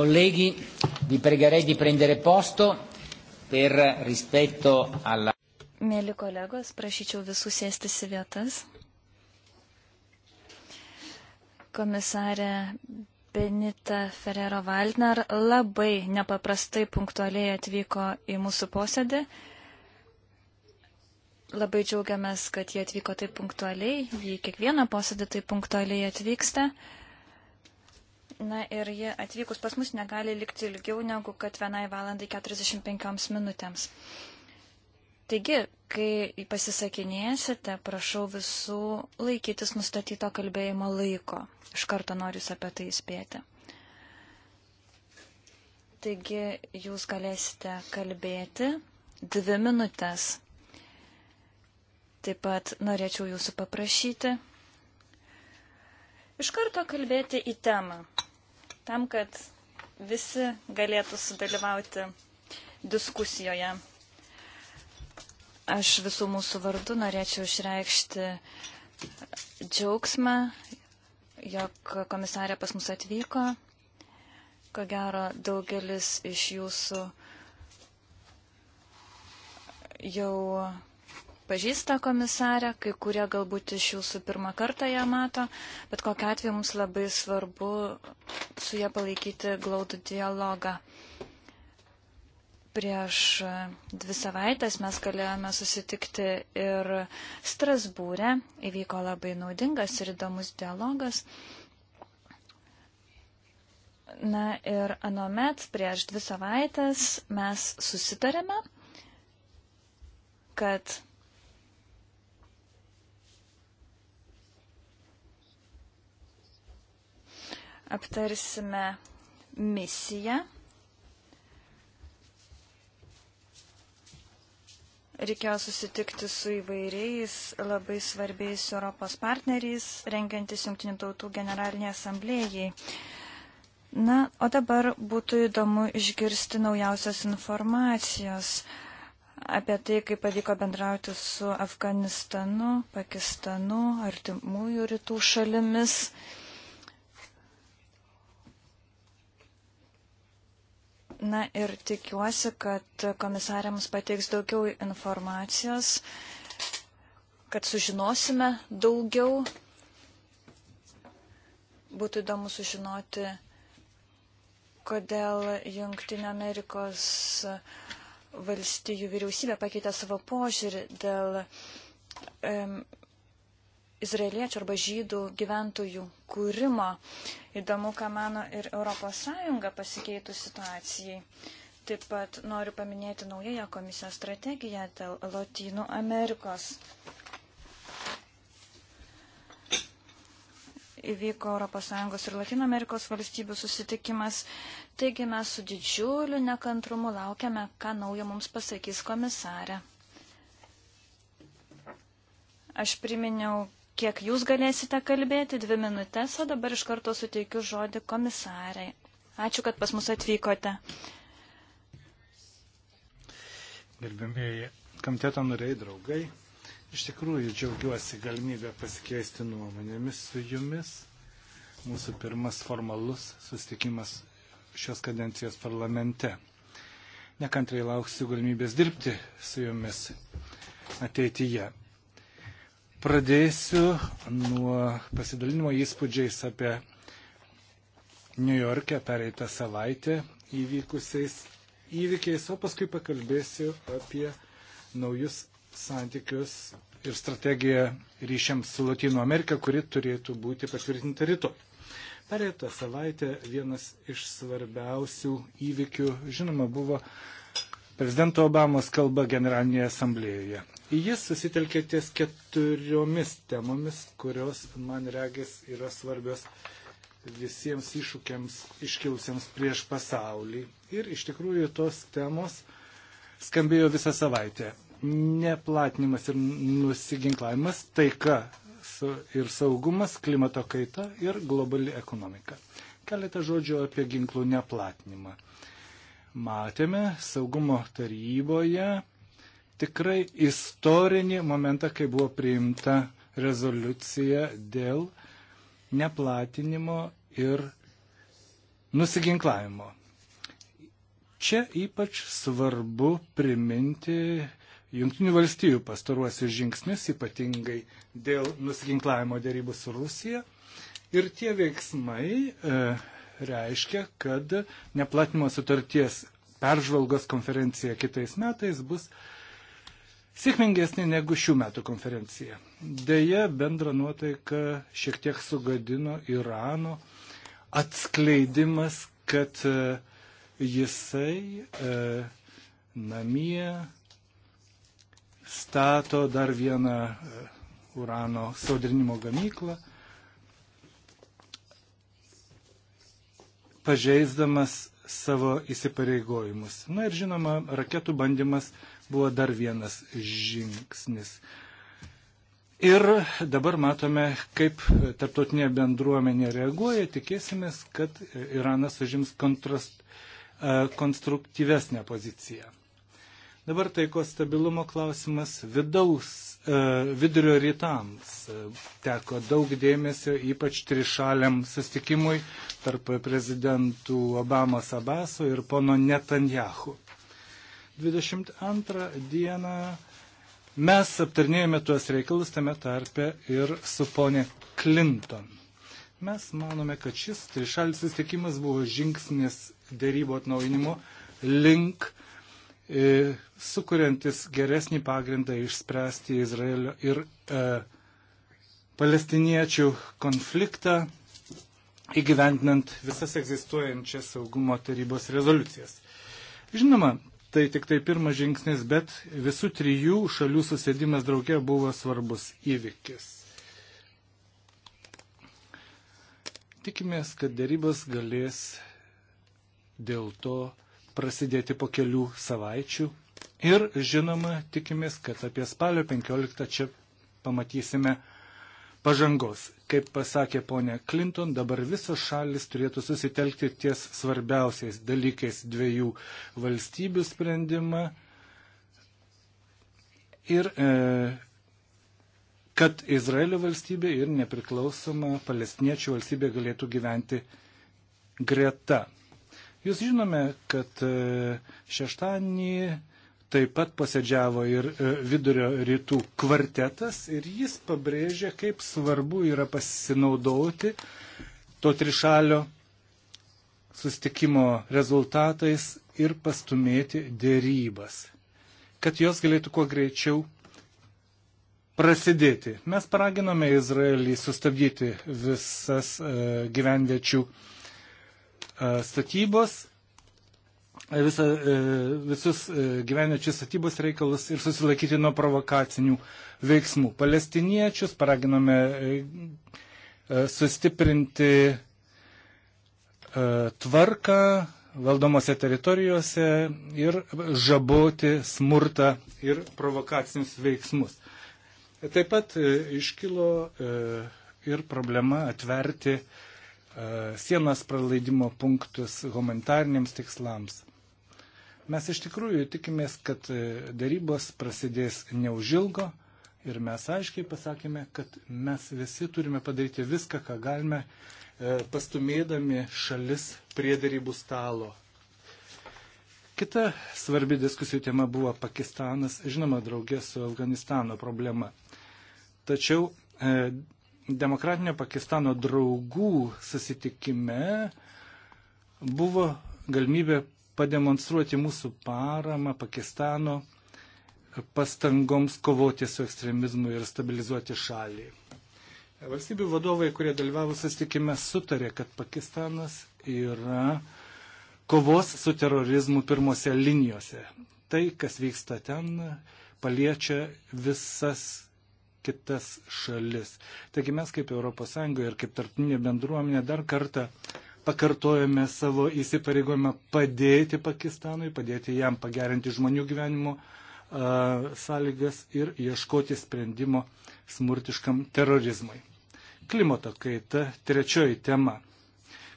Colleghi, vi pregherei di prendere posto per rispetto alla. Mėly kolegos, prašyčiau visų sėstis į vietas. Komisarė Benita Ferrero Valdner labai nepaprastai punktualiai atvyko į mūsų posėdį. Labai džiaugiamės, kad jie atvyko taip punktualiai, jį kiekvieną posėdį taip punktualiai atvyksta. Uh, Na ir ji atvykus pas mus negali likti ilgiau negu kad vienai valandai 45 minutėms. Taigi, kai pasisakinėsite, prašau visų laikytis nustatyto kalbėjimo laiko. Iš karto noriu jūs apie tai įspėti. Taigi, jūs galėsite kalbėti dvi minutės. Taip pat norėčiau jūsų paprašyti iš karto kalbėti į temą tam, kad visi galėtų sudalyvauti diskusijoje. Aš visų mūsų vardų norėčiau išreikšti džiaugsmą, jog komisarė pas mus atvyko. Ko gero, daugelis iš jūsų jau pažįsta komisarę, kai kurie galbūt iš jūsų pirmą kartą ją mato, bet kokia atveju mums labai svarbu su ją palaikyti glaudų dialogą. Prieš e, dvi savaitės mes galėjome susitikti ir Strasbūrė, įvyko labai naudingas ir įdomus dialogas. Na ir anomet prieš dvi savaitės mes susitarėme, kad aptarsime misiją. Reikėjo susitikti su įvairiais labai svarbiais Europos partneriais, rengiantis Junktinių tautų generalinėje asamblėjai. Na, o dabar būtų įdomu išgirsti naujausios informacijos apie tai, kaip pavyko bendrauti su Afganistanu, Pakistanu, artimųjų rytų šalimis. Na ir tikiuosi, kad komisariams pateiks daugiau informacijos, kad sužinosime daugiau. Būtų įdomu sužinoti, kodėl Junktinė Amerikos valstijų vyriausybė pakeitė savo požiūrį dėl um, izraeliečių arba žydų gyventojų kūrimo. Įdomu, ką mano ir ES pasikeitų situacijai. Taip pat noriu paminėti naująją komisijos strategiją dėl Lotynų Amerikos. Įvyko ES ir Latino Amerikos valstybių susitikimas, taigi mes su didžiuliu nekantrumu laukiame, ką naujo mums pasakys komisarė. Aš priminiau kiek jūs galėsite kalbėti, dvi minutės, o dabar iš karto suteikiu žodį komisarai. Ačiū, kad pas mus atvykote. Gerbėmėjai komiteto nariai, draugai, iš tikrųjų džiaugiuosi galimybę pasikeisti nuomonėmis su jumis. Mūsų pirmas formalus susitikimas šios kadencijos parlamente. Nekantrai lauksiu galimybės dirbti su jumis ateityje. Pradėsiu nuo pasidalinimo įspūdžiais apie New York'e pereitą savaitę įvykusiais įvykiais, o paskui pakalbėsiu apie naujus santykius ir strategiją ryšiams su Latino Amerika, kuri turėtų būti patvirtinta rytoj. Pereitą savaitę vienas iš svarbiausių įvykių, žinoma, buvo prezidento Obamos kalba Generalinėje asamblėjoje. Jis susitelkė ties keturiomis temomis, kurios, man regis, yra svarbios visiems iššūkiams iškilusiems prieš pasaulį. Ir iš tikrųjų tos temos skambėjo visą savaitę. Neplatinimas ir nusiginklavimas, taika ir saugumas, klimato kaita ir globali ekonomika. Keletą žodžių apie ginklų neplatinimą matėme saugumo taryboje tikrai istorinį momentą, kai buvo priimta rezoliucija dėl neplatinimo ir nusiginklavimo. Čia ypač svarbu priminti Junktinių valstybių pastaruosius žingsnius, ypatingai dėl nusiginklavimo dėrybų su Rusija. Ir tie veiksmai e, reiškia, kad neplatinimo sutarties peržvalgos konferencija kitais metais bus sėkmingesnė negu šių metų konferencija. Deja, bendra nuotaika šiek tiek sugadino Irano atskleidimas, kad e, jisai e, namie stato dar vieną e, urano sodrinimo gamyklą pažeisdamas savo įsipareigojimus. Na ir žinoma, raketų bandymas buvo dar vienas žingsnis. Ir dabar matome, kaip tarptautinė bendruomenė reaguoja, tikėsimės, kad Iranas užims kontrast, e, konstruktyvesnę poziciją. Dabar taikos stabilumo klausimas vidaus E, vidurio rytams. E, teko daug dėmesio, ypač trišaliam sustikimui tarp prezidentų Obamos Abaso ir pono Netanjahu. 22 dieną mes aptarnėjome tuos reikalus tame tarpe ir su ponė Clinton. Mes manome, kad šis trišalis susitikimas buvo žingsnis dėrybo atnaujinimo link uh, E, sukuriantis geresnį pagrindą išspręsti Izraelio ir e, palestiniečių konfliktą, įgyvendinant visas egzistuojančias saugumo tarybos rezoliucijas. Žinoma, tai tik tai pirmas žingsnis, bet visų trijų šalių susėdimas draugė buvo svarbus įvykis. Tikimės, kad darybos galės dėl to, prasidėti po kelių savaičių. Ir žinoma, tikimės, kad apie spalio 15 čia pamatysime pažangos. Kaip pasakė ponė Clinton, dabar visos šalis turėtų susitelkti ties svarbiausiais dalykais dviejų valstybių sprendimą ir e, kad Izraelio valstybė ir nepriklausoma palestiniečių valstybė galėtų gyventi greta. Jūs žinome, kad e, šeštadienį taip pat posėdžiavo ir e, vidurio rytų kvartetas ir jis pabrėžė, kaip svarbu yra pasinaudoti to trišalio sustikimo rezultatais ir pastumėti dėrybas, kad jos galėtų kuo greičiau prasidėti. Mes paraginome Izraelį sustabdyti visas e, gyvenviečių e, E, statybos, e, visa, e, visus gyvenančius statybos reikalus ir susilaikyti nuo provokacinių veiksmų. Palestiniečius paraginome sustiprinti tvarką valdomose teritorijose ir žaboti smurtą ir provokacinius veiksmus. Taip pat iškilo ir problema atverti uh, E, sienas pralaidimo punktus humanitariniams tikslams. Mes iš tikrųjų tikimės, kad e, darybos prasidės neužilgo ir mes aiškiai pasakėme, kad mes visi turime padaryti viską, ką galime, e, pastumėdami šalis prie darybų stalo. Kita svarbi diskusijų tema buvo Pakistanas, žinoma, draugė su Afganistano problema. Tačiau demokratinio Pakistano draugų susitikime buvo galimybė pademonstruoti mūsų paramą Pakistano pastangoms kovoti su ekstremizmu ir stabilizuoti šalį. Valstybių vadovai, kurie dalyvavo susitikime, sutarė, kad Pakistanas yra kovos su terorizmu pirmose linijose. Tai, kas vyksta ten, paliečia visas kitas šalis. Taigi mes kaip ES ir kaip tarptinė bendruomenė dar kartą pakartojame savo įsipareigojimą padėti Pakistanui, padėti jam pagerinti žmonių gyvenimo a, sąlygas ir ieškoti sprendimo smurtiškam terorizmui. Klimato kaita - trečioji tema.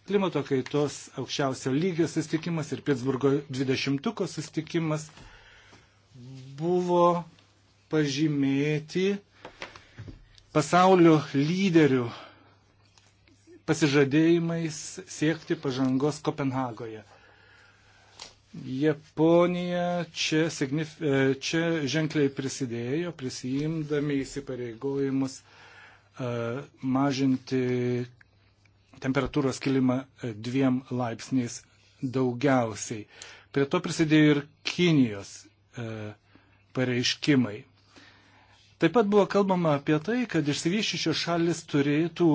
Klimato kaitos aukščiausio lygio sustikimas ir Pittsburgo 20-ko sustikimas buvo pažymėti pasaulio lyderių pasižadėjimais siekti pažangos Kopenhagoje. Japonija čia, signif, e, čia ženkliai prisidėjo, prisijimdami įsipareigojimus e, mažinti temperatūros kilimą e, dviem laipsniais daugiausiai. Prie to prisidėjo ir Kinijos pareiškimai. Taip pat buvo kalbama apie tai, kad išsivyščiusios šalis turėtų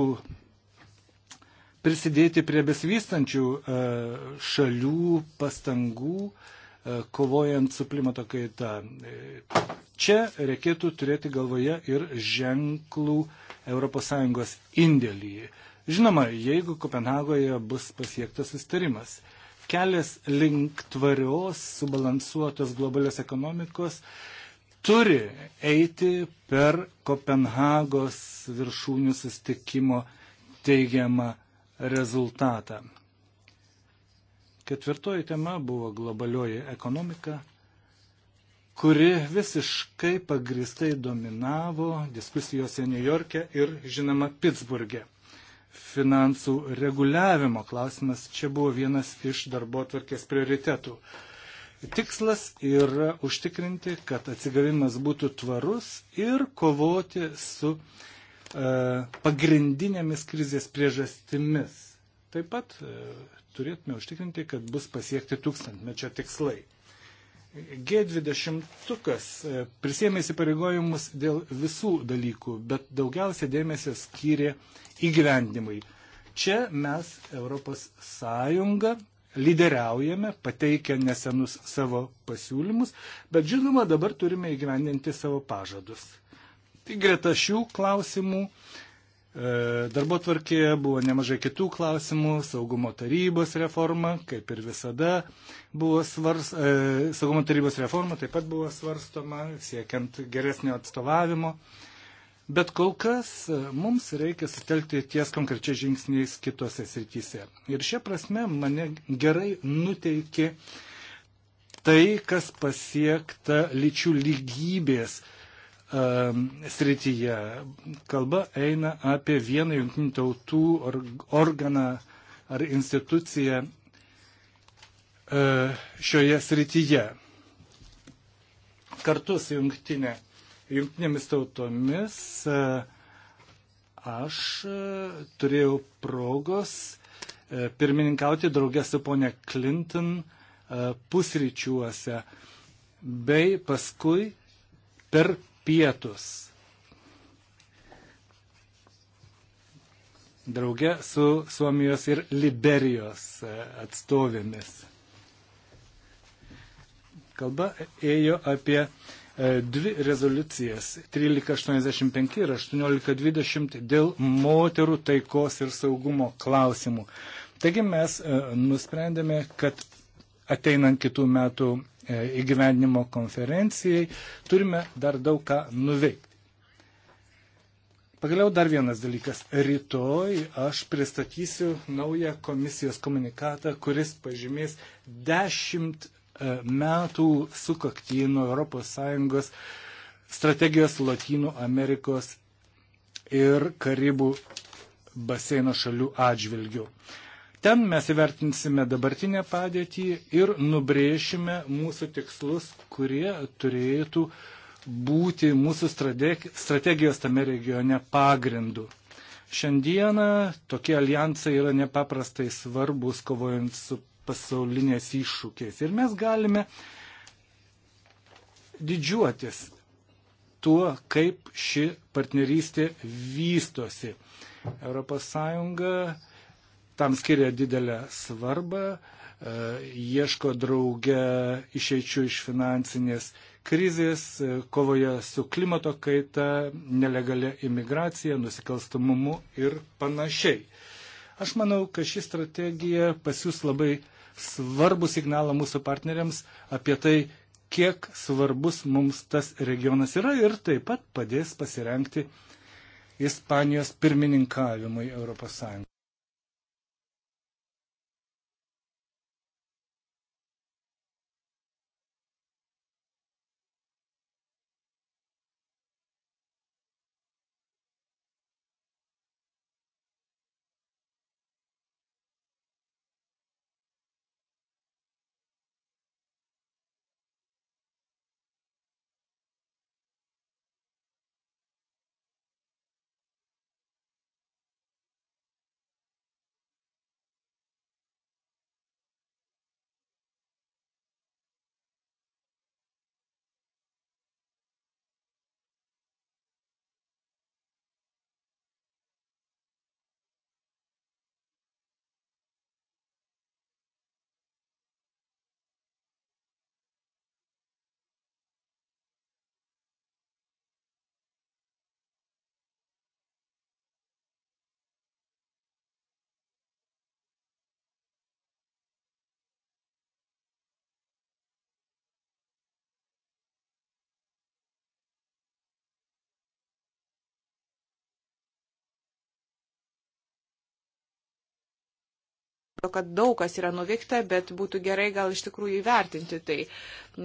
prisidėti prie besivystančių e, šalių pastangų e, kovojant su klimato kaita. E, čia reikėtų turėti galvoje ir ženklų ES indėlį. Žinoma, jeigu Kopenhagoje bus pasiektas sustarimas, kelias link tvarios, subalansuotos globalios ekonomikos turi eiti per Kopenhagos viršūnių sustikimo teigiamą rezultatą. Ketvirtoji tema buvo globalioji ekonomika, kuri visiškai pagristai dominavo diskusijose New York'e ir, žinoma, Pittsburghe. Finansų reguliavimo klausimas čia buvo vienas iš darbo tvarkės prioritetų. Tikslas yra užtikrinti, kad atsigavimas būtų tvarus ir kovoti su e, pagrindinėmis krizės priežastimis. Taip pat e, turėtume užtikrinti, kad bus pasiekti tūkstantmečio tikslai. G20 e, prisėmė įsipareigojimus dėl visų dalykų, bet daugiausia dėmesio skyrė įgyvendimui. Čia mes, Europos Sąjunga, lyderiaujame, pateikę nesenus savo pasiūlymus, bet žinoma, dabar turime įgyvendinti savo pažadus. Tai greta šių klausimų e, darbo tvarkėje buvo nemažai kitų klausimų, saugumo tarybos reforma, kaip ir visada, buvo svars, e, saugumo tarybos reforma taip pat buvo svarstoma, siekiant geresnio atstovavimo. Bet kol kas e, mums reikia sutelkti ties konkrečiais žingsniais kitose srityse. Ir šia prasme mane gerai nuteikė tai, kas pasiekta lyčių lygybės e, srityje. Kalba eina apie vieną jungtinių tautų organą ar instituciją e, šioje srityje. Kartu su jungtinė jungtinėmis tautomis e, aš e, turėjau progos e, pirmininkauti draugę su ponia Clinton pusryčiuose bei paskui per pietus. Drauge su Suomijos ir Liberijos atstovėmis. Kalba ėjo apie uh, E, dvi rezoliucijas 1385 ir 1820 dėl moterų taikos ir saugumo klausimų. Taigi mes e, nusprendėme, kad ateinant kitų metų e, įgyvendinimo konferencijai turime dar daug ką nuveikti. Pagaliau dar vienas dalykas. Rytoj aš pristatysiu naują komisijos komunikatą, kuris pažymės dešimt metų sukaktį nuo ES strategijos Latino Amerikos ir Karibų baseino šalių atžvilgių. Ten mes įvertinsime dabartinę padėtį ir nubrėšime mūsų tikslus, kurie turėtų būti mūsų strategijos tame regione pagrindu. Šiandieną tokie alijansai yra nepaprastai svarbus kovojant su pasaulinės iššūkiais. Ir mes galime didžiuotis tuo, kaip ši partnerystė vystosi. ES tam skiria didelę svarbą, e, ieško draugę išeičių iš finansinės krizės, e, kovoje su klimato kaita, nelegalia imigracija, nusikalstamumu ir panašiai. Aš manau, kad ši strategija pasiūs labai svarbų signalą mūsų partneriams apie tai, kiek svarbus mums tas regionas yra ir taip pat padės pasirenkti Ispanijos pirmininkavimui ES. kad daug kas yra nuveikta, bet būtų gerai gal iš tikrųjų įvertinti tai.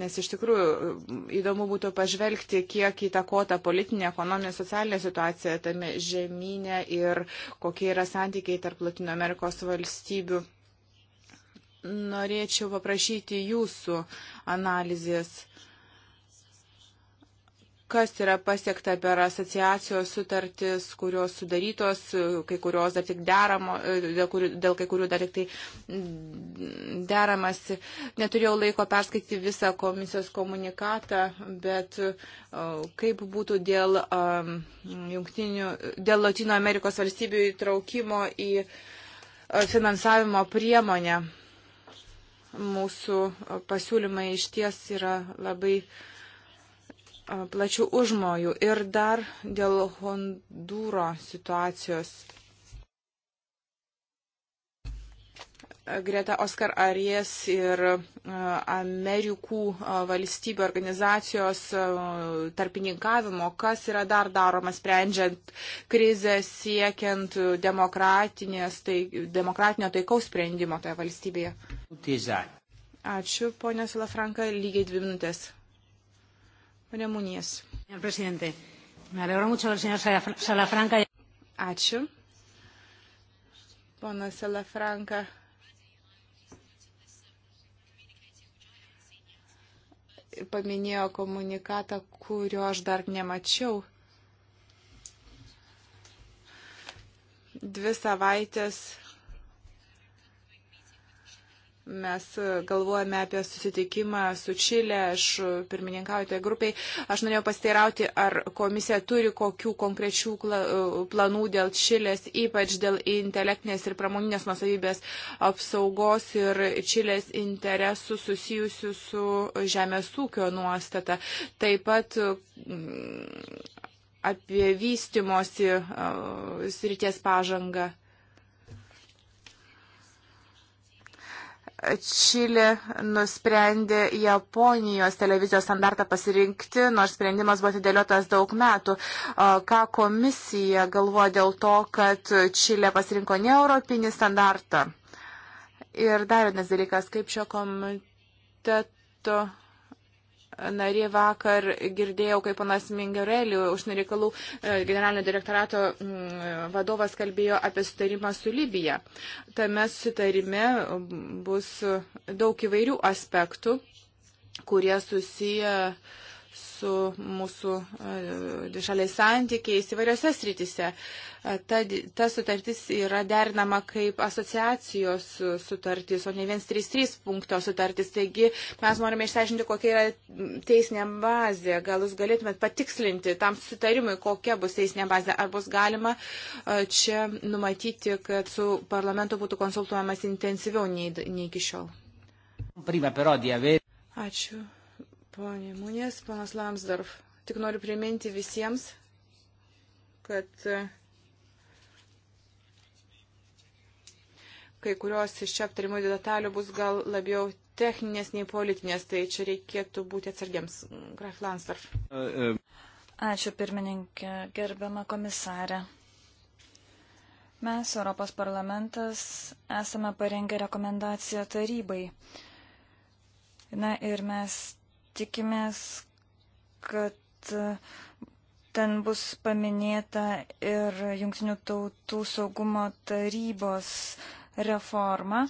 Nes iš tikrųjų mm, įdomu būtų pažvelgti, kiek įtakota politinė, ekonominė, socialinė situacija tame žemynė ir kokie yra santykiai tarp Latino Amerikos valstybių. Norėčiau paprašyti jūsų analizės. Uh, kas yra pasiekta per asociacijos sutartis, kurios sudarytos, kai kurios dar tik deramo, dėl, kurių, dėl kai kurių dar tik tai deramasi. Neturėjau laiko perskaityti visą komisijos komunikatą, bet e, kaip būtų dėl, dėl Latino Amerikos valstybių įtraukimo į e, finansavimo priemonę. Mūsų e, pasiūlymai iš ties yra labai uh, plačių užmojų. Ir dar dėl Hondūro situacijos. Greta Oskar Aries ir Amerikų valstybių organizacijos tarpininkavimo, kas yra dar daroma sprendžiant krizę, siekiant tai, demokratinio taikaus sprendimo toje valstybėje. Ačiū, ponė Silafranka, lygiai dvi minutės. Pane Munijas. Ačiū. Ponas Salafranka. Paminėjo komunikatą, kurio aš dar nemačiau. Dvi savaitės Mes galvojame apie susitikimą su Čilė, aš pirmininkaujate grupiai. Aš norėjau pasteirauti, ar komisija turi kokių konkrečių planų dėl Čilės, ypač dėl intelektinės ir pramoninės nusavybės apsaugos ir Čilės interesų susijusių su žemės ūkio nuostata. Taip pat mm, apie vystimosi srities pažangą. Čilė nusprendė Japonijos televizijos standartą pasirinkti, nors sprendimas buvo atidėliotas daug metų. Ką komisija galvoja dėl to, kad Čilė pasirinko ne europinį standartą? Ir dar vienas dalykas, kaip šio komiteto narė vakar girdėjau, kaip panas Mingerelį, užsienio reikalų e, generalinio direktorato mm, vadovas kalbėjo apie sutarimą su Libija. Tame sutarime mm, bus daug įvairių aspektų, kurie susiję uh, su mūsų e, dišaliais santykiais įvairiose sritise. E, ta, ta sutartis yra derinama kaip asociacijos sutartis, o ne 133 punkto sutartis. Taigi mes norime išsiaiškinti, kokia yra teisinė bazė. Gal jūs galėtumėt patikslinti tam sutarimui, kokia bus teisinė bazė. Ar bus galima e, čia numatyti, kad su parlamentu būtų konsultuojamas intensyviau nei, nei iki šiol. Prima, però, di aver... Ačiū. Pone Munės, panas Lamsdorf, tik noriu priminti visiems, kad e, kai kurios iš čia aptarimų detalių bus gal labiau techninės nei politinės, tai čia reikėtų būti atsargiams. Graf Lansdorf. Ačiū pirmininkė, gerbiama komisarė. Mes, Europos parlamentas, esame parengę rekomendaciją tarybai. Na ir mes Tikimės, kad e, ten bus paminėta ir Junktinių tautų saugumo tarybos reforma.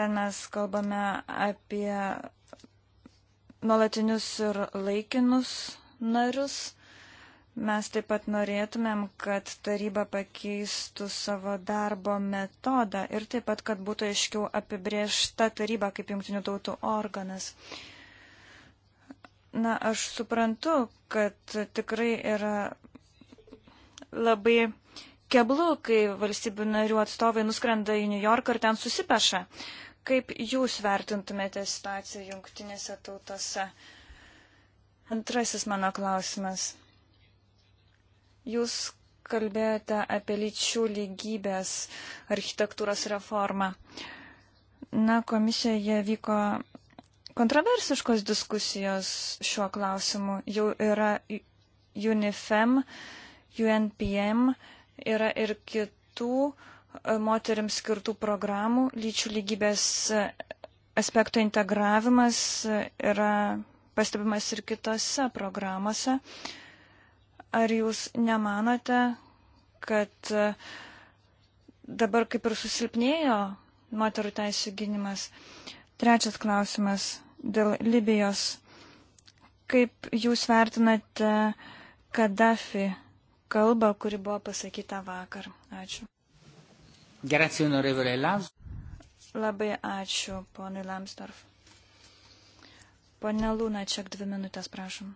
Ten mes kalbame apie nuolatinius ir laikinus narius. Mes taip pat norėtumėm, kad taryba pakeistų savo darbo metodą ir taip pat, kad būtų aiškiau apibriešta taryba kaip jungtinių tautų organas. Uh, Na, aš suprantu, kad tikrai yra labai keblu, kai valstybių narių atstovai nuskrenda į New Yorką ir ten susipeša. Kaip jūs vertintumėte situaciją jungtinėse tautose? Antrasis mano klausimas. Jūs kalbėjote apie lyčių lygybės architektūros reformą. Na, komisijoje vyko kontroversiškos diskusijos šiuo klausimu. Jau yra UNIFEM, UNPM, yra ir kitų e, moteriams skirtų programų. Lyčių lygybės e, aspekto integravimas e, yra pastebimas ir kitose programuose. Ar jūs nemanote, kad dabar kaip ir susilpnėjo moterų teisų gynimas? Trečias klausimas dėl Libijos. Kaip jūs vertinate Kadafi kalbą, kuri buvo pasakyta vakar? Ačiū. Grazie, onorevole Lams. Labai ačiū, ponai Lamsdorf. Pone Lūna, čia dvi minutės, prašom.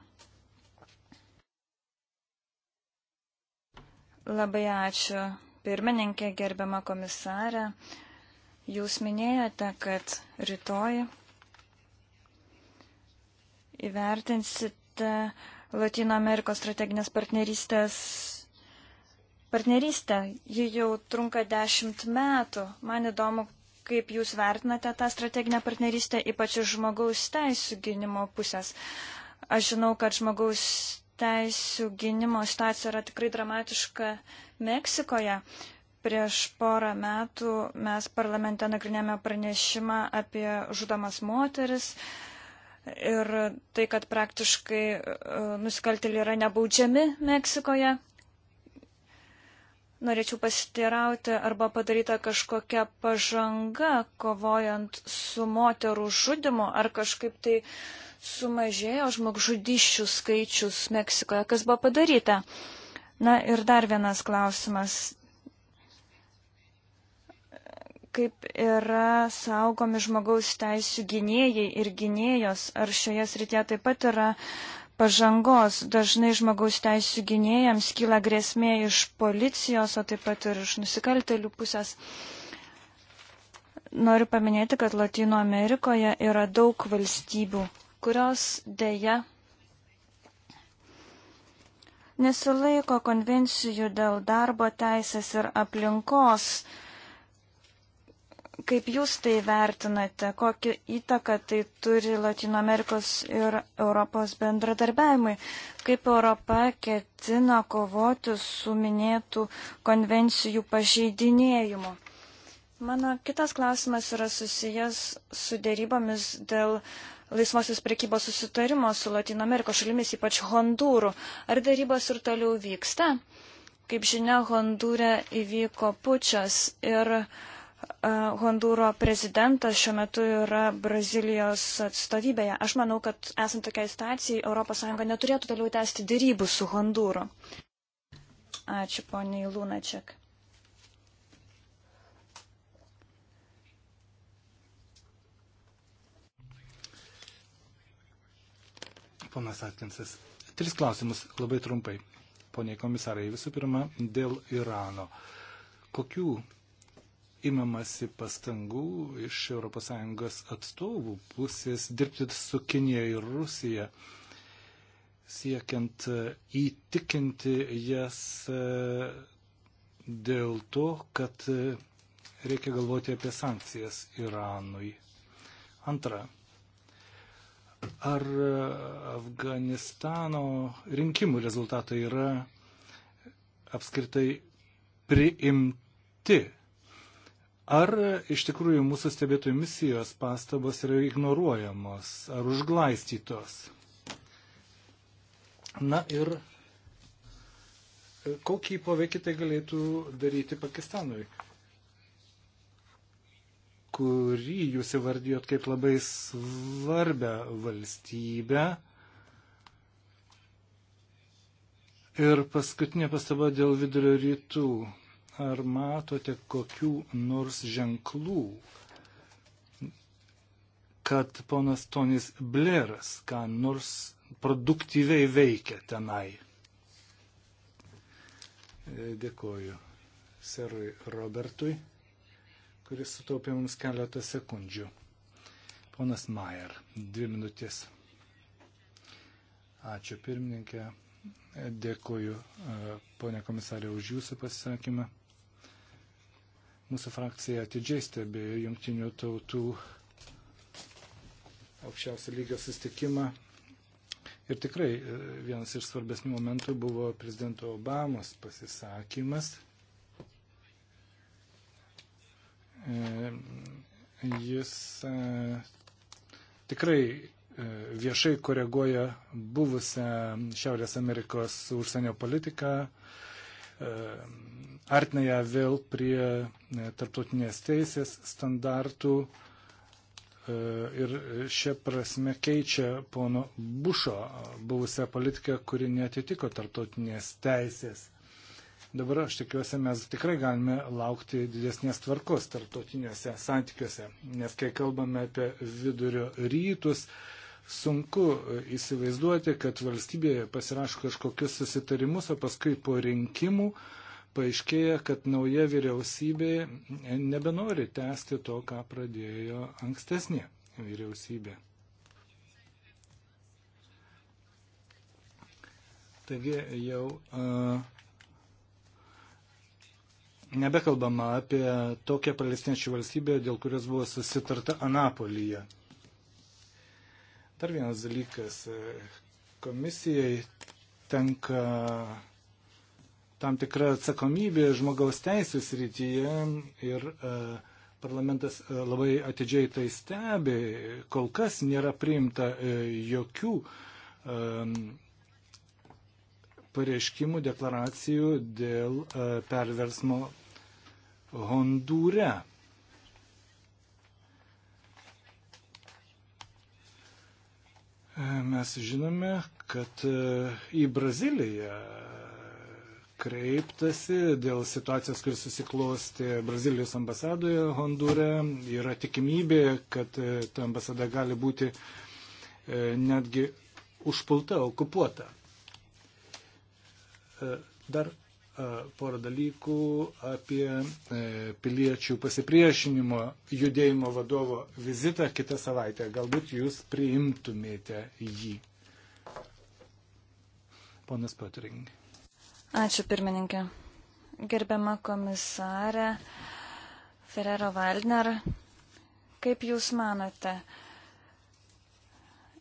Labai ačiū, pirmininkė, gerbiama komisarė. Jūs minėjote, kad rytoj įvertinsite Latino Amerikos strateginės partnerystės partnerystę. Ji jau trunka dešimt metų. Man įdomu, kaip jūs vertinate tą strateginę partnerystę, ypač iš žmogaus teisų gynimo pusės. Aš žinau, kad žmogaus teisų gynimo situacija yra tikrai dramatiška Meksikoje. Prieš porą metų mes parlamente nagrinėjome pranešimą apie žudomas moteris. Uh, ir tai, kad praktiškai e, nusikaltėliai yra nebaudžiami Meksikoje. Norėčiau pasiteirauti, arba padaryta kažkokia pažanga, kovojant su moterų žudimu, ar kažkaip tai sumažėjo žmogžudyščių skaičius Meksikoje, kas buvo padaryta. Na ir dar vienas klausimas kaip yra saugomi žmogaus teisų gynėjai ir gynėjos, ar šioje srityje taip pat yra pažangos. Dažnai žmogaus teisų gynėjams kyla grėsmė iš policijos, o taip pat ir iš nusikaltelių pusės. Noriu paminėti, kad Latino Amerikoje yra daug valstybių, kurios dėja nesilaiko konvencijų dėl darbo teisės ir aplinkos. Kaip jūs tai vertinate, kokią įtaką tai turi Latino Amerikos ir Europos bendradarbiavimui? Kaip Europa ketina kovoti su minėtų konvencijų pažeidinėjimu? Mano kitas klausimas yra susijęs su dėrybomis dėl laisvosios prekybos susitarimo su Latino Amerikos šalimis, ypač Hondūru. Ar dėrybos ir toliau vyksta? Kaip žinia, Hondūre įvyko pučias ir uh, Hondūro prezidentas šiuo metu yra Brazilijos atstovybėje. Aš manau, kad esant tokiai situacijai, ES neturėtų toliau tęsti dėrybų su Hondūru. Ačiū, poniai Lunačiak. Ponas Atkinsas, tris klausimus labai trumpai. Poniai komisarai, visų pirma, dėl Irano. Kokių imamasi pastangų iš ES atstovų pusės dirbti su Kinija ir Rusija, siekiant e, įtikinti jas e, dėl to, kad e, reikia galvoti apie sankcijas Iranui. Antra. Ar Afganistano rinkimų rezultatai yra apskritai priimti Ar iš tikrųjų mūsų stebėtojų misijos pastabos yra ignoruojamos ar užglaistytos? Na ir kokį poveikį tai galėtų daryti Pakistanui, kurį jūs įvardijot kaip labai svarbę valstybę. Ir paskutinė pastaba dėl vidurio rytų ar matote kokių nors ženklų, kad ponas Tonis Bleras ką nors produktyviai veikia tenai? E, dėkoju serui Robertui, kuris sutaupė mums keletą sekundžių. Ponas Maier, dvi minutės. Ačiū pirmininkė, dėkoju e, ponė komisarė už jūsų pasisakymą. Mūsų frakcija atidžiai stebėjo jungtinių tautų aukščiausio lygio sustikimą. Ir tikrai e, vienas iš svarbesnių momentų buvo prezidento Obamos pasisakymas. E, jis e, tikrai viešai koreguoja buvusią Šiaurės Amerikos užsienio politiką, Ehm, artina ją vėl prie e, tarptautinės teisės standartų e, ir šia prasme keičia pono Bušo e, buvusią politiką, kuri netitiko tarptautinės teisės. Dabar aš tikiuosi, mes tikrai galime laukti didesnės tvarkos tarptautiniuose santykiuose, nes kai kalbame apie vidurio rytus, Sunku įsivaizduoti, kad valstybė pasirašo kažkokius susitarimus, o paskui po rinkimų paaiškėja, kad nauja vyriausybė nebenori tęsti to, ką pradėjo ankstesnė vyriausybė. Taigi jau a, nebekalbama apie tokią palestiniečių valstybę, dėl kurios buvo susitarta Anapolyje. Dar vienas dalykas. Komisijai tenka tam tikra atsakomybė žmogaus teisų srityje ir e, parlamentas e, labai atidžiai tai stebi. Kol kas nėra priimta e, jokių pareiškimų, deklaracijų dėl perversmo Hondūre. Mes žinome, kad e, į Braziliją kreiptasi dėl situacijos, kuris susiklosti Brazilijos ambasadoje Hondūre. Yra tikimybė, kad e, ta ambasada gali būti e, netgi užpulta, okupuota. Dar porą dalykų apie e, piliečių pasipriešinimo judėjimo vadovo vizitą kitą savaitę. Galbūt jūs priimtumėte jį. Ponas Patring. Ačiū pirmininkė. Gerbiama komisarė Ferrero Valdner, kaip jūs manote, uh,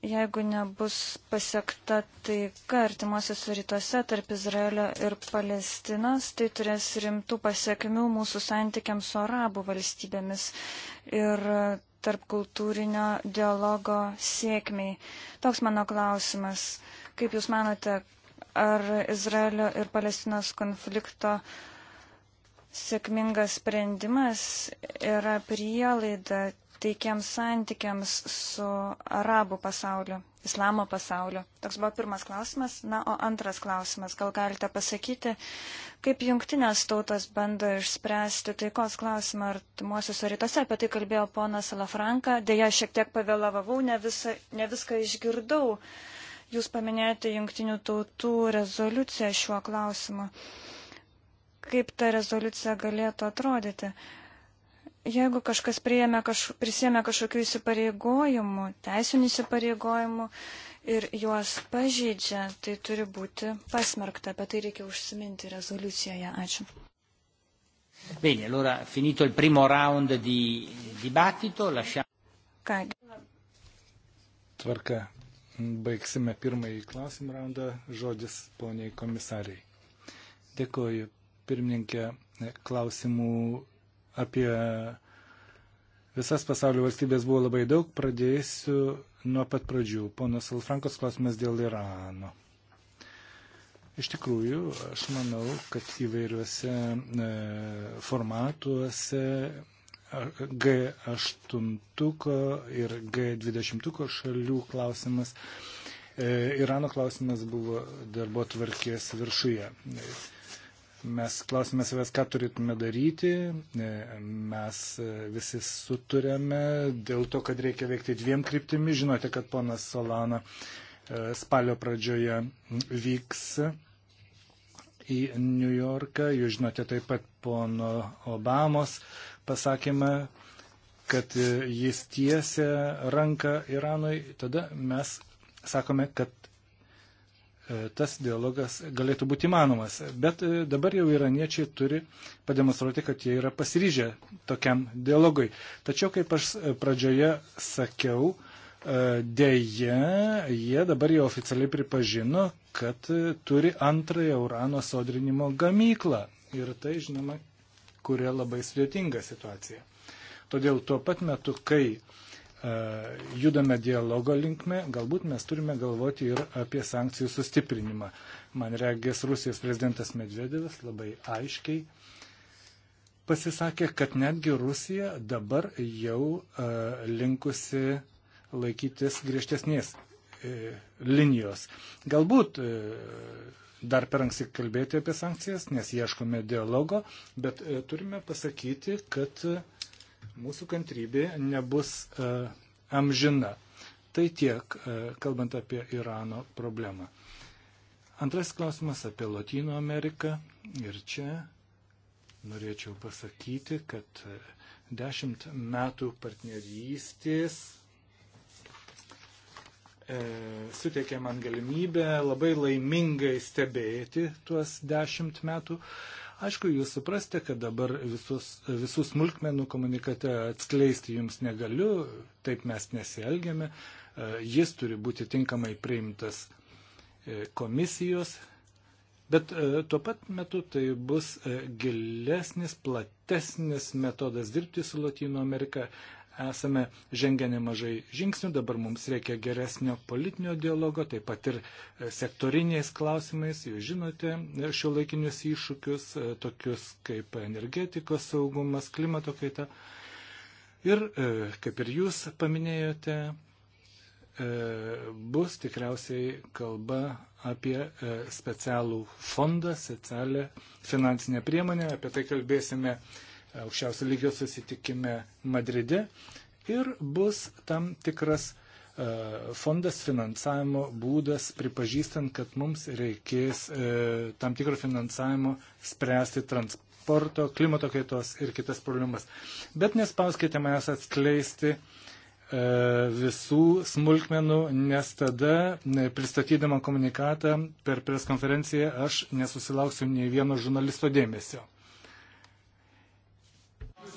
jeigu nebus pasiekta taika artimuosiuose rytuose tarp Izraelio ir Palestinos, tai turės rimtų pasiekmių mūsų santykiams su arabų valstybėmis ir tarp kultūrinio dialogo sėkmiai. Toks mano klausimas. Kaip Jūs manote, ar Izraelio ir Palestinos konflikto sėkmingas sprendimas yra prielaida taikiams santykiams su arabų pasauliu, islamo pasauliu? Toks buvo pirmas klausimas. Na, o antras klausimas, gal galite pasakyti, kaip jungtinės tautos bando išspręsti taikos klausimą artimuosiuose rytuose, apie tai kalbėjo ponas Alafranka, dėja šiek tiek pavėlavau, ne, visa, ne viską išgirdau. Jūs paminėjote jungtinių tautų rezoliuciją šiuo klausimu. Kaip ta rezoliucija galėtų atrodyti? Uh, Jeigu kažkas priėmė, kaž, prisėmė kažkokių įsipareigojimų, teisinių įsipareigojimų ir juos pažeidžia, tai turi būti pasmerkta. Apie tai reikia užsiminti rezoliucijoje. Ačiū. Bene, allora finito il primo round di dibattito, lasciamo. Kągi. Tvarka. Baigsime pirmąjį klausimą raundą. Žodis poniai komisariai. Dėkoju, pirmininkė. Klausimų apie visas pasaulio valstybės buvo labai daug, pradėsiu nuo pat pradžių. Ponas Alfrankos klausimas dėl Irano. Iš tikrųjų, aš manau, kad įvairiuose e, formatuose G8 ir G20 šalių klausimas, e, Irano klausimas buvo darbo tvarkės viršuje. Mes klausime savęs, ką turėtume daryti. E, mes e, visi suturėme dėl to, kad reikia veikti dviem kryptimi. Žinote, kad ponas Solana e, spalio pradžioje vyks į New Yorką. Jūs žinote taip pat pono Obamos pasakymą, kad jis tiesia ranką Iranui. Tada mes sakome, kad E, tas dialogas galėtų būti įmanomas. Bet e, dabar jau iraniečiai turi pademonstruoti, kad jie yra pasiryžę tokiam dialogui. Tačiau, kaip aš e, pradžioje sakiau, dėje jie dabar jau oficialiai pripažino, kad turi antrąją urano sodrinimo gamyklą. Ir tai, žinoma, kuria labai sudėtinga situacija. Todėl tuo pat metu, kai uh, E, judame dialogo linkme, galbūt mes turime galvoti ir apie sankcijų sustiprinimą. Man regės Rusijos prezidentas Medvedevas labai aiškiai pasisakė, kad netgi Rusija dabar jau e, linkusi laikytis griežtesnės e, linijos. Galbūt dar per anksti kalbėti apie sankcijas, nes ieškome dialogo, bet turime pasakyti, kad mūsų kantrybė nebus uh, amžina. Tai tiek, uh, kalbant apie Irano problemą. Antras klausimas apie Latino Ameriką. Ir čia norėčiau pasakyti, kad e, dešimt metų partnerystės e, suteikė man galimybę labai laimingai stebėti tuos dešimt metų. E, Aišku, jūs suprastė, kad dabar visus, visus smulkmenų komunikate atskleisti jums negaliu, taip mes nesielgiame, e, jis turi būti tinkamai priimtas e, komisijos, bet e, tuo pat metu tai bus gilesnis, platesnis metodas dirbti su Latino Amerika, esame žengę nemažai žingsnių, dabar mums reikia geresnio politinio dialogo, taip pat ir e, sektoriniais klausimais, jūs žinote, e, šio laikinius iššūkius, e, tokius kaip energetikos saugumas, klimato kaita. Ir, kaip ir jūs paminėjote, bus tikriausiai kalba apie specialų fondą, specialią finansinę priemonę, apie tai kalbėsime aukščiausio lygio susitikime Madride ir bus tam tikras e, fondas finansavimo būdas, pripažįstant, kad mums reikės e, tam tikro finansavimo spręsti transporto, klimato kaitos ir kitas problemas. Bet nespauskite manęs atskleisti e, visų smulkmenų, nes tada pristatydama komunikatą per preskonferenciją aš nesusilauksiu nei vieno žurnalisto dėmesio.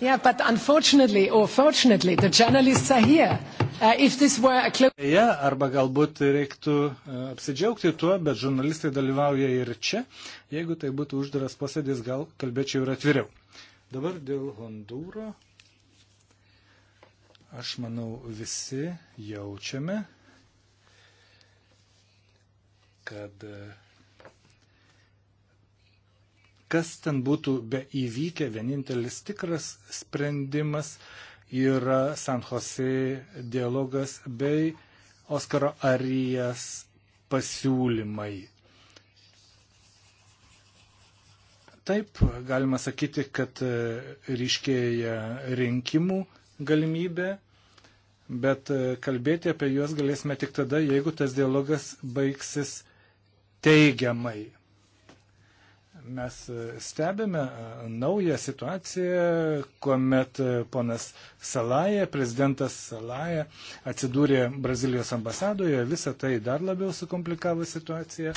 Yeah, but unfortunately or fortunately, the journalists are here. Uh, if this were a close... Yeah, arba galbūt reiktų uh, apsidžiaugti tuo, bet žurnalistai dalyvauja ir čia. Jeigu tai būtų uždaras posėdis, gal kalbėčiau ir atviriau. Dabar dėl Hondūro. Aš manau, visi jaučiame, kad uh, kas ten būtų be įvykę, vienintelis tikras sprendimas yra San Jose dialogas bei Oskaro Arijas pasiūlymai. Taip, galima sakyti, kad e, ryškėja rinkimų galimybė, bet e, kalbėti apie juos galėsime tik tada, jeigu tas dialogas baigsis teigiamai. Mes e, stebime e, naują situaciją, kuomet e, ponas Salaja, prezidentas Salaja atsidūrė Brazilijos ambasadoje, visą tai dar labiau sukomplikavo situaciją.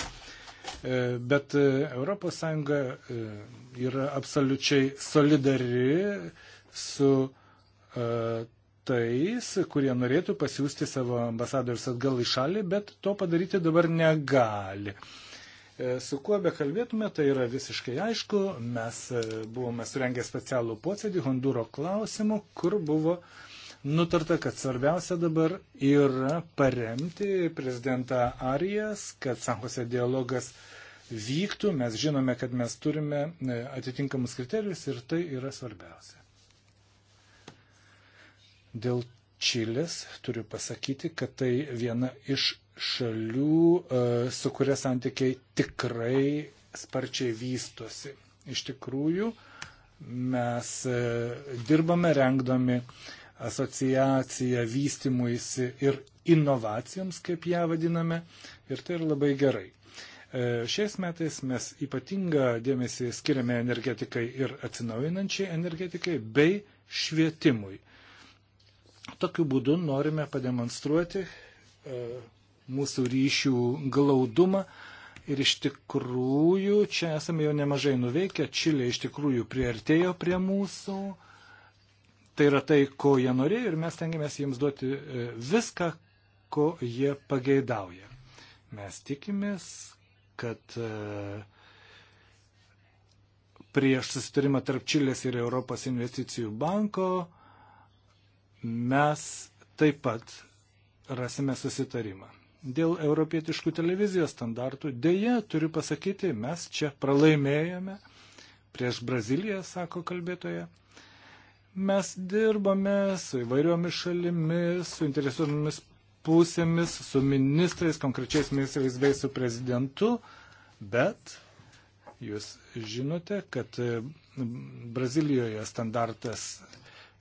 Bet ES yra absoliučiai solidari su tais, kurie norėtų pasiūsti savo ambasadorius atgal į šalį, bet to padaryti dabar negali. E, su kuo bekalbėtume, tai yra visiškai aišku. Mes e, buvome surengę specialų posėdį Honduro klausimu, kur buvo nutarta, kad svarbiausia dabar yra paremti prezidentą Arijas, kad Sankose dialogas vyktų. Mes žinome, kad mes turime e, atitinkamus kriterijus ir tai yra svarbiausia. Dėl Čilės, turiu pasakyti, kad tai viena iš šalių, e, su kuria santykiai tikrai sparčiai vystosi. Iš tikrųjų, mes e, dirbame rengdami asociaciją vystimuisi ir inovacijoms, kaip ją vadiname, ir tai yra labai gerai. E, šiais metais mes ypatingą dėmesį skiriame energetikai ir atsinaujinančiai energetikai bei švietimui. Tokiu būdu norime pademonstruoti e, mūsų ryšių glaudumą ir iš tikrųjų čia esame jau nemažai nuveikę. Čilė iš tikrųjų priartėjo prie mūsų. Tai yra tai, ko jie norėjo ir mes tengiamės jiems duoti e, viską, ko jie pageidauja. Mes tikimės, kad e, prieš susitarimą tarp Čilės ir Europos investicijų banko mes taip pat rasime susitarimą. Dėl europietiškų televizijos standartų dėje, turiu pasakyti, mes čia pralaimėjome prieš Braziliją, sako kalbėtoje. Mes dirbame su įvairiomis šalimis, su interesuotomis pusėmis, su ministrais, konkrečiais ministrais bei su prezidentu, bet jūs žinote, kad Brazilijoje standartas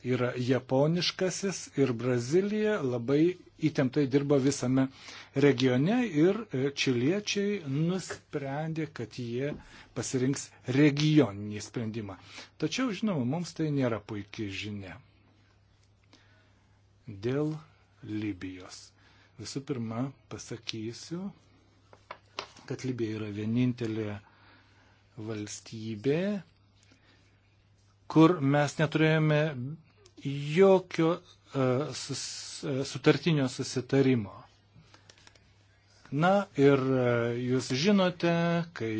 yra japoniškasis ir Brazilija labai įtemptai dirba visame regione ir e, čiliečiai nusprendė, kad jie pasirinks regioninį sprendimą. Tačiau, žinoma, mums tai nėra puikiai žinia. Dėl Libijos. Visų pirma, pasakysiu, kad Libija yra vienintelė valstybė, kur mes neturėjome jokio e, sus, e, sutartinio susitarimo. Na ir e, jūs žinote, kai,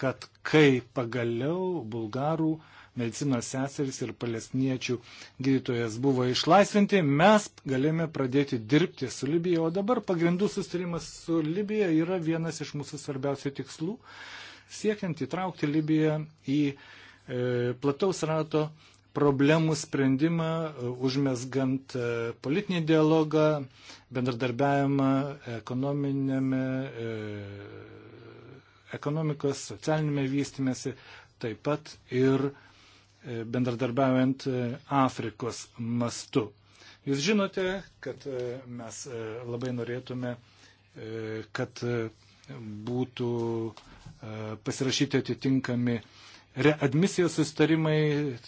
kad kai pagaliau bulgarų medicinos seseris ir palestiniečių gydytojas buvo išlaisvinti, mes galėjome pradėti dirbti su Libija, o dabar pagrindų sustarimas su Libija yra vienas iš mūsų svarbiausių tikslų, siekiant įtraukti Libiją į e, plataus rato problemų sprendimą, e, užmesgant e, politinį dialogą, bendradarbiavimą ekonominėme, e, ekonomikos, socialinėme vystimėsi, taip pat ir bendradarbiaujant Afrikos mastu. Jūs žinote, kad mes labai norėtume, kad būtų pasirašyti atitinkami readmisijos sustarimai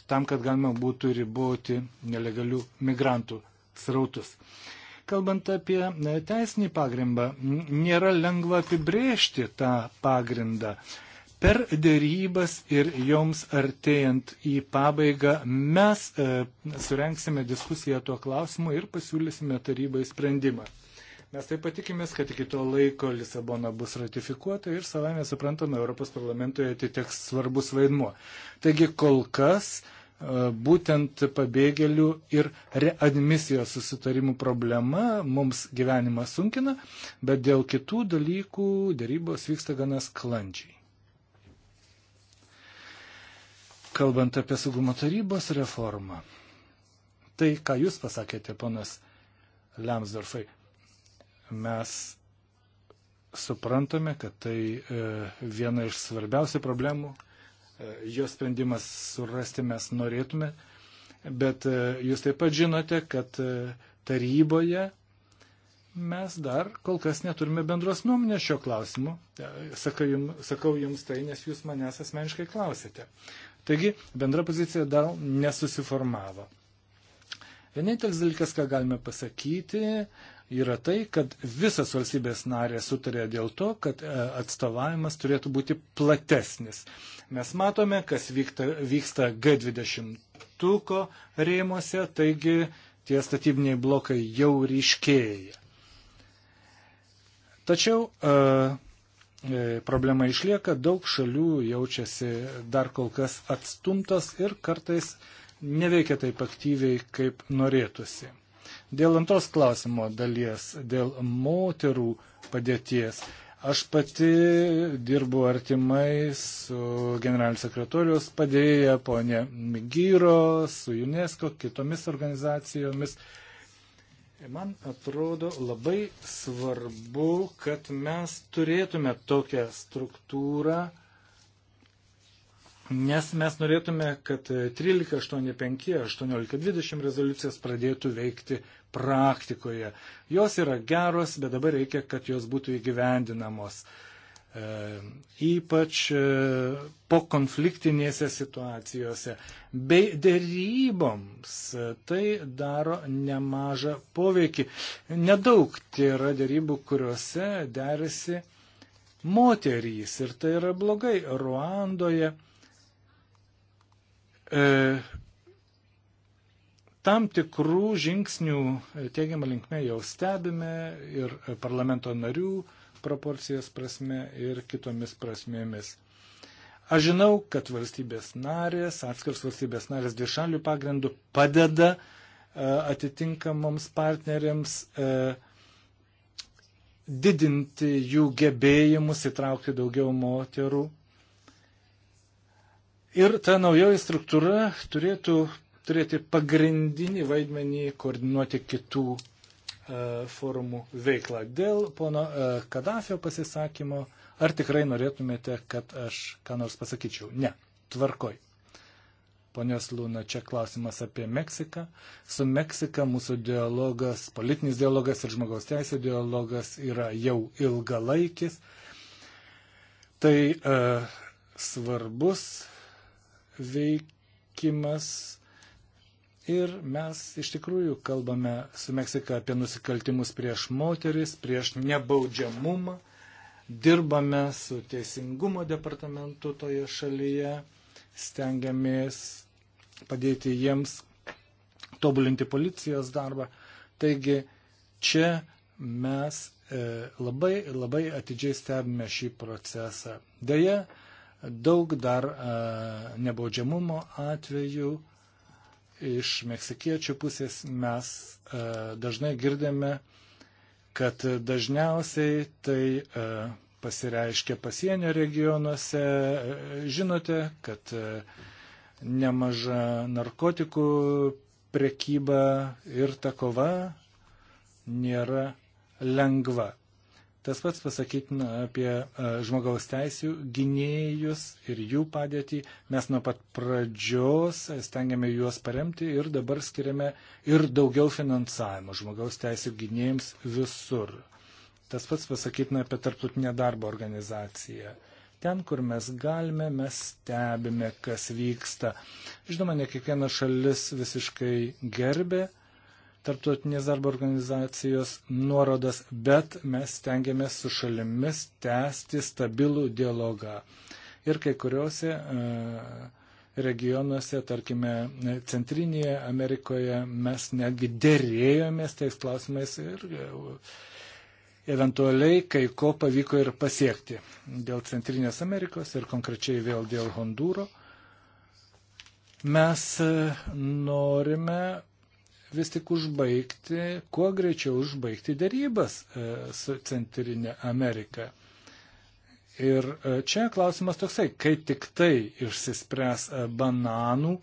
tam, kad galima būtų riboti nelegalių migrantų srautus. Kalbant apie e, teisinį pagrindą, nėra lengva apibrėžti tą pagrindą. Per dėrybas ir joms artėjant į pabaigą mes e, surenksime diskusiją tuo klausimu ir pasiūlysime tarybai sprendimą. Mes taip patikimės, kad iki to laiko Lisabona bus ratifikuota ir savame suprantame, Europos parlamentoje atiteks svarbus vaidmuo. Taigi kol kas e, būtent pabėgėlių ir readmisijos susitarimų problema mums gyvenimą sunkina, bet dėl kitų dalykų dėrybos vyksta gana sklandžiai. Kalbant apie saugumo tarybos reformą, tai ką jūs pasakėte, ponas Lemsdorfai, mes suprantame, kad tai e, viena iš svarbiausių problemų, e, jo sprendimas surasti mes norėtume, bet e, jūs taip pat žinote, kad taryboje mes dar kol kas neturime bendros nuomonės šio klausimu. Sakau jums, sakau jums tai, nes jūs manęs asmeniškai klausėte. Taigi, bendra pozicija dar nesusiformavo. Vienintelis dalykas, ką galime pasakyti, yra tai, kad visas valstybės narė sutarė dėl to, kad e, atstovavimas turėtų būti platesnis. Mes matome, kas vyksta, vyksta G20 rėmose, taigi tie statybiniai blokai jau ryškėja. Tačiau e, e, problema išlieka, daug šalių jaučiasi dar kol kas atstumtos ir kartais neveikia taip aktyviai, kaip norėtųsi. Dėl antos klausimo dalies, dėl moterų padėties, aš pati dirbu artimai su generalinio sekretorijos padėja, ponė Migyro, su UNESCO, kitomis organizacijomis. Man atrodo labai svarbu, kad mes turėtume tokią struktūrą, nes mes norėtume, kad 1385, 1820 rezoliucijas pradėtų veikti praktikoje. Jos yra geros, bet dabar reikia, kad jos būtų įgyvendinamos. E, ypač e, po konfliktinėse situacijose. Bei dėryboms tai daro nemažą poveikį. Nedaug tai yra dėrybų, kuriuose derisi moterys ir tai yra blogai. Ruandoje E, tam tikrų žingsnių teigiamą linkme jau stebime ir parlamento narių proporcijas prasme ir kitomis prasmėmis. Aš žinau, kad valstybės narės, atskirs valstybės narės dvišalių pagrindų padeda e, atitinkamoms partneriams e, didinti jų gebėjimus įtraukti daugiau moterų Ir ta naujoji struktūra turėtų turėti pagrindinį vaidmenį koordinuoti kitų e, forumų veiklą. Dėl pono e, Kadafio pasisakymo, ar tikrai norėtumėte, kad aš ką nors pasakyčiau? Ne, tvarkoj. Ponios Lūna, čia klausimas apie Meksiką. Su Meksika mūsų dialogas, politinis dialogas ir žmogaus teisų dialogas yra jau ilgalaikis. Tai e, svarbus veikimas. Ir mes iš tikrųjų kalbame su Meksika apie nusikaltimus prieš moteris, prieš nebaudžiamumą. Dirbame su Teisingumo departamentu toje šalyje, stengiamės padėti jiems tobulinti policijos darbą. Taigi čia mes e, labai labai atidžiai stebime šį procesą. Deja, Daug dar e, nebaudžiamumo atvejų iš meksikiečių pusės mes e, dažnai girdėme, kad dažniausiai tai e, pasireiškia pasienio regionuose. Žinote, kad nemaža narkotikų prekyba ir ta kova nėra lengva. Tas pats pasakytina apie e, žmogaus teisų gynėjus ir jų padėtį. Mes nuo pat pradžios stengiame juos paremti ir dabar skiriame ir daugiau finansavimo žmogaus teisų gynėjams visur. Tas pats pasakytina apie tarptautinę darbo organizaciją ten, kur mes galime, mes stebime, kas vyksta. Žinoma, ne kiekviena šalis visiškai gerbė tarptautinės darbo organizacijos nuorodas, bet mes tengiamės su šalimis tęsti stabilų dialogą. Ir kai kuriuose e, regionuose, tarkime, Centrinėje Amerikoje mes netgi dėrėjomės tais klausimais ir e, eventualiai kai ko pavyko ir pasiekti. Dėl Centrinės Amerikos ir konkrečiai vėl dėl Hondūro mes e, norime vis tik užbaigti, kuo greičiau užbaigti dėrybas e, su Centrinė Amerika. Ir e, čia klausimas toksai, kai tik tai išsispręs e, bananų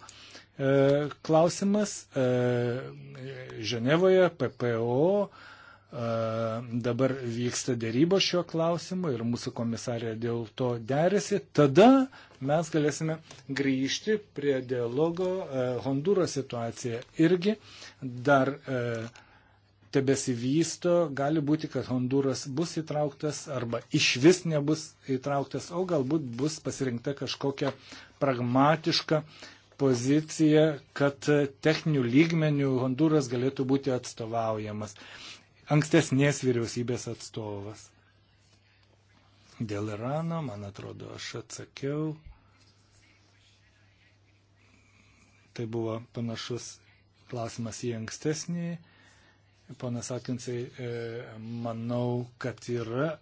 klausimas, Ženevoje PPO dabar vyksta dėrybo šiuo klausimu ir mūsų komisarė dėl to derėsi, tada mes galėsime grįžti prie dialogo. E, Hondūro situacija irgi dar e, tebesivysto, gali būti, kad Hondūras bus įtrauktas arba iš vis nebus įtrauktas, o galbūt bus pasirinkta kažkokia pragmatiška pozicija, kad techninių lygmenių Hondūras galėtų būti atstovaujamas. Uh, ankstesnės vyriausybės atstovas. Dėl Irano, man atrodo, aš atsakiau. Tai buvo panašus klausimas į ankstesnį. Ponas Akinsai, e, manau, kad yra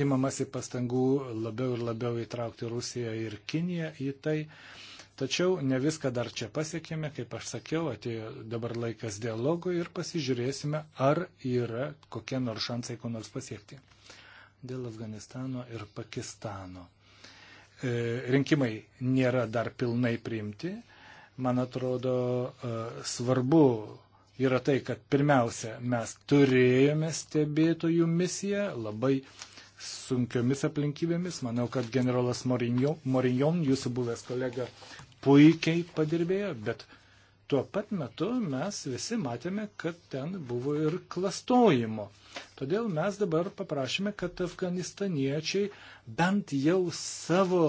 imamasi pastangų labiau ir labiau įtraukti Rusiją ir Kiniją į tai. E, Tačiau ne viską dar čia pasiekėme, kaip aš sakiau, atėjo dabar laikas dialogui ir pasižiūrėsime, ar yra kokie nors šansai ko nors pasiekti. Dėl Afganistano ir Pakistano. E, rinkimai nėra dar pilnai priimti. Man atrodo, e, svarbu yra tai, kad pirmiausia, mes turėjome stebėtojų misiją labai sunkiomis aplinkybėmis. Manau, kad generolas Morinjon, jūsų buvęs kolega, puikiai padirbėjo, bet tuo pat metu mes visi matėme, kad ten buvo ir klastojimo. Todėl mes dabar paprašėme, kad afganistaniečiai bent jau savo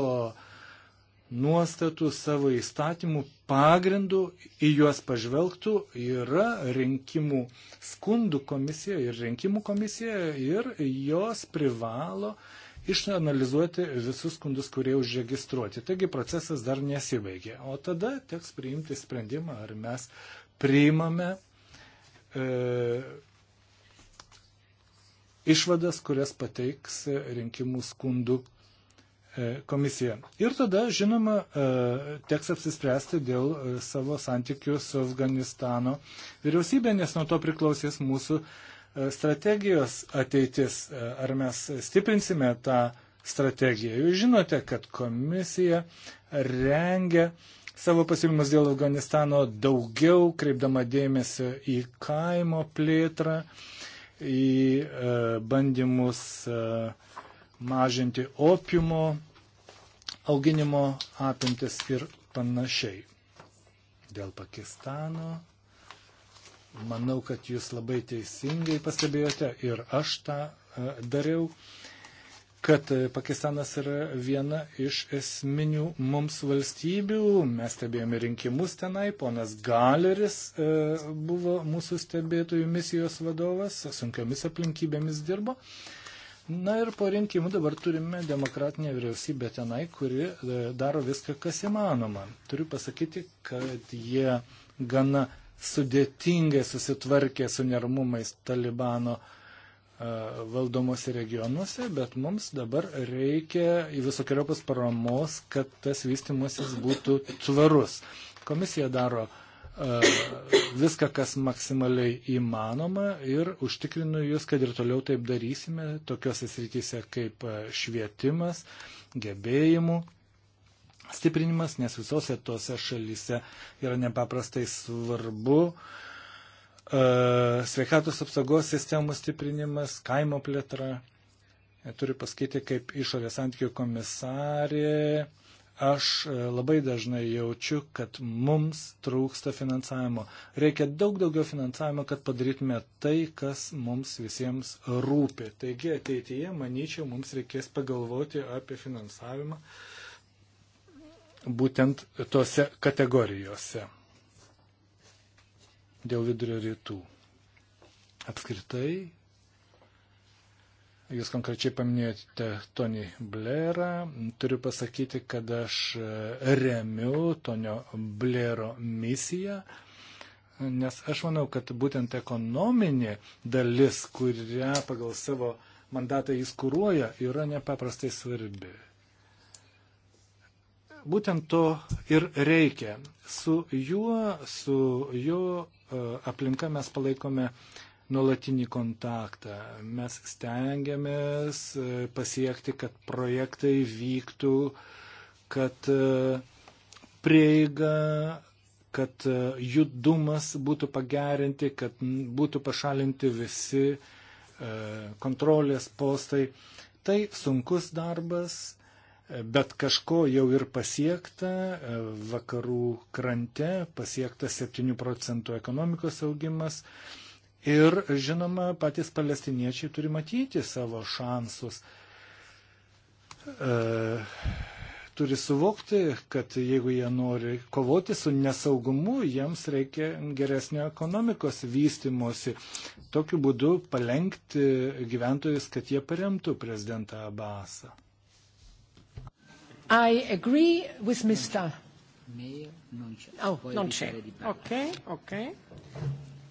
nuostatų, savo įstatymų pagrindų į juos pažvelgtų yra rinkimų skundų komisija ir rinkimų komisija ir jos privalo uh, išanalizuoti visus skundus, kurie užregistruoti. Taigi procesas dar nesibaigė. O tada teks priimti sprendimą, ar mes priimame e, išvadas, kurias pateiks rinkimų skundų e, komisija. Ir tada, žinoma, e, teks apsispręsti dėl e, savo santykių su Afganistano vyriausybė, nes nuo to priklausys mūsų strategijos ateitis, e, ar mes stiprinsime tą strategiją. Jūs žinote, kad komisija rengia savo pasiūlymus dėl Afganistano daugiau, kreipdama dėmesį į kaimo plėtrą, į e, bandymus e, mažinti opiumo auginimo apimtis ir panašiai. Dėl Pakistano Manau, kad jūs labai teisingai pastebėjote ir aš tą e, dariau, kad e, Pakistanas yra viena iš esminių mums valstybių. Mes stebėjome rinkimus tenai, ponas Galeris e, buvo mūsų stebėtojų misijos vadovas, sunkiomis aplinkybėmis dirbo. Na ir po rinkimų dabar turime demokratinę vyriausybę tenai, kuri daro viską, kas įmanoma. Turiu pasakyti, kad jie gana sudėtingai susitvarkė su nermumais Talibano e, valdomose regionuose, bet mums dabar reikia į visokiojopus paramos, kad tas vystimasis būtų tvarus. Komisija daro e, viską, kas maksimaliai įmanoma ir užtikrinu jūs, kad ir toliau taip darysime tokiuose srityse kaip e, švietimas, gebėjimų stiprinimas, nes visose tose šalise yra nepaprastai svarbu e, sveikatos apsaugos sistemų stiprinimas, kaimo plėtra. E, turiu pasakyti, kaip išorės santykių komisarė, aš e, labai dažnai jaučiu, kad mums trūksta finansavimo. Reikia daug daugiau finansavimo, kad padarytume tai, kas mums visiems rūpi. Taigi ateityje, manyčiau, mums reikės pagalvoti apie finansavimą. Uh, būtent tose kategorijose dėl vidurio rytų. Apskritai, jūs konkrečiai paminėjote Tony Blairą, turiu pasakyti, kad aš remiu Tonio Blairo misiją, nes aš manau, kad būtent ekonominė dalis, kurią pagal savo mandatą jis kūruoja, yra nepaprastai svarbi. Būtent to ir reikia. Su juo, su jo e, aplinka mes palaikome nuolatinį kontaktą. Mes stengiamės e, pasiekti, kad projektai vyktų, kad e, prieiga, kad judumas būtų pagerinti, kad būtų pašalinti visi kontrolės postai. Tai sunkus darbas, bet kažko jau ir pasiekta, vakarų krante pasiektas 7 procentų ekonomikos augimas ir, žinoma, patys palestiniečiai turi matyti savo šansus. E, turi suvokti, kad jeigu jie nori kovoti su nesaugumu, jiems reikia geresnio ekonomikos vystimosi. Tokiu būdu palengti gyventojus, kad jie paremtų prezidentą Abasą. I agree with Mr. Mayor, non c'è. Oh, non c'è. Okay, okay.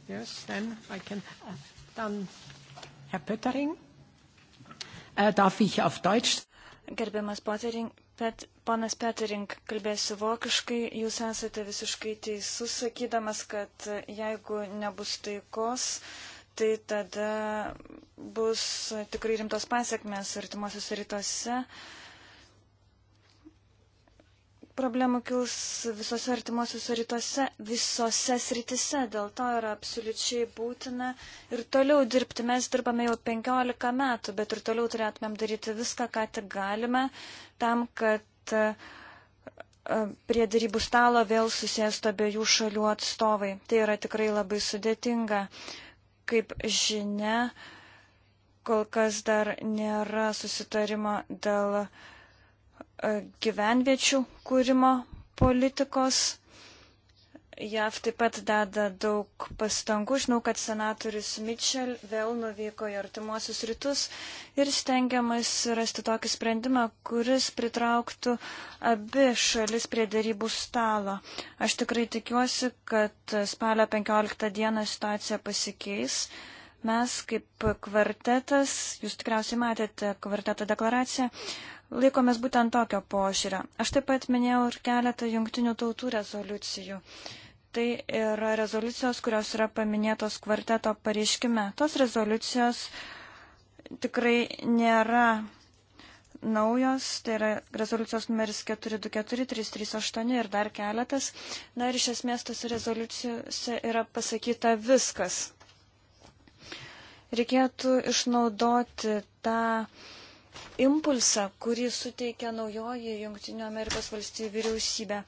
Yes, then I can. Uh, dann Herr Pöttering. Uh, darf ich auf Deutsch? Gerbiamas Pöttering, Pet, ponas Pöttering, kalbėsiu vokiškai. Jūs esate visiškai teisus, sakydamas, kad e, jeigu nebus taikos, tai tada bus tikrai rimtos pasiekmes artimuosiuose rytuose. Uh, problemų kils visose artimuosiuose rytuose, visose sritise. Dėl to yra absoliučiai būtina ir toliau dirbti. Mes dirbame jau 15 metų, bet ir toliau turėtumėm daryti viską, ką tik galime, tam, kad e, prie darybų stalo vėl susėstų abiejų šalių atstovai. Tai yra tikrai labai sudėtinga. Kaip žinia, kol kas dar nėra susitarimo dėl E, gyvenviečių kūrimo politikos. JAV taip pat deda daug pastangų. Žinau, kad senatorius Mitchell vėl nuvyko į artimuosius rytus ir stengiamas rasti tokį sprendimą, kuris pritrauktų abi šalis prie darybų stalo. Aš tikrai tikiuosi, kad spalio 15 dieną situacija pasikeis. Mes kaip kvartetas, jūs tikriausiai matėte kvarteto deklaraciją, laikomės būtent tokio pošiūrio. Aš taip pat minėjau ir keletą jungtinių tautų rezoliucijų. Tai yra rezoliucijos, kurios yra paminėtos kvarteto pareiškime. Tos rezoliucijos tikrai nėra naujos, tai yra rezoliucijos numeris 424, 338 ir dar keletas. Na ir iš esmės tose rezoliucijose yra pasakyta viskas. Reikėtų išnaudoti tą impulsą, kurį suteikia naujoji Junktinių Amerikos valstybių vyriausybė.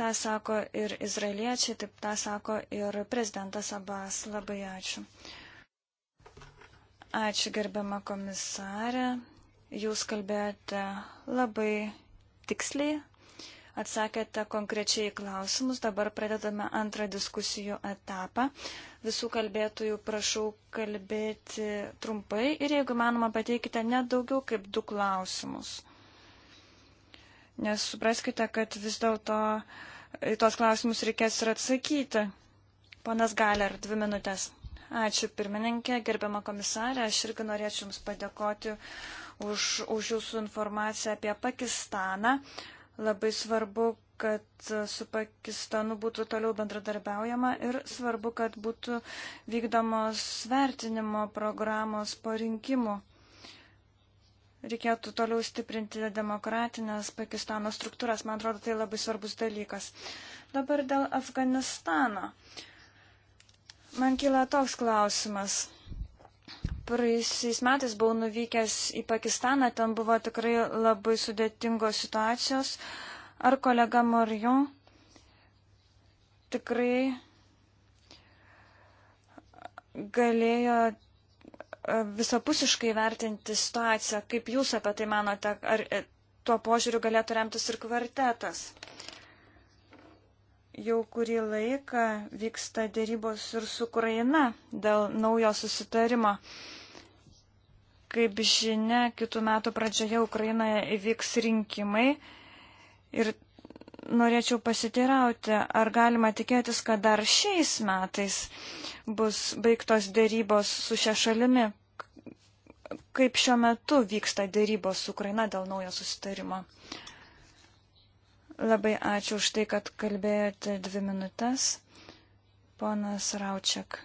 Ta sako ir izraeliečiai, taip ta sako ir prezidentas Abbas. Labai ačiū. Ačiū gerbiama komisarė. Jūs kalbėjote labai tiksliai, atsakėte konkrečiai klausimus. Dabar pradedame antrą diskusijų etapą. Visų kalbėtojų prašau kalbėti trumpai ir jeigu manoma pateikite net daugiau kaip du klausimus. Nes supraskite, kad vis dėlto į tos klausimus reikės ir atsakyti. Ponas Galer, dvi minutės. Ačiū pirmininkė, gerbiama komisarė, aš irgi norėčiau Jums padėkoti už, už Jūsų informaciją apie Pakistaną. Uh, Labai svarbu, kad su Pakistanu būtų toliau bendradarbiaujama ir svarbu, kad būtų vykdomos vertinimo programos po rinkimų. Reikėtų toliau stiprinti demokratinės Pakistano struktūras. Man atrodo, tai labai svarbus dalykas. Dabar dėl Afganistano. Man kyla toks klausimas. Praėjusiais metais buvau nuvykęs į Pakistaną, ten buvo tikrai labai sudėtingos situacijos. Ar kolega Marion tikrai galėjo e, visapusiškai vertinti situaciją? Kaip jūs apie tai manote? Ar e, tuo požiūriu galėtų remtis ir kvartetas? jau kurį laiką vyksta dėrybos ir su Ukraina dėl naujo susitarimo. Kaip žinia, kitų metų pradžioje Ukrainoje įvyks rinkimai ir norėčiau pasiteirauti, ar galima tikėtis, kad dar šiais metais bus baigtos dėrybos su šia šalimi, kaip šiuo metu vyksta dėrybos su Ukraina dėl naujo susitarimo. Labai ačiū už tai, kad kalbėjote dvi minutės. Ponas Raučiak.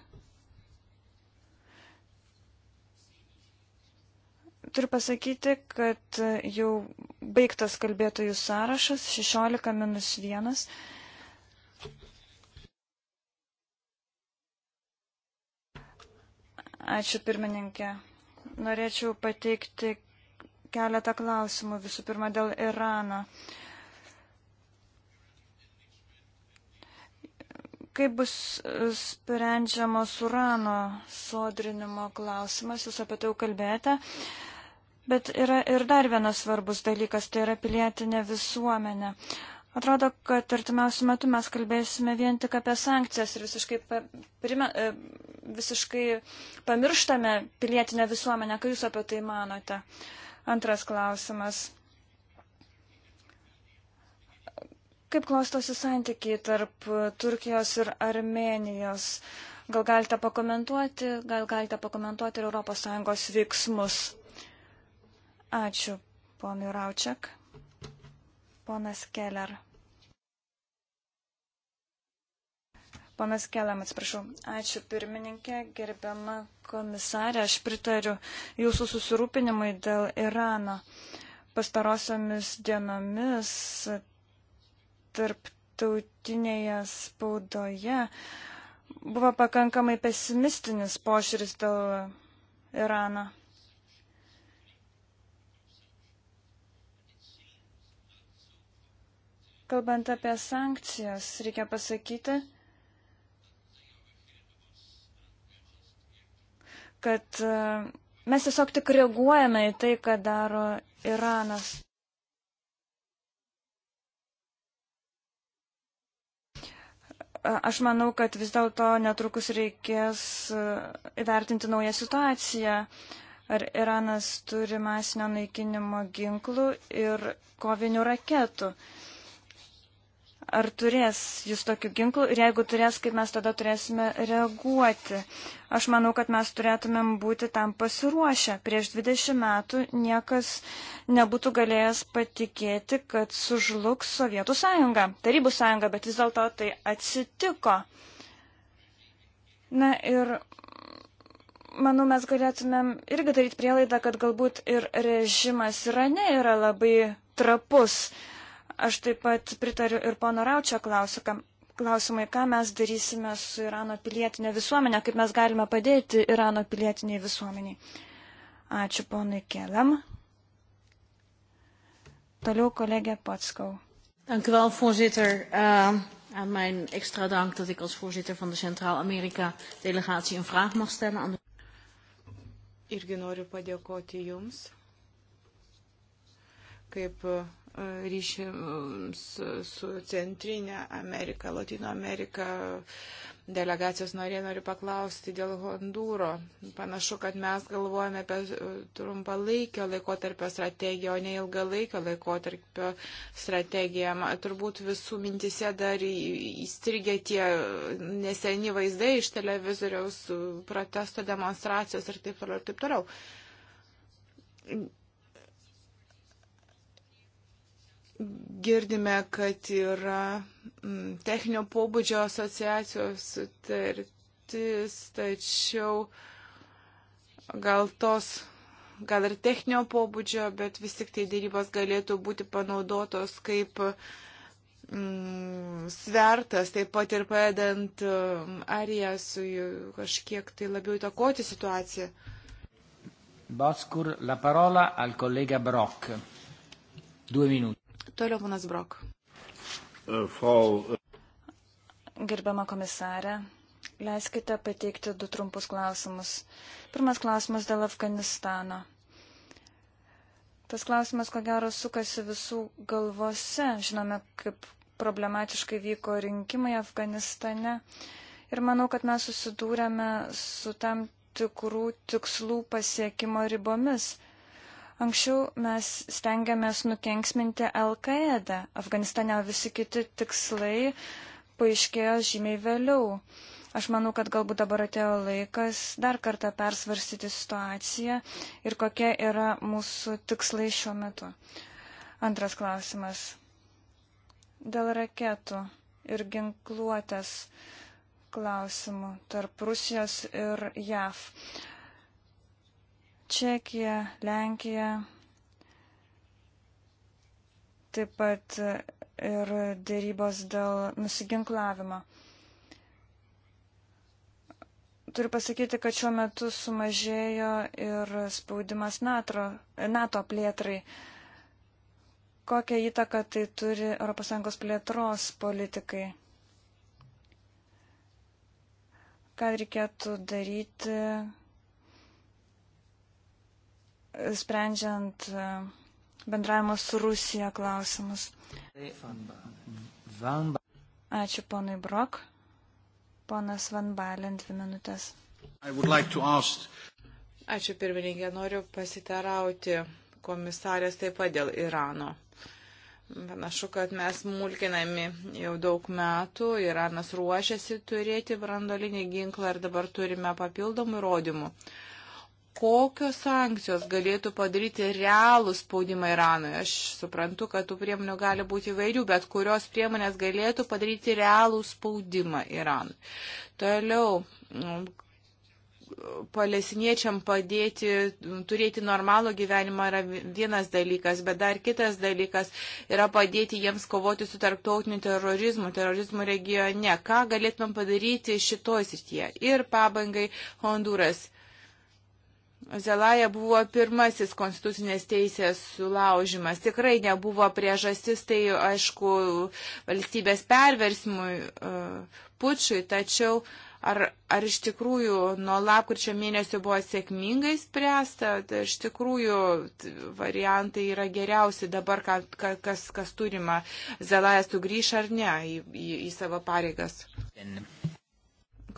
Turiu pasakyti, kad jau baigtas kalbėtojų sąrašas 16 minus 1. Ačiū pirmininkė. Norėčiau pateikti keletą klausimų. Visų pirma, dėl Irano. Uh, Kaip bus e, sprendžiamas urano sodrinimo klausimas, jūs apie tai jau kalbėjote, bet yra ir dar vienas svarbus dalykas, tai yra pilietinė visuomenė. Atrodo, kad artimiausių metų mes kalbėsime vien tik apie sankcijas ir visiškai, pa, prime, e, visiškai pamirštame pilietinę visuomenę. Ką jūs apie tai manote? Antras klausimas. Kaip klostosi santykiai tarp e, Turkijos ir Armenijos? Gal galite pakomentuoti, gal galite pakomentuoti ir ES veiksmus? Ačiū, ponui Raučiak. Ponas Keller. Panas Keliam, atsiprašau. Ačiū pirmininkė, gerbiama komisarė, aš pritariu jūsų susirūpinimai dėl Irano. Pastarosiomis dienomis tarptautinėje spaudoje buvo pakankamai pesimistinis pošiūris dėl Irano. Kalbant apie sankcijas, reikia pasakyti, kad e, mes tiesiog tik reaguojame į tai, ką daro Iranas. Aš manau, kad vis dėlto netrukus reikės įvertinti naują situaciją. Ar Iranas turi masinio naikinimo ginklų ir kovinių raketų? Uh, ar turės jis tokių ginklų ir jeigu turės, kaip mes tada turėsime reaguoti. Aš manau, kad mes turėtumėm būti tam pasiruošę. Prieš 20 metų niekas nebūtų galėjęs patikėti, kad sužlugs Sovietų sąjunga, Tarybų sąjunga, bet vis dėlto tai atsitiko. Na ir manau, mes galėtumėm irgi daryti prielaidą, kad galbūt ir režimas Irane yra labai trapus. Uh, Aš taip pat pritariu ir pono Raučio klausimai, ką mes darysime su Irano pilietinė visuomenė, kaip mes galime padėti Irano pilietiniai visuomeniai. Ačiū ponui Keliam. Toliau kolegė Patskau. Dank u wel, voorzitter. Uh, aan mijn extra dank dat ik als voorzitter van de Centraal-Amerika-delegatie een vraag mag stellen aan de. Irgi noriu padėkoti Jums, kaip ryšiams mm, su Centrinė Amerika, Latino Amerika. Delegacijos norė noriu paklausti dėl Hondūro. Panašu, kad mes galvojame apie e, trumpalaikio laikotarpio strategiją, o ne ilgalaikio laikotarpio strategiją. Turbūt visų mintise dar įstrigė tie neseni vaizdai iš televizoriaus, e, protesto demonstracijos ir taip toliau ir taip toliau girdime, kad yra mm, techninio pobūdžio asociacijos sutartis, tačiau gal tos, gal ir techninio pobūdžio, bet vis tik tai dėrybos galėtų būti panaudotos kaip mm, svertas, taip pat ir padedant mm, Arija su kažkiek tai labiau įtakoti situaciją. Boskur, la parola al kolega Brock. Due minuti. Toliau panas Brok. E, frau. E, Gerbiama komisarė, leiskite pateikti du trumpus klausimus. Pirmas klausimas dėl Afganistano. Tas klausimas, ko gero, sukasi visų galvose. Žinome, kaip problematiškai vyko rinkimai Afganistane. Ir manau, kad mes susidūrėme su tam tikrų tikslų pasiekimo ribomis. Anksčiau mes stengiamės nukenksminti Al-Qaedą. Afganistane visi kiti tikslai paaiškėjo žymiai vėliau. Aš manau, kad galbūt dabar atėjo laikas dar kartą persvarstyti situaciją ir kokie yra mūsų tikslai šiuo metu. Antras klausimas. Dėl raketų ir ginkluotės klausimų tarp Rusijos ir JAV. Čekija, Lenkija, taip pat ir dėrybos dėl nusiginklavimo. Turiu pasakyti, kad šiuo metu sumažėjo ir spaudimas NATO, NATO plėtrai. Kokią įtaką tai turi ES plėtros politikai? Ką reikėtų daryti, sprendžiant e, bendravimo su Rusija klausimus. Ačiū ponui Brok. Ponas Van Balen, dvi minutės. Like ask... Ačiū pirmininkė, noriu pasitarauti komisarės taip pat dėl Irano. Panašu, kad mes mulkinami jau daug metų, Iranas ruošiasi turėti brandolinį ginklą ir dabar turime papildomų įrodymų kokios sankcijos galėtų padaryti realų spaudimą Iranui. Aš suprantu, kad tų priemonių gali būti įvairių, bet kurios priemonės galėtų padaryti realų spaudimą Iranui. Toliau mm, palestiniečiam padėti mm, turėti normalų gyvenimą yra vienas dalykas, bet dar kitas dalykas yra padėti jiems kovoti su tarptautiniu terorizmu, terorizmu regione. Ką galėtumėm padaryti šitoj srityje? Ir pabaigai Honduras Zelaja buvo pirmasis konstitucinės teisės sulaužimas. Tikrai nebuvo priežastis, tai aišku, valstybės perversmui, e, pučiui, tačiau ar, ar iš tikrųjų nuo lapkričio mėnesio buvo sėkmingai spręsta, tai iš tikrųjų variantai yra geriausi dabar, ka, ka, kas, kas turima. Zelaja sugrįš ar ne į, į, į savo pareigas.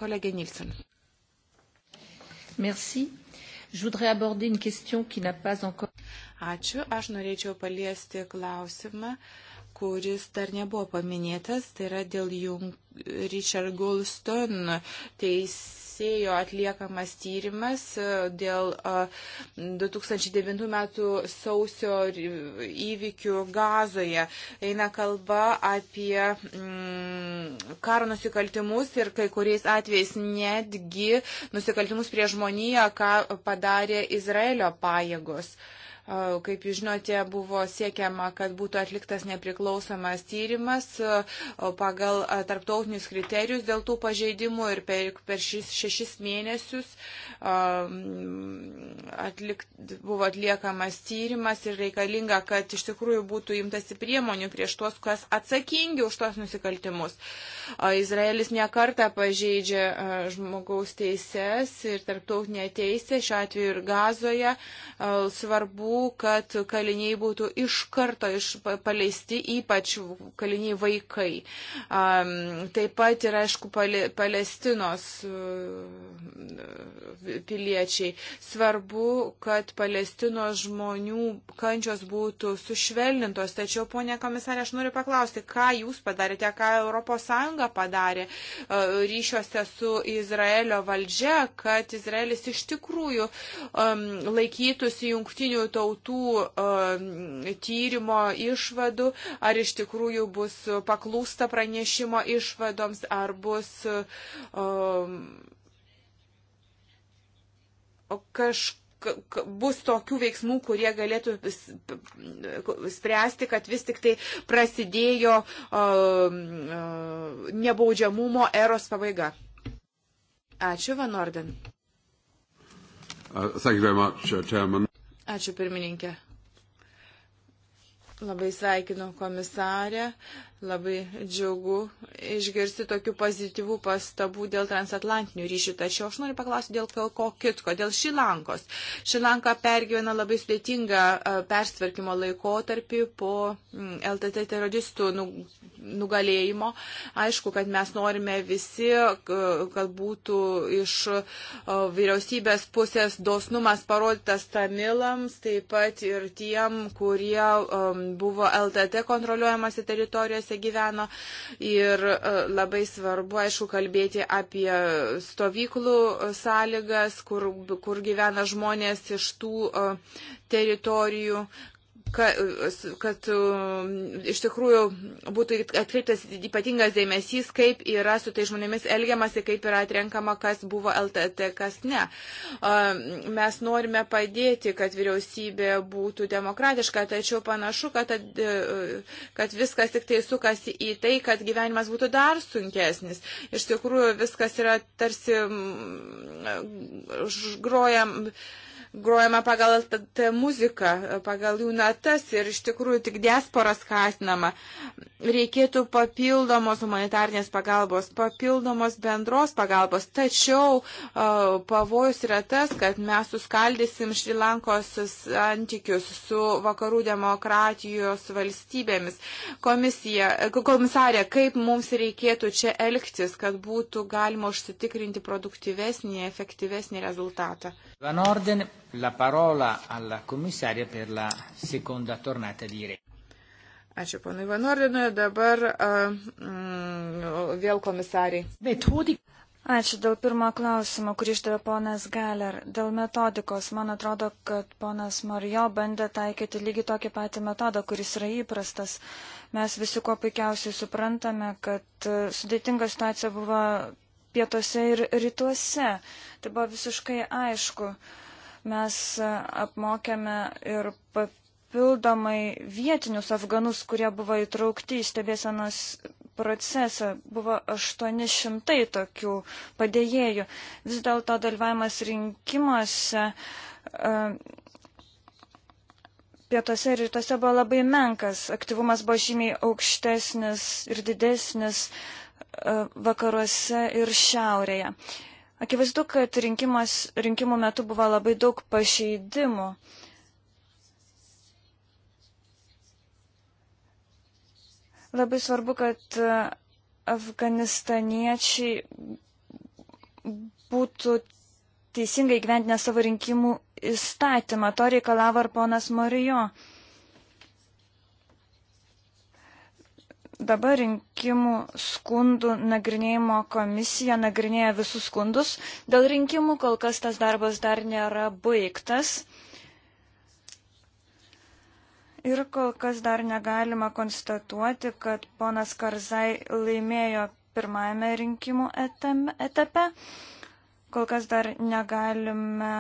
Kolegė Nilsen. Merci. Ačiū. Aš norėčiau paliesti klausimą, kuris dar nebuvo paminėtas. Tai yra dėl Richard Goldstone teisės teisėjo atliekamas tyrimas e, dėl 2009 metų sausio įvykių gazoje. Eina kalba apie mm, karo nusikaltimus ir kai kuriais atvejais netgi nusikaltimus prie žmoniją, ką padarė Izraelio pajėgos. Uh, Kaip jūs žinote, buvo siekiama, kad būtų atliktas nepriklausomas tyrimas pagal tarptautinius kriterijus dėl tų pažeidimų ir per, per šis, šešis mėnesius atlik, buvo atliekamas tyrimas ir reikalinga, kad iš tikrųjų būtų imtasi priemonių prieš tuos, kas atsakingi už tos nusikaltimus. Izraelis nekarta pažeidžia žmogaus teises ir tarptautinė teisė, šiuo atveju ir gazoje. Svarbu pastangų, kad kaliniai būtų iš karto iš paleisti, ypač kaliniai vaikai. Taip pat ir, aišku, Palestinos e, piliečiai. Svarbu, kad Palestinos žmonių kančios būtų sušvelnintos. Tačiau, ponė komisarė, aš noriu paklausti, ką jūs padarėte, ką ES padarė e, ryšiuose su Izraelio valdžia, kad Izraelis iš tikrųjų um, laikytųsi jungtinių tautų um, tyrimo išvadų, ar iš tikrųjų bus paklūsta pranešimo išvadoms, ar bus um, kažkas bus tokių veiksmų, kurie galėtų spręsti, kad vis tik tai prasidėjo um, uh, nebaudžiamumo eros pabaiga. Ačiū, Van Orden. Uh, much, uh, Ačiū pirmininkė. Labai sveikinu komisarę. Labai džiugu išgirsti tokių pozityvų pastabų dėl transatlantinių ryšių. Tačiau aš noriu paklausyti dėl ko kitko, dėl Šilankos. Šilanka pergyvena labai sudėtingą e, persitvarkymo laikotarpį po LTT teroristų nu, nugalėjimo. Aišku, kad mes norime visi, kad būtų iš e, vyriausybės pusės dosnumas parodytas tamilams, taip pat ir tiem, kurie buvo LTT kontroliuojamasi teritorijose kuriuose gyveno. Ir e, labai svarbu, aišku, kalbėti apie stovyklų sąlygas, kur, kur gyvena žmonės iš tų e, teritorijų, kad, kad um, iš tikrųjų būtų atkreiptas ypatingas dėmesys, kaip yra su tai žmonėmis elgiamasi, kaip yra atrenkama, kas buvo LTT, kas ne. Um, mes norime padėti, kad vyriausybė būtų demokratiška, tačiau panašu, kad, kad viskas tik tai sukasi į tai, kad gyvenimas būtų dar sunkesnis. Iš tikrųjų viskas yra tarsi mm, grojam grojama pagal tą muziką, pagal jų natas ir iš tikrųjų tik diaspora skatinama. Reikėtų papildomos humanitarnės pagalbos, papildomos bendros pagalbos, tačiau pavojus yra tas, kad mes suskaldysim Šrilankos santykius su vakarų demokratijos valstybėmis. Komisija, komisarė, kaip mums reikėtų čia elgtis, kad būtų galima užsitikrinti produktyvesnį, efektyvesnį rezultatą? Van Orden, la parola alla commissaria per la seconda tornata di Reiki. Ačiū ponui Vanorinui, dabar uh, mm, vėl komisariai. Ačiū dėl pirmo klausimo, kurį išdavė ponas Galer. Dėl metodikos, man atrodo, kad ponas Morijo bandė taikyti lygiai tokį patį metodą, kuris yra įprastas. Mes visi kuo puikiausiai suprantame, kad e, sudėtinga situacija buvo pietuose ir rytuose. Tai buvo visiškai aišku. Uh, Mes apmokėme ir papildomai vietinius afganus, kurie buvo įtraukti į stebėsenos procesą. Buvo 800 tokių padėjėjų. Vis dėlto dalyvavimas rinkimuose e, pietuose ir rytuose buvo labai menkas. Aktyvumas buvo žymiai aukštesnis ir didesnis e, vakaruose ir šiaurėje. Akivaizdu, kad rinkimas, rinkimų metu buvo labai daug pažeidimų. Labai svarbu, kad e, afganistaniečiai būtų teisingai gyventinę savo rinkimų įstatymą. To reikalavo ir ponas Morijo. Dabar rinkimų skundų nagrinėjimo komisija nagrinėja visus skundus. Dėl rinkimų kol kas tas darbas dar nėra baigtas. Ir kol kas dar negalima konstatuoti, kad ponas Karzai laimėjo pirmajame rinkimų etape. Kol kas dar negalime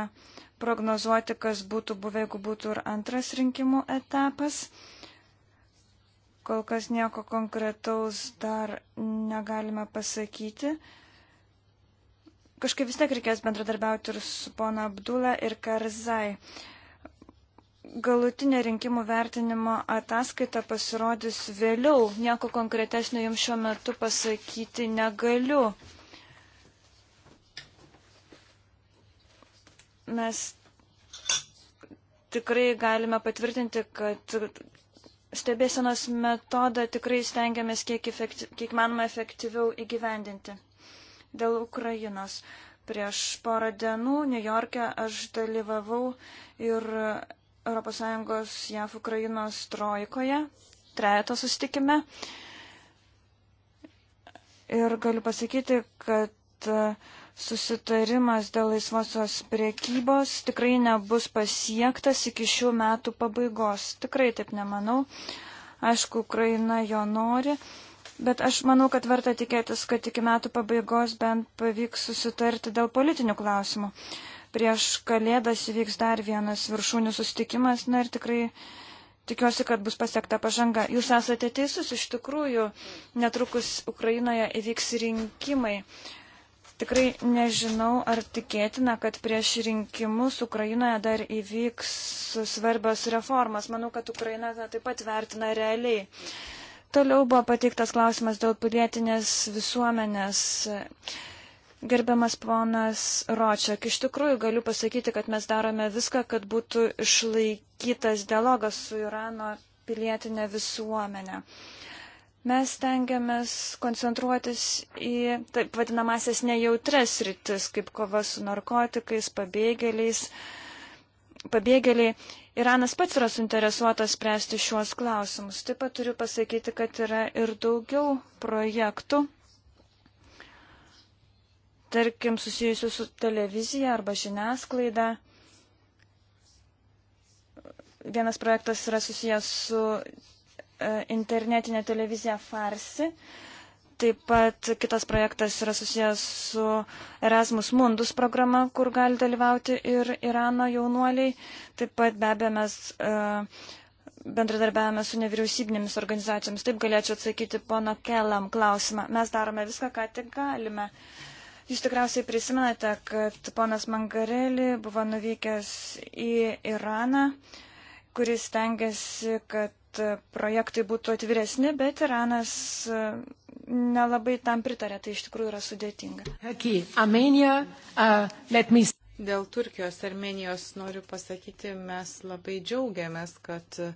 prognozuoti, kas būtų buvę, jeigu būtų ir antras rinkimų etapas. Kol kas nieko konkretaus dar negalime pasakyti. Kažkaip vis tiek reikės bendradarbiauti ir su pona Abdulė ir Karzai. Galutinė rinkimų vertinimo ataskaita pasirodys vėliau. Nieko konkretesnio jums šiuo metu pasakyti negaliu. Mes tikrai galime patvirtinti, kad stebėsenos metodą tikrai stengiamės kiek, efekti, kiek manoma efektyviau įgyvendinti. Dėl Ukrainos. Prieš porą dienų New York'e aš dalyvavau ir ES JAF Ukrainos trojkoje, trejato sustikime. Ir galiu pasakyti, kad uh, susitarimas dėl laisvosios priekybos tikrai nebus pasiektas iki šių metų pabaigos. Tikrai taip nemanau. Aišku, Ukraina jo nori, bet aš manau, kad verta tikėtis, kad iki metų pabaigos bent pavyks susitarti dėl politinių klausimų. Prieš kalėdas įvyks dar vienas viršūnių susitikimas, na ir tikrai tikiuosi, kad bus pasiekta pažanga. Jūs esate teisus, iš tikrųjų, netrukus Ukrainoje įvyks rinkimai. Uh, Tikrai nežinau, ar tikėtina, kad prieš rinkimus Ukrainoje dar įvyks svarbios reformas. Manau, kad Ukraina taip pat vertina realiai. Toliau buvo pateiktas klausimas dėl pilietinės visuomenės. Gerbiamas ponas Ročiak, iš tikrųjų galiu pasakyti, kad mes darome viską, kad būtų išlaikytas dialogas su Irano pilietinė visuomenė. Uh, Mes tengiamės koncentruotis į taip vadinamasias nejautres rytis, kaip kova su narkotikais, pabėgėliais. Pabėgėliai. Iranas pats yra suinteresuotas spręsti šiuos klausimus. Taip pat turiu pasakyti, kad yra ir daugiau projektų, tarkim, susijusių su televizija arba žiniasklaida vienas projektas yra susijęs su internetinė televizija Farsi. Taip pat kitas projektas yra susijęs su Erasmus Mundus programa, kur gali dalyvauti ir Irano jaunuoliai. Taip pat be abejo mes e, bendradarbiavame su nevyriausybinėmis organizacijomis. Taip galėčiau atsakyti pono Kelam klausimą. Mes darome viską, ką tik galime. Jūs tikriausiai prisimenate, kad ponas Mangarelį buvo nuvykęs į Iraną, kuris tengiasi, kad kad projektai būtų atviresni, bet Iranas e, nelabai tam pritarė, tai iš tikrųjų yra sudėtinga. Okay. Armenia, uh, Dėl Turkijos, Armenijos noriu pasakyti, mes labai džiaugiamės, kad uh,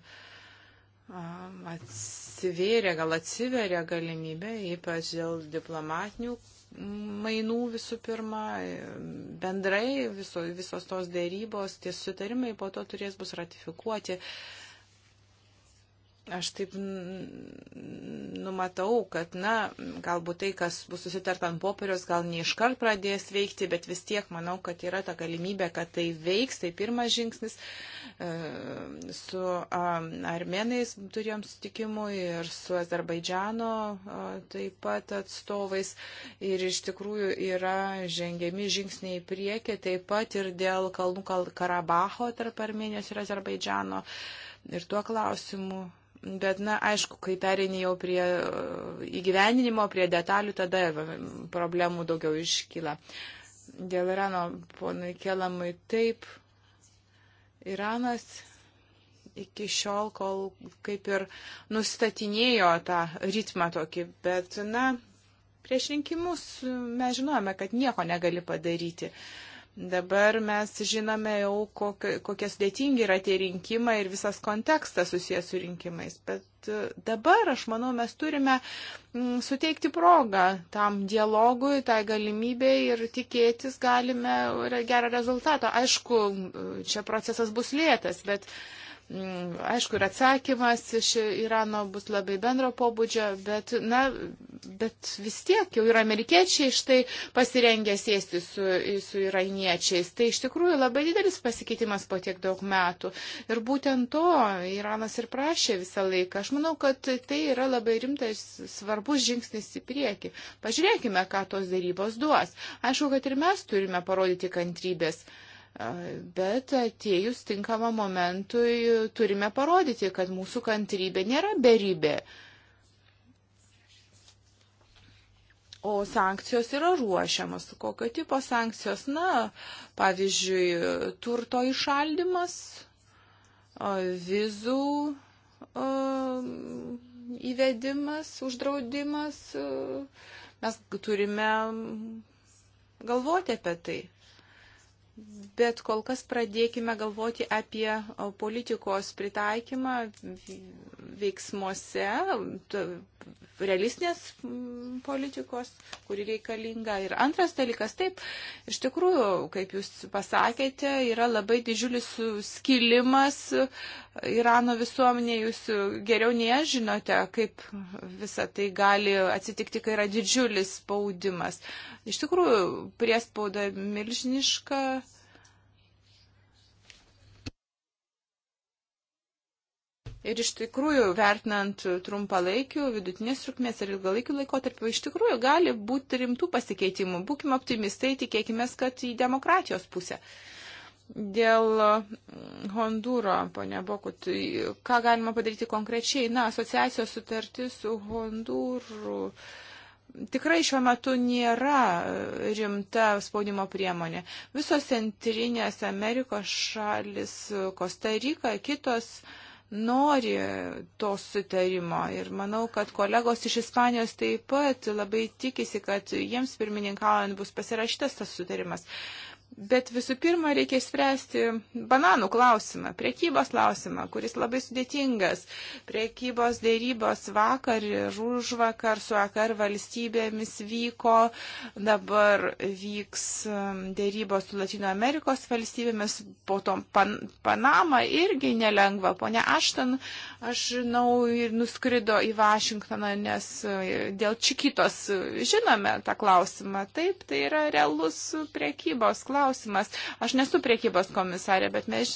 atsivėrė, gal atsiverė galimybė, ypač dėl diplomatinių mainų visų pirma, bendrai viso, visos tos dėrybos, tie sutarimai po to turės bus ratifikuoti. Uh, Aš taip numatau, kad, na, galbūt tai, kas bus susitarta ant popieriaus, gal ne iškart pradės veikti, bet vis tiek manau, kad yra ta galimybė, kad tai veiks, tai pirmas žingsnis. E, su armenais turėjom sutikimų ir su Azerbaidžiano taip pat atstovais ir iš tikrųjų yra žengiami žingsniai į priekį, taip pat ir dėl Kalnų Karabaho tarp Armenijos ir Azerbaidžiano. Ir tuo klausimu Bet, na, aišku, kai pereini jau prie e, įgyveninimo, prie detalių, tada e, problemų daugiau iškyla. Dėl Irano, ponui Kelamui, taip, Iranas iki šiol, kol kaip ir nustatinėjo tą ritmą tokį, bet, na, prieš rinkimus mes žinojame, kad nieko negali padaryti. Uh, Dabar mes žinome jau, kokie, kokie sudėtingi yra tie rinkimai ir visas kontekstas susijęs su rinkimais. Bet e, dabar, aš manau, mes turime mm, suteikti progą tam dialogui, tai galimybei ir tikėtis galime gerą rezultatą. Aišku, čia procesas bus lėtas, bet uh, Mm, aišku, ir atsakymas iš Irano bus labai bendro pobūdžio, bet, na, bet vis tiek jau ir amerikiečiai štai pasirengę sėsti su, su iraniečiais. Tai iš tikrųjų labai didelis pasikeitimas po tiek daug metų. Ir būtent to Iranas ir prašė visą laiką. Aš manau, kad tai yra labai rimtas, svarbus žingsnis į priekį. Pažiūrėkime, ką tos darybos duos. Aišku, kad ir mes turime parodyti kantrybės. Bet atėjus tinkama momentui turime parodyti, kad mūsų kantrybė nėra beribė. O sankcijos yra ruošiamas. Kokio tipo sankcijos? Na, pavyzdžiui, turto išaldimas, vizų įvedimas, uždraudimas. Mes turime galvoti apie tai. Bet kol kas pradėkime galvoti apie politikos pritaikymą veiksmuose, realistinės politikos, kuri reikalinga. Ir antras dalykas, taip, iš tikrųjų, kaip jūs pasakėte, yra labai didžiulis skilimas Irano visuomenė, jūs geriau nei aš žinote, kaip visa tai gali atsitikti, kai yra didžiulis spaudimas. Iš tikrųjų, priespauda milžiniška. Ir iš tikrųjų, vertinant trumpalaikių, vidutinės trukmės ir ilgalaikių laikotarpių, iš tikrųjų gali būti rimtų pasikeitimų. Būkime optimistai, tikėkime, kad į demokratijos pusę. Uh, Dėl mm, Hondūro, ponia Bokut, tai ką galima padaryti konkrečiai? Na, asociacijos sutartis su Hondūru tikrai šiuo metu nėra e, rimta spaudimo priemonė. Visos centrinės Amerikos šalis, Kostarika, e, kitos nori to sutarimo. Ir manau, kad kolegos iš Ispanijos taip pat labai tikisi, kad jiems pirmininkaujant bus pasirašytas tas sutarimas. Bet visų pirma, reikia spręsti bananų klausimą, priekybos klausimą, kuris labai sudėtingas. Priekybos dėrybos vakar ir už vakar su akar valstybėmis vyko, dabar vyks um, dėrybos su Latino Amerikos valstybėmis, po tom pan, Panama irgi nelengva. Pone Aštan, aš žinau, ir nuskrido į Vašingtoną, nes e, dėl čikitos e, žinome tą klausimą. Taip, tai yra realus priekybos klausimas klausimas. Aš nesu priekybos komisarė, bet mes,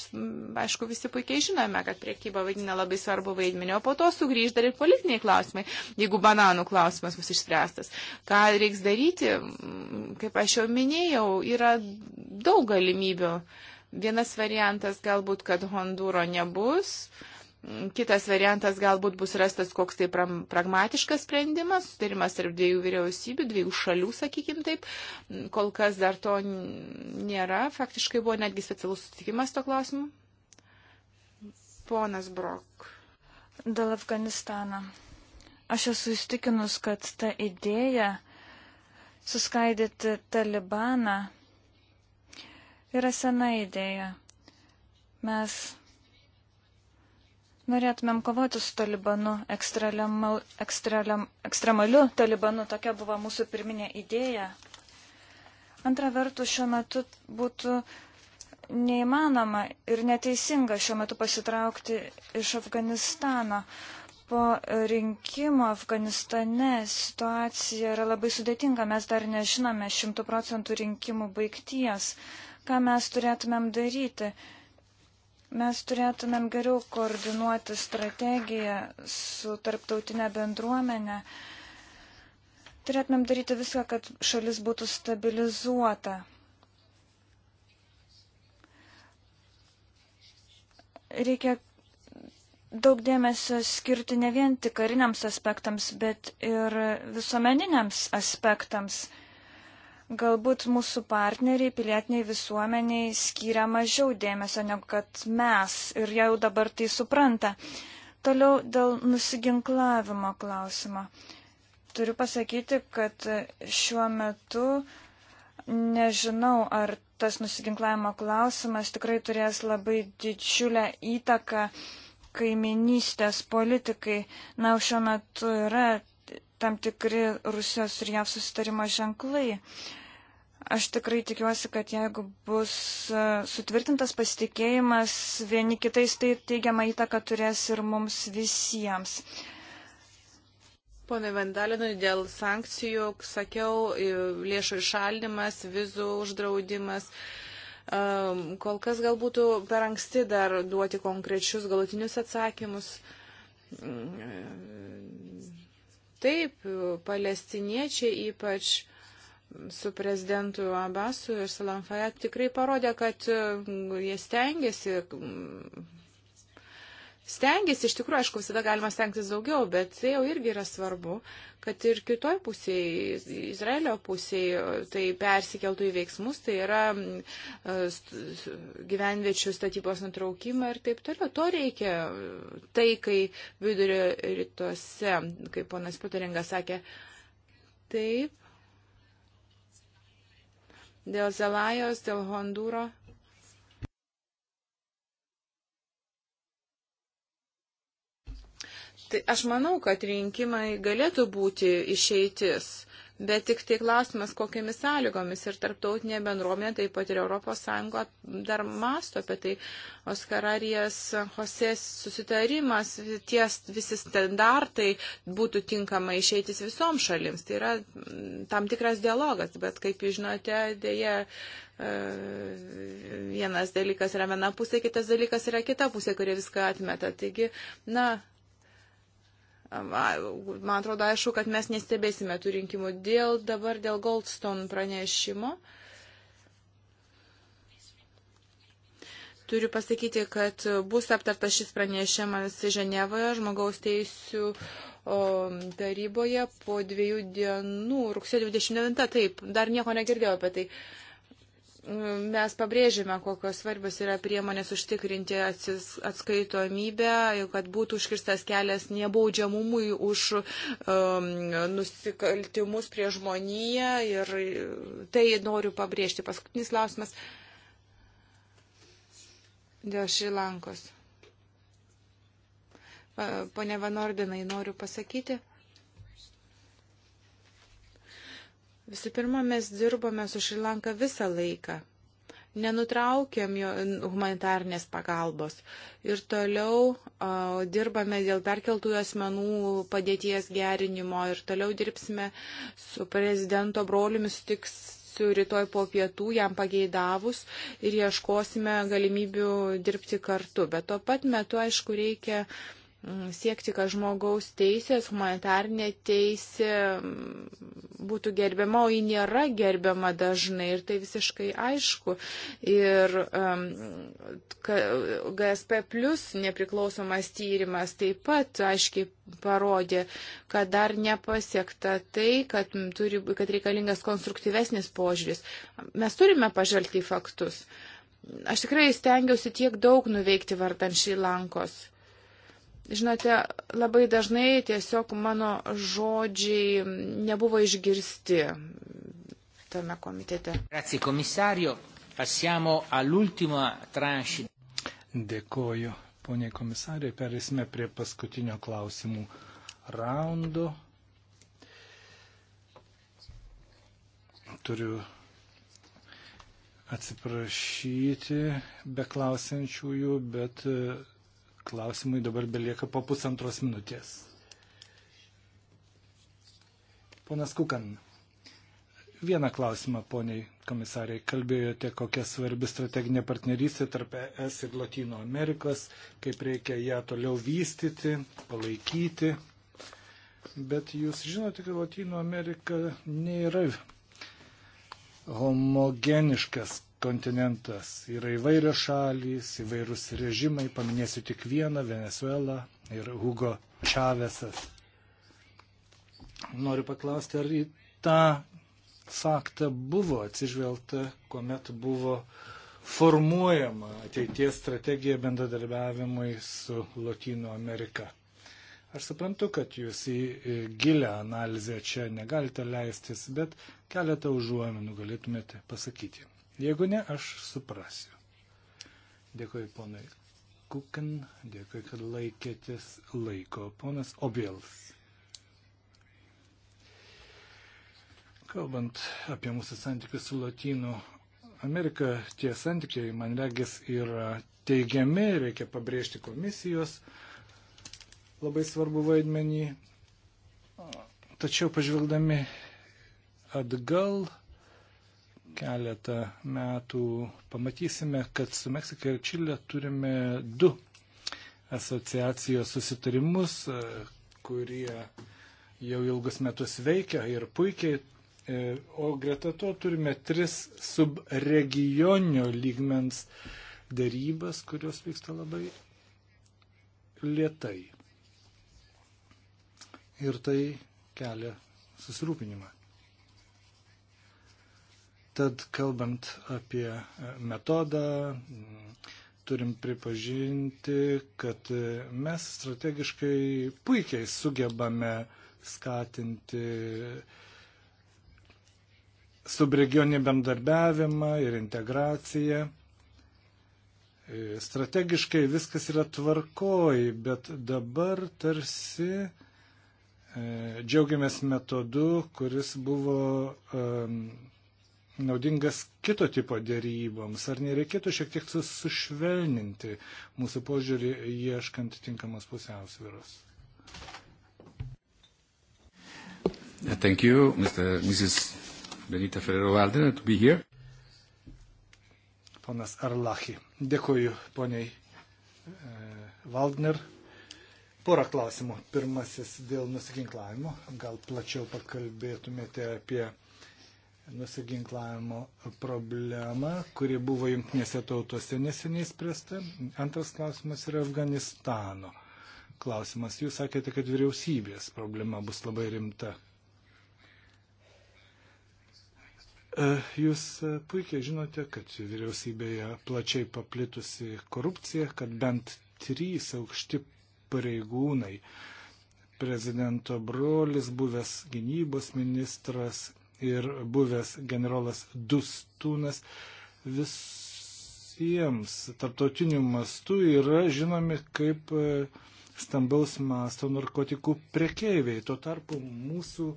aišku, visi puikiai žinome, kad priekyba vaidina labai svarbu vaidmenį, o po to sugrįž dar ir politiniai klausimai, jeigu bananų klausimas bus išspręstas. Ką reiks daryti, kaip aš jau minėjau, yra daug galimybių. Vienas variantas galbūt, kad Hondūro nebus. Uh, Kitas variantas galbūt bus rastas koks tai pragmatiškas sprendimas, sutarimas tarp dviejų vyriausybių, dviejų šalių, sakykim taip. Kol kas dar to nėra. Faktiškai buvo netgi specialus sutikimas to klausimu. Ponas Brok. Dėl Afganistano. Aš esu įstikinus, kad ta idėja suskaidyti Talibaną yra sena idėja. Mes norėtumėm kovoti su talibanu, ekstreliam, ekstreliam, ekstremaliu talibanu, tokia buvo mūsų pirminė idėja. Antra vertus, šiuo metu būtų neįmanoma ir neteisinga šiuo metu pasitraukti iš Afganistano. Po rinkimo Afganistane situacija yra labai sudėtinga, mes dar nežinome šimtų procentų rinkimų baigties. Ką mes turėtumėm daryti? Mes turėtumėm geriau koordinuoti strategiją su tarptautinė bendruomenė. Turėtumėm daryti viską, kad šalis būtų stabilizuota. Reikia daug dėmesio skirti ne vien tik kariniams aspektams, bet ir visuomeniniams aspektams. Galbūt mūsų partneriai, pilietiniai visuomeniai skiria mažiau dėmesio negu kad mes ir jau dabar tai supranta. Toliau dėl nusiginklavimo klausimo. Turiu pasakyti, kad šiuo metu nežinau, ar tas nusiginklavimo klausimas tikrai turės labai didžiulę įtaką kaiminystės politikai. Na, šiuo metu yra tam tikri Rusijos ir JAV susitarimo ženklai. Aš tikrai tikiuosi, kad jeigu bus e, sutvirtintas pasitikėjimas vieni kitais, tai teigiamą įtaką turės ir mums visiems. Pone Vandalinui, dėl sankcijų, sakiau, lėšų išaldimas, vizų uždraudimas. Kol kas gal būtų per anksti dar duoti konkrečius galutinius atsakymus. Mm, e, taip, palestiniečiai ypač su prezidentu Abasu ir Salamfaja tikrai parodė, kad mm, jie stengiasi. Mm, stengiasi, iš tikrųjų, aišku, visada galima stengtis daugiau, bet tai jau irgi yra svarbu, kad ir kitoj pusėje, Izraelio pusėje, tai persikeltų į veiksmus, tai yra mm, gyvenviečių statybos nutraukimą ir taip toliau. To reikia tai, kai vidurio rytuose, kaip ponas Putaringas sakė, taip, dėl Zelajos, dėl Hondūro. Tai aš manau, kad rinkimai galėtų būti išeitis. Bet tik tai klausimas, kokiamis sąlygomis ir tarptautinė bendruomenė, taip pat ir ES dar masto apie tai. Oskararijas Hosės susitarimas, ties visi standartai būtų tinkama išeitis visom šalims. Tai yra mm, tam tikras dialogas, bet kaip jūs žinote, dėja e, vienas dalykas yra viena pusė, kitas dalykas yra kita pusė, kurie viską atmeta. Taigi, na, Man atrodo, aišku, kad mes nestebėsime tų rinkimų dėl dabar dėl Goldstone pranešimo. Turiu pasakyti, kad bus aptartas šis pranešimas Ženevoje žmogaus teisų taryboje po dviejų dienų, rugsėjo 29, taip, dar nieko negirdėjau apie tai. Uh, mes pabrėžėme, kokios svarbios yra priemonės užtikrinti atskaitomybę, kad būtų užkirstas kelias nebaudžiamumui už um, nusikaltimus prie žmoniją ir tai noriu pabrėžti. Paskutinis klausimas dėl Šilankos. Pone Vanordinai, noriu pasakyti Visų pirma, mes dirbome su Šrilanka visą laiką. Nenutraukėm jo humanitarnės pagalbos ir toliau o, dirbame dėl perkeltųjų asmenų padėties gerinimo ir toliau dirbsime su prezidento broliumi sutiks dirbsiu rytoj po pietų, jam pageidavus ir ieškosime galimybių dirbti kartu. Bet tuo pat metu, aišku, reikia uh, Mm, siekti, kad žmogaus teisės, humanitarnė teisė mm, būtų gerbiama, o ji nėra gerbiama dažnai ir tai visiškai aišku. Ir um, mm, GSP plus nepriklausomas tyrimas taip pat aiškiai parodė, kad dar nepasiekta tai, kad, turi, kad reikalingas konstruktyvesnis požiūris. Mes turime pažvelgti į faktus. Aš tikrai stengiausi tiek daug nuveikti vardan Šri Lankos Žinote, labai dažnai tiesiog mano žodžiai nebuvo išgirsti tame komitete. Grazie, komisario. Passiamo all'ultimo tranšį. Dėkoju, ponė komisarė. Perėsime prie paskutinio klausimų raundo. Turiu atsiprašyti be klausiančiųjų, bet klausimui dabar belieka po pusantros minutės. Ponas Kukan, vieną klausimą, poniai komisariai, kalbėjote, kokia svarbi strateginė partnerystė tarp ES ir Latino Amerikos, kaip reikia ją toliau vystyti, palaikyti. Bet jūs žinote, kad Latino Amerika nėra homogeniškas kontinentas. Yra įvairios šalys, įvairūs režimai, paminėsiu tik vieną - Venezuela ir Hugo Čavesas. Noriu paklausti, ar į tą faktą buvo atsižvelgta, kuomet buvo formuojama ateities strategija bendradarbiavimui su Latino Amerika. Aš suprantu, kad jūs į gilę analizę čia negalite leistis, bet keletą užuominų galėtumėte pasakyti. Jeigu ne, aš suprasiu. Dėkuoju ponui Kukin, dėkui, kad laikėtės laiko. Ponas Obėls. Kalbant apie mūsų santykius su Latino Amerika, tie santykiai, man regis, yra teigiami, reikia pabrėžti komisijos labai svarbu vaidmenį. Tačiau pažvelgdami atgal, keletą metų pamatysime, kad su Meksika ir Čilė turime du asociacijos susitarimus, kurie jau ilgus metus veikia ir puikiai. E, o greta to turime tris subregioninio lygmens darybas, kurios vyksta labai lietai. Ir tai kelia susirūpinimą. Tad kalbant apie metodą, turim pripažinti, kad mes strategiškai puikiai sugebame skatinti subregioninį bendarbiavimą ir integraciją. Strategiškai viskas yra tvarkoj, bet dabar tarsi e, džiaugiamės metodu, kuris buvo naudingas kito tipo dėryboms? Ar nereikėtų šiek tiek sušvelninti mūsų požiūrį ieškant tinkamas pusiausvyros? Thank you, Mr. Mrs. Benita Ferrero-Valdner, to be here. Ponas Arlachi. Dėkuoju, poniai Valdner. Eh, Porą klausimų. Pirmasis dėl nusiginklavimo. Gal plačiau pakalbėtumėte apie nusiginklavimo problemą, kuri buvo jungtinėse tautose neseniai spręsta. Antras klausimas yra Afganistano klausimas. Jūs sakėte, kad vyriausybės problema bus labai rimta. E, jūs puikiai žinote, kad vyriausybėje plačiai paplitusi korupcija, kad bent trys aukšti pareigūnai, prezidento brolis, buvęs gynybos ministras ir buvęs generolas Dustūnas visiems tarptautiniu mastu yra žinomi kaip e, stambaus masto narkotikų prekeiviai. Tuo tarpu mūsų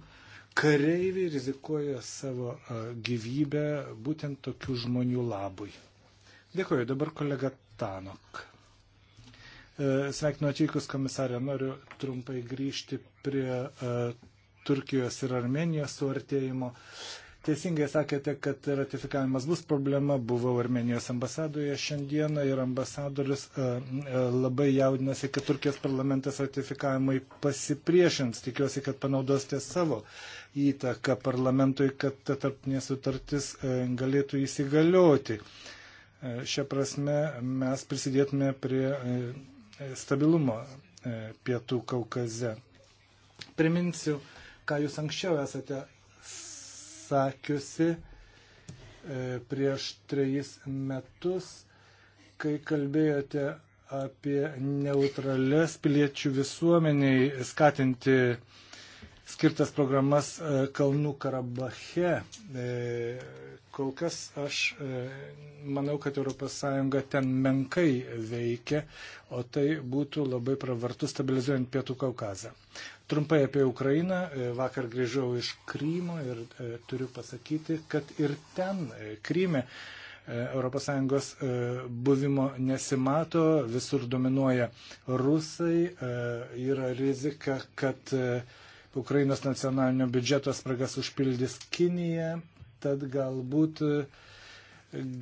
kareiviai rizikuoja savo e, gyvybę būtent tokių žmonių labui. Dėkuoju, dabar kolega Tanok. E, sveikinu atvykus komisarė, noriu trumpai grįžti prie Turkijos ir Armenijos suartėjimo. Teisingai sakėte, kad ratifikavimas bus problema. Buvau Armenijos ambasadoje šiandieną ir ambasadorius e, e, labai jaudinasi, kad Turkijos parlamentas ratifikavimui pasipriešins. Tikiuosi, kad panaudosite savo įtaką parlamentui, kad ta tarptinė sutartis e, galėtų įsigalioti. Šią prasme mes prisidėtume prie stabilumo pietų Kaukaze. Priminsiu, ką jūs anksčiau esate sakiusi e, prieš trejus metus, kai kalbėjote apie neutrales piliečių visuomeniai skatinti uh, skirtas programas e, Kalnų Karabache. E, kol kas aš e, manau, kad ES ten menkai veikia, o tai būtų labai pravartu stabilizuojant Pietų Kaukazą. Trumpai apie Ukrainą. Vakar grįžau iš Krymo ir turiu pasakyti, kad ir ten, Kryme, ES buvimo nesimato, visur dominuoja rusai, yra rizika, kad Ukrainos nacionalinio biudžeto spragas užpildys Kinija, tad galbūt,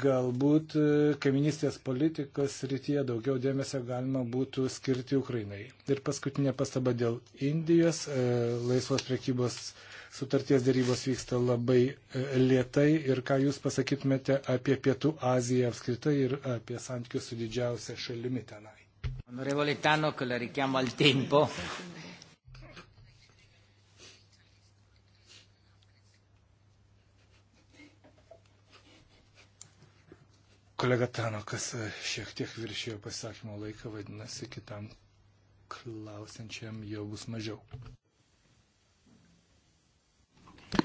galbūt kaiminystės politikos rytyje daugiau dėmesio galima būtų skirti Ukrainai. Ir paskutinė pastaba dėl Indijos. E, laisvos prekybos sutarties dėrybos vyksta labai e, lietai ir ką jūs pasakytumėte apie Pietų Aziją apskritai ir apie santykius su didžiausia šalimi tenai. Onorevole Tano, che la richiamo al tempo. Kolega Tanokas e, šiek tiek viršėjo pasakymo laiką, vadinasi, kitam klausiančiam jau bus mažiau.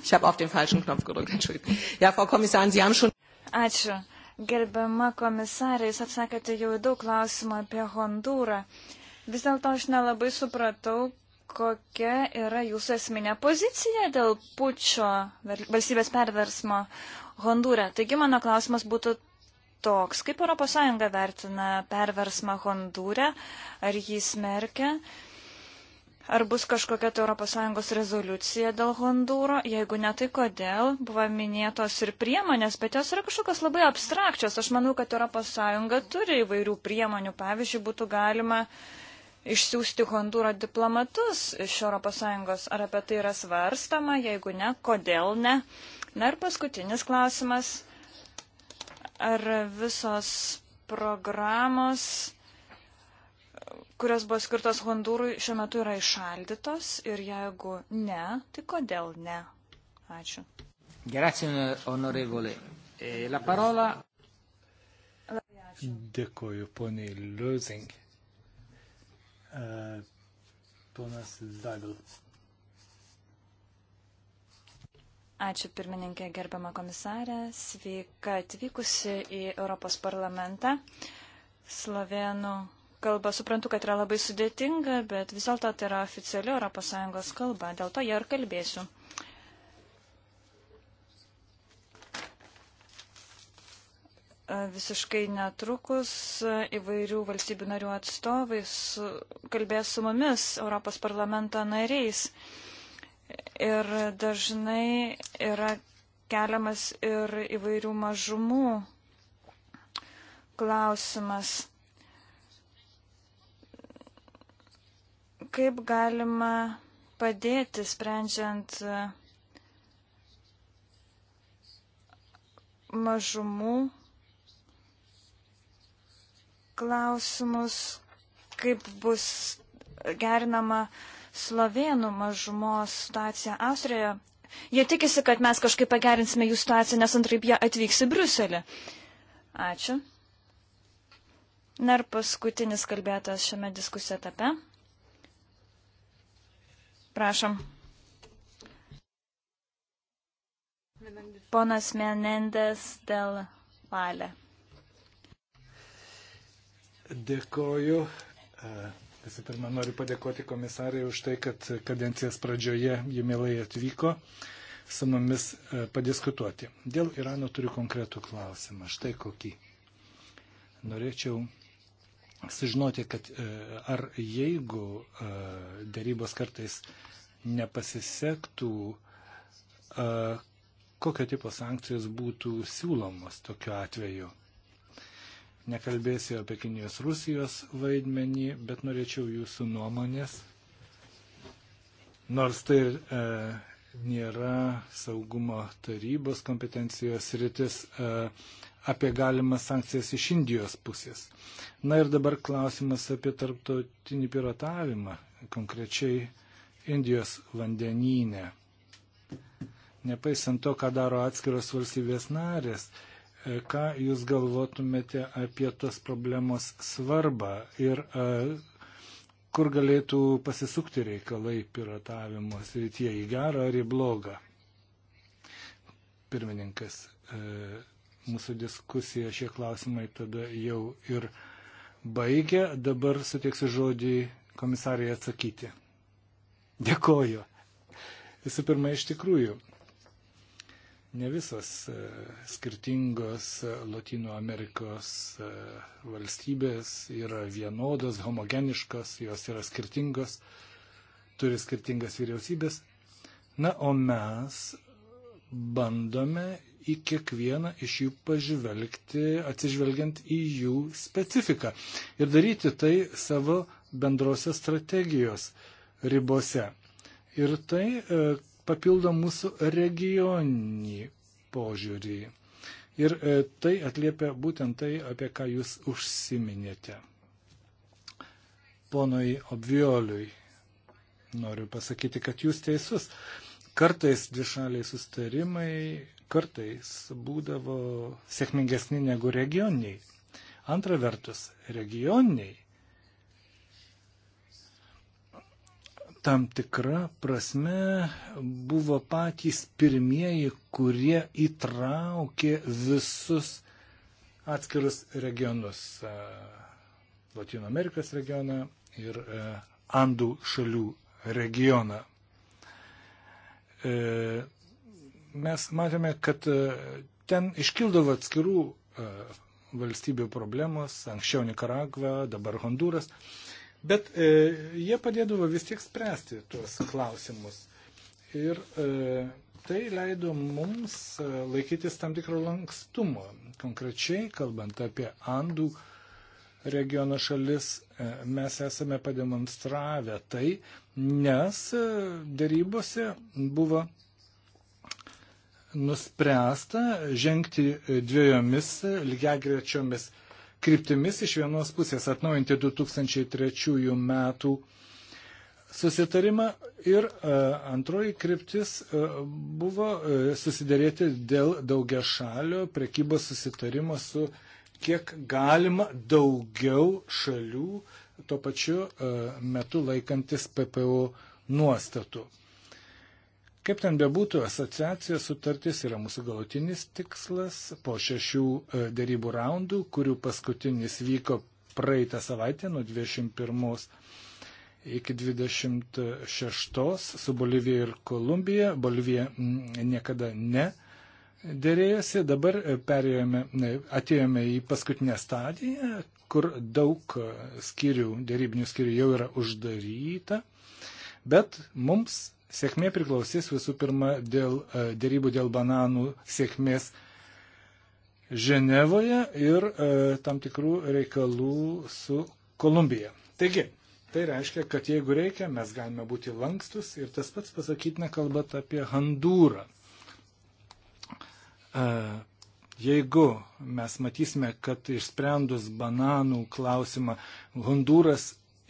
Ich habe auf den falschen Knopf gedrückt, entschuldigen. Ja, Frau Kommissarin, Sie haben schon. Ačiū. Gerbiama komisarė, jūs atsakėte jau daug klausimų apie Hondūrą. Vis dėlto aš nelabai supratau, kokia yra jūsų esminė pozicija dėl pučio valstybės perversmo Hondūre. Taigi mano klausimas būtų toks. Kaip ES vertina perversmą Hondūre? Ar jį smerkia? Ar bus kažkokia tai ES rezoliucija dėl Hondūro? Jeigu ne, tai kodėl? Buvo minėtos ir priemonės, bet jos yra kažkokios labai abstrakčios. Aš manau, kad ES turi įvairių priemonių. Pavyzdžiui, būtų galima išsiųsti Hondūro diplomatus iš ES. Ar apie tai yra svarstama? Jeigu ne, kodėl ne? Na ir paskutinis klausimas ar visos programos, kurios buvo skirtos Hondūrui, šiuo metu yra išaldytos ir jeigu ne, tai kodėl ne? Ačiū. Grazie, onorevole. E, la parola. Dėkoju, poniai Liuzink. E, ponas Zaglas. Ačiū pirmininkė gerbama komisarė. Sveika atvykusi į Europos parlamentą. Slovenų kalba suprantu, kad yra labai sudėtinga, bet vis dėlto tai yra oficiali ES kalba. Dėl to ją ir kalbėsiu. visiškai netrukus įvairių valstybių narių atstovai su, kalbės su mumis, Europos parlamento nariais ir dažnai yra keliamas ir įvairių mažumų klausimas. Kaip galima padėti sprendžiant mažumų klausimus, kaip bus gerinama uh, slovėnų mažumos situaciją Austrijoje. Jie tikisi, kad mes kažkaip pagerinsime jų situaciją, nes antraip jie atvyks į Bruselį. Ačiū. Na ir paskutinis kalbėtas šiame diskusijos etape. Prašom. Ponas Menendės dėl valę. Dėkoju. Visų pirma, noriu padėkoti komisarai už tai, kad kadencijos pradžioje jie mielai atvyko su mumis e, padiskutuoti. Dėl Irano turiu konkretų klausimą. Štai kokį. Norėčiau sužinoti, kad e, ar jeigu e, darybos kartais nepasisektų, kokio tipo sankcijos būtų siūlomos tokiu atveju nekalbėsiu apie Kinijos Rusijos vaidmenį, bet norėčiau jūsų nuomonės. Nors tai ir e, nėra saugumo tarybos kompetencijos rytis e, apie galimas sankcijas iš Indijos pusės. Na ir dabar klausimas apie tarptautinį piratavimą, konkrečiai Indijos vandenyne. Nepaisant to, ką daro atskiros valstybės narės, e, Ką Jūs galvotumėte apie tos problemos svarbą ir e, kur galėtų pasisukti reikalai piratavimo srityje į gerą ar į blogą? Pirmininkas, e, mūsų diskusija šie klausimai tada jau ir baigė. Dabar suteiksiu žodį komisarijai atsakyti. Dėkoju. Visų pirma, iš tikrųjų, Ne visos e, skirtingos e, Latino Amerikos e, valstybės yra vienodos, homogeniškos, jos yra skirtingos, turi skirtingas vyriausybės. Na, o mes bandome į kiekvieną iš jų pažvelgti, atsižvelgiant į jų specifiką ir daryti tai savo bendrose strategijos ribose. Ir tai papildo mūsų regioninį požiūrį. Ir e, tai atliepia būtent tai, apie ką jūs užsiminėte. Ponui Obvioliui noriu pasakyti, kad jūs teisus. Kartais dvišaliai sustarimai, kartais būdavo sėkmingesni negu regioniniai. Antra vertus, regioniniai tam tikra prasme buvo patys pirmieji, kurie įtraukė visus atskirus regionus. E, Latino Amerikos regioną ir e, Andų šalių regioną. E, mes matėme, kad ten iškildavo atskirų valstybių problemos, anksčiau Nikaragva, dabar Honduras. Bet e, jie padėdavo vis tiek spręsti tuos klausimus. Ir e, tai leido mums e, laikytis tam tikro lankstumo. Konkrečiai, kalbant apie Andų regiono šalis, e, mes esame pademonstravę tai, nes e, dėrybose buvo nuspręsta žengti dviejomis lygiagrečiomis grečiomis kryptimis iš vienos pusės atnaujinti 2003 metų susitarimą ir e, antroji kryptis e, buvo e, susidėrėti dėl daugia šalio prekybos susitarimo su kiek galima daugiau šalių tuo pačiu metu laikantis PPO nuostatų. Kaip ten bebūtų, asociacijos sutartis yra mūsų galutinis tikslas po šešių e, dėrybų raundų, kurių paskutinis vyko praeitą savaitę nuo 21 iki 26 su Bolivija ir Kolumbija. Bolivija niekada ne dėrėjosi, dabar e, perėjome, e, atėjome į paskutinę stadiją, kur daug skyrių, dėrybinių skyrių jau yra uždaryta, bet mums Sėkmė priklausys visų pirma dėl e, dėrybų dėl bananų sėkmės Ženevoje ir e, tam tikrų reikalų su Kolumbija. Taigi, tai reiškia, kad jeigu reikia, mes galime būti lankstus ir tas pats pasakytina kalbant apie Hondūrą. E, Jeigu mes matysime, kad išsprendus bananų klausimą Honduras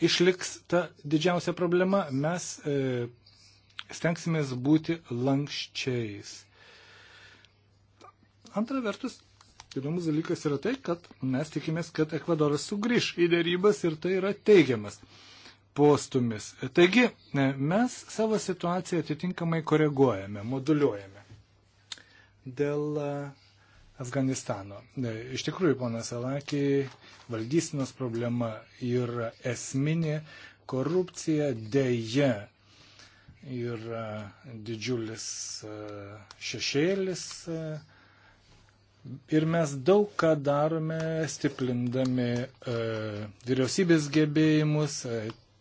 išliks ta didžiausia problema, mes e, Stengsimės būti lankščiais. Antra vertus, įdomus dalykas yra tai, kad mes tikimės, kad Ekvadoras sugrįž į dėrybas ir tai yra teigiamas postumis. Taigi, e, mes savo situaciją atitinkamai koreguojame, moduliuojame. Dėl e, Afganistano. E, iš tikrųjų, ponas Alakį, valdysinos problema yra esminė, korupcija dėje yra didžiulis e, šešėlis e, ir mes daug ką darome stiprindami e, vyriausybės gebėjimus,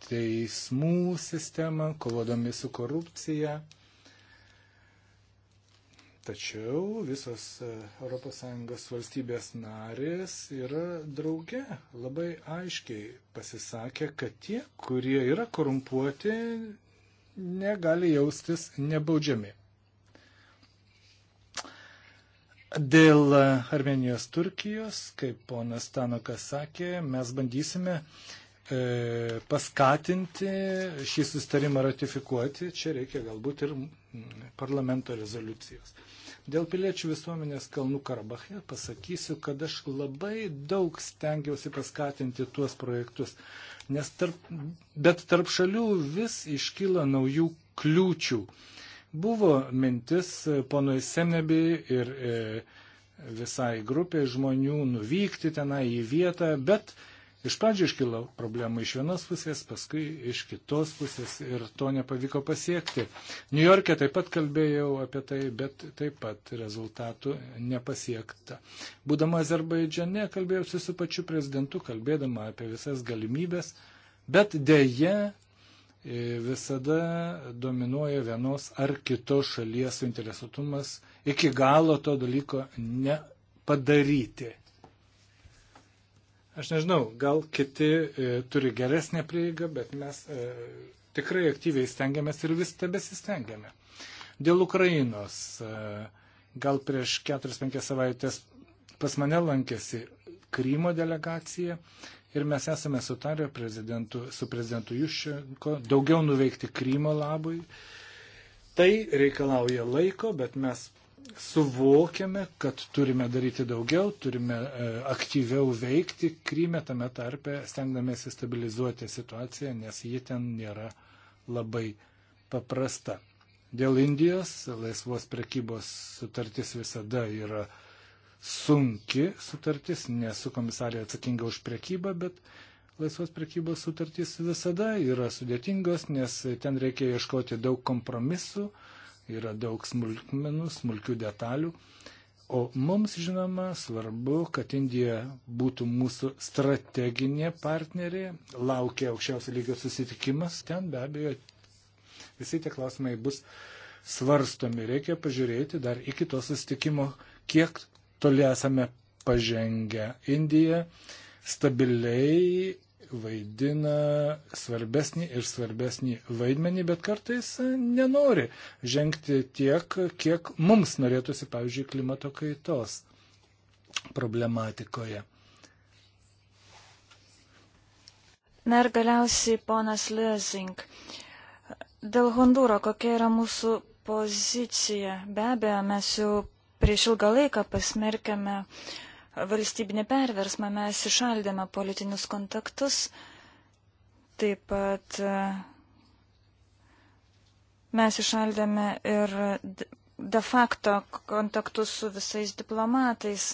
teismų sistemą, kovodami su korupcija. Tačiau visos ES valstybės narės yra drauge labai aiškiai pasisakę, kad tie, kurie yra korumpuoti, negali jaustis nebaudžiami. Dėl Armenijos Turkijos, kaip ponas Tanokas sakė, mes bandysime e, paskatinti šį sustarimą ratifikuoti. Čia reikia galbūt ir parlamento rezoliucijos. E, Dėl piliečių visuomenės Kalnų Karabache pasakysiu, kad aš labai daug stengiausi paskatinti tuos projektus, nes tarp, bet tarp šalių vis iškyla naujų kliūčių. Buvo mintis e, ponui Senebi ir e, visai grupiai žmonių nuvykti tenai į vietą, bet e, Iš pradžių iškilo problemų iš vienos pusės, paskui iš kitos pusės ir to nepavyko pasiekti. New York'e taip pat kalbėjau apie tai, bet taip pat rezultatų nepasiekta. Būdama Azerbaidžiane kalbėjausi su pačiu prezidentu, kalbėdama apie visas galimybės, bet dėje e, visada dominuoja vienos ar kitos šalies suinteresuotumas iki galo to dalyko nepadaryti. Aš nežinau, gal kiti e, turi geresnę prieigą, bet mes e, tikrai aktyviai stengiamės ir vis tebesistengiame. Dėl Ukrainos, e, gal prieš 4-5 savaitės pas mane lankėsi Krymo delegacija ir mes esame sutarę prezidentu, su prezidentu Juščenko daugiau nuveikti Krymo labui. Tai reikalauja laiko, bet mes suvokiame, kad turime daryti daugiau, turime e, aktyviau veikti Kryme tame tarpe, stengdamėsi stabilizuoti situaciją, nes ji ten nėra labai paprasta. Dėl Indijos laisvos prekybos sutartis visada yra sunki sutartis, nesu komisarė atsakinga už prekybą, bet laisvos prekybos sutartis visada yra sudėtingos, nes ten reikia ieškoti daug kompromisų, uh, yra daug smulkmenų, smulkių detalių. O mums žinoma svarbu, kad Indija būtų mūsų strateginė partnerė, laukia aukščiausio lygio susitikimas, ten be abejo visi tie klausimai bus svarstomi. Reikia pažiūrėti dar iki to susitikimo, kiek toli esame pažengę. Indija stabiliai vaidina svarbesnį ir svarbesnį vaidmenį, bet kartais nenori žengti tiek, kiek mums norėtųsi, pavyzdžiui, klimato kaitos problematikoje. Na ir galiausiai ponas Lezing. Dėl Hondūro, kokia yra mūsų pozicija? Be abejo, mes jau prieš ilgą laiką pasmerkėme uh, valstybinį perversmą, mes išaldėme politinius kontaktus, taip pat e, mes išaldėme ir de facto kontaktus su visais diplomatais.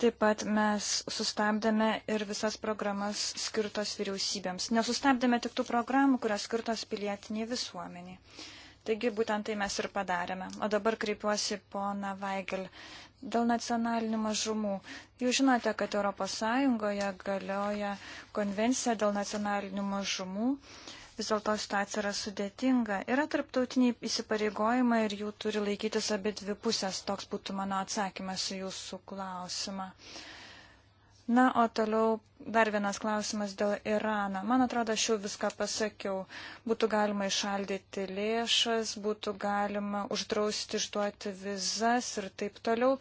Taip pat mes sustabdėme ir visas programas skirtos vyriausybėms. Nesustabdėme tik tų programų, kurios skirtos pilietiniai visuomeniai. Taigi būtent tai mes ir padarėme. O dabar kreipiuosi pona Vaigel dėl nacionalinių mažumų. Jūs žinote, kad ES galioja konvencija dėl nacionalinių mažumų. Vis dėlto situacija yra sudėtinga. Yra tarptautiniai įsipareigojimai ir jų turi laikytis abi dvi pusės. Toks būtų mano atsakymas į jūsų klausimą. Uh, Na, o toliau dar vienas klausimas dėl Irano. Man atrodo, aš jau viską pasakiau. Būtų galima išaldyti lėšas, būtų galima uždrausti išduoti vizas ir taip toliau.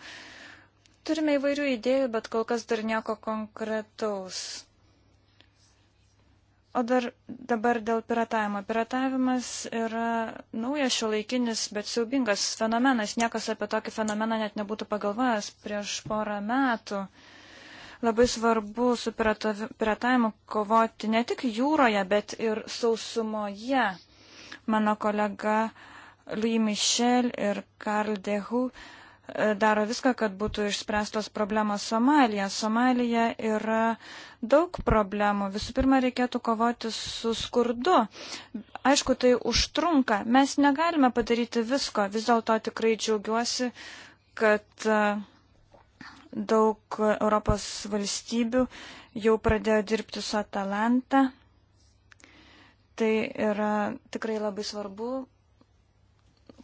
Turime įvairių idėjų, bet kol kas dar nieko konkretaus. O dar dabar dėl piratavimo. Piratavimas yra naujas šio laikinis, bet siaubingas fenomenas. Niekas apie tokį fenomeną net nebūtų pagalvojęs prieš porą metų. Uh, Labai svarbu su piratavimu kovoti ne tik jūroje, bet ir sausumoje. Mano kolega Louis Michel ir Karl Dehu e, daro viską, kad būtų išspręstos problemos Somalija. Somalija yra daug problemų. Visų pirma, reikėtų kovoti su skurdu. Aišku, tai užtrunka. Mes negalime padaryti visko. Vis dėlto tikrai džiaugiuosi, kad uh, Daug Europos valstybių jau pradėjo dirbti su Atalanta. Tai yra tikrai labai svarbu,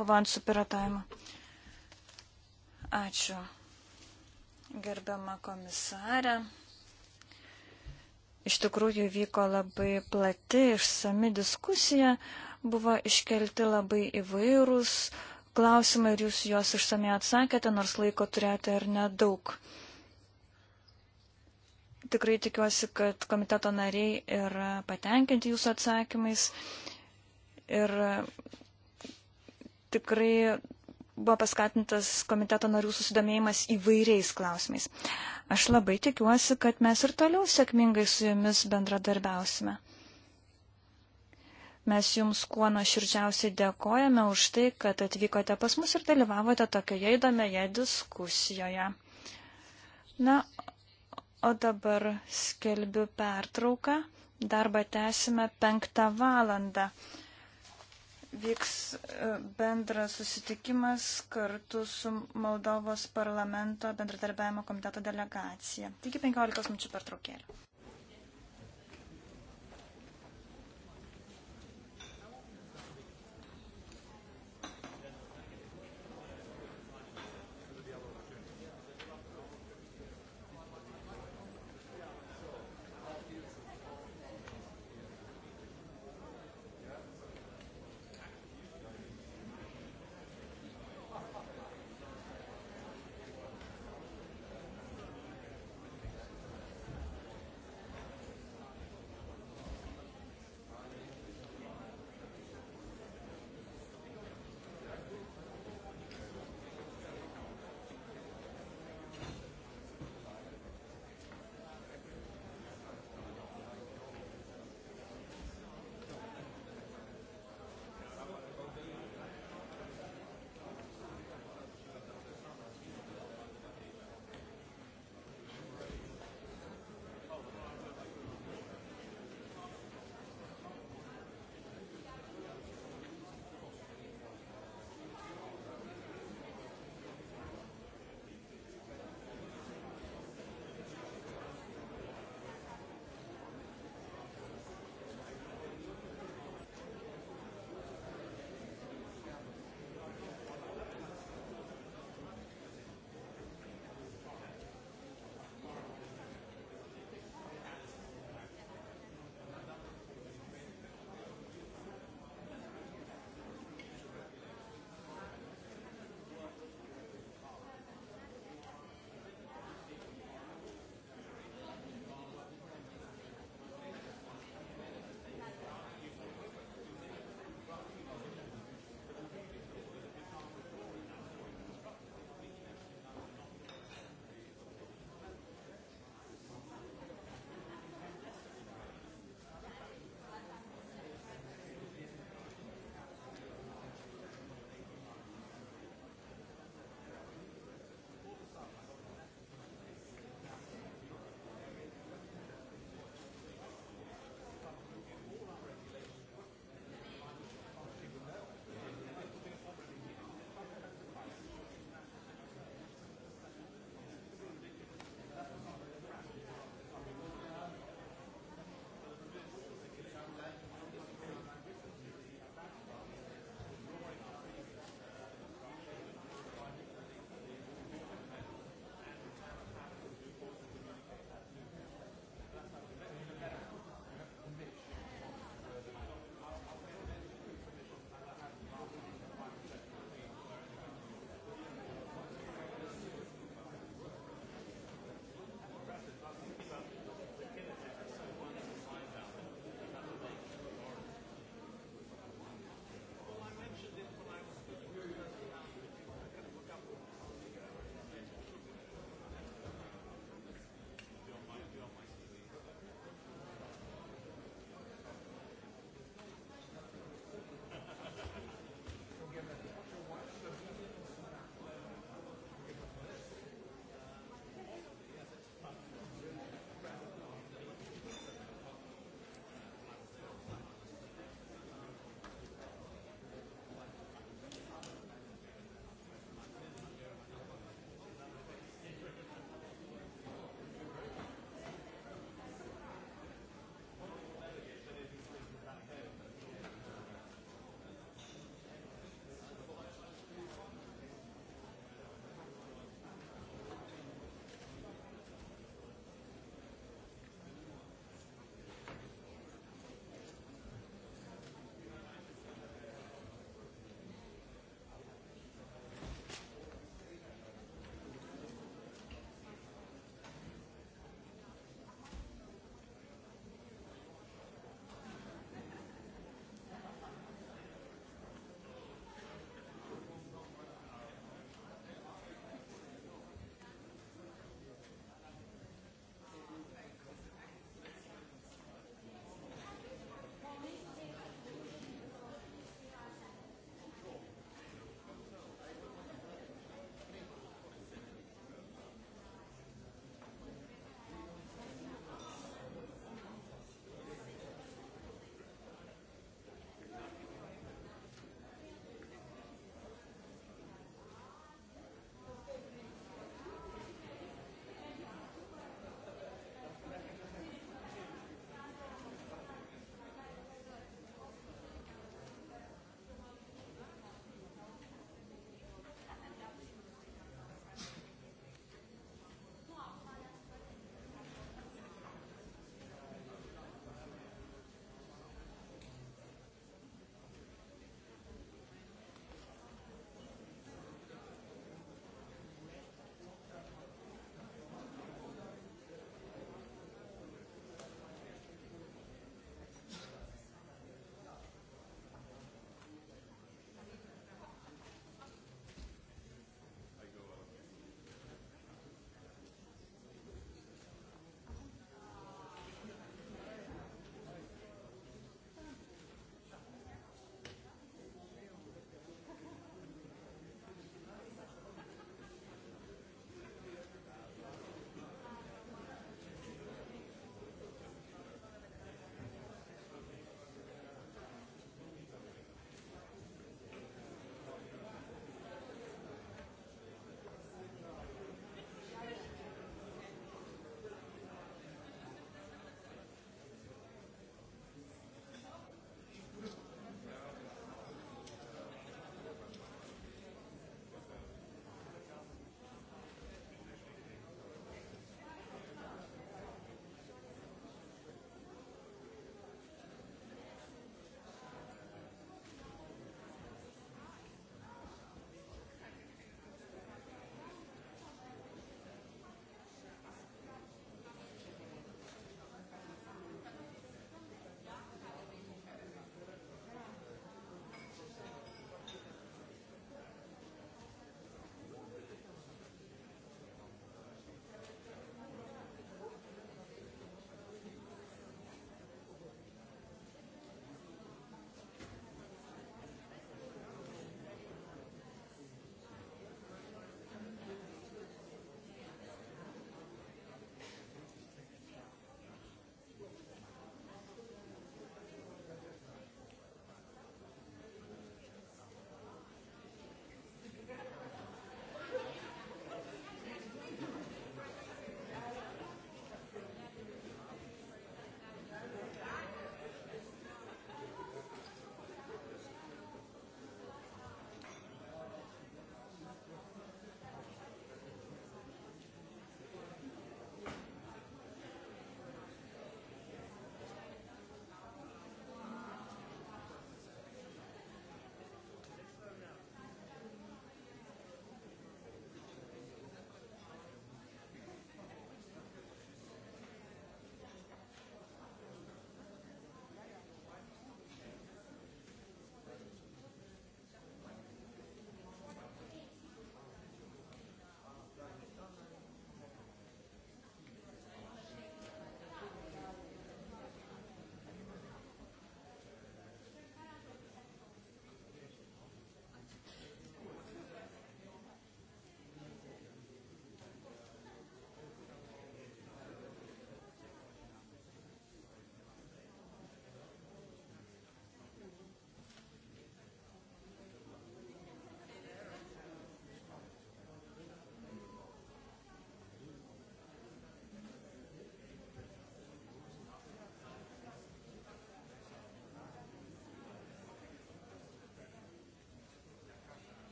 kovant su piratavimu. Ačiū, gerbiama komisarė. Iš tikrųjų vyko labai plati, išsami diskusija, buvo iškelti labai įvairūs uh, klausimą ir jūs juos išsamei atsakėte, nors laiko turėjote ir nedaug. Tikrai tikiuosi, kad komiteto nariai yra patenkinti jūsų atsakymais ir tikrai buvo paskatintas komiteto narių susidomėjimas įvairiais klausimais. Aš labai tikiuosi, kad mes ir toliau sėkmingai su jumis bendradarbiausime. Mes jums kuo nuoširdžiausiai dėkojame už tai, kad atvykote pas mus ir dalyvavote tokioje įdomioje diskusijoje. Na, o dabar skelbiu pertrauką. Darbą tęsime penktą valandą vyks e, bendras susitikimas kartu su Moldovos parlamento bendradarbiavimo komiteto delegacija. Taigi 15 minučių pertraukėlė.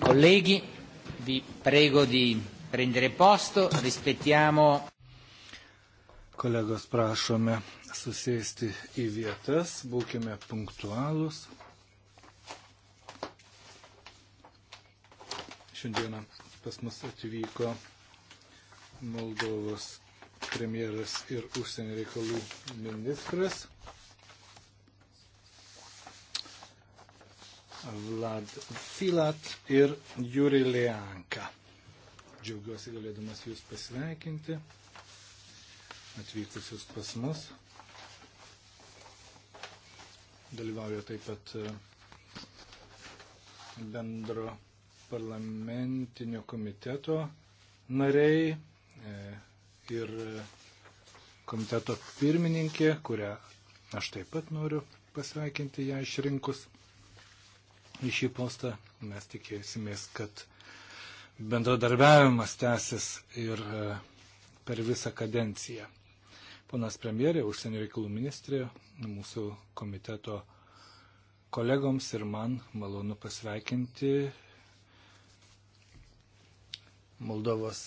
Colleghi, vi prego di prendere posto, rispettiamo. Kolegos, prašome susėsti į vietas, būkime punktualūs. Šiandieną pas mus atvyko Moldovos premjeras ir užsienio reikalų ministras. Vlad Filat ir Juri Leanka. Džiaugiuosi galėdamas Jūs pasveikinti, atvykusius pas mus. Dalyvauju taip pat e, bendro parlamentinio komiteto nariai e, ir e, komiteto pirmininkė, kurią aš taip pat noriu pasveikinti ją išrinkus į šį postą. Mes tikėsimės, kad bendradarbiavimas tęsis ir e, per visą kadenciją. Ponas premjerė, užsienio reikalų ministrė, mūsų komiteto kolegoms ir man malonu pasveikinti Moldovos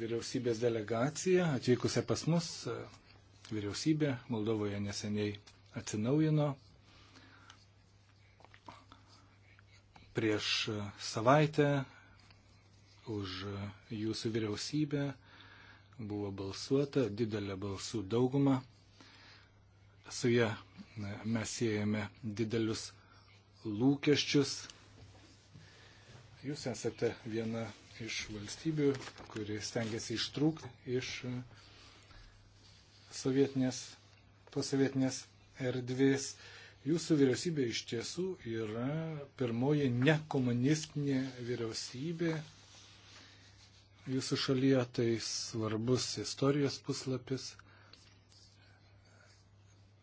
vyriausybės delegacija atvykusią pas mus. Vyriausybė Moldovoje neseniai atsinaujino, prieš savaitę už jūsų vyriausybę buvo balsuota didelė balsų dauguma. Su ją mes siejame didelius lūkesčius. Jūs esate viena iš valstybių, kuri stengiasi ištrūkti iš sovietinės, posovietinės erdvės. Po Jūsų vyriausybė iš tiesų yra pirmoji nekomunistinė vyriausybė. Jūsų šalyje tai svarbus istorijos puslapis.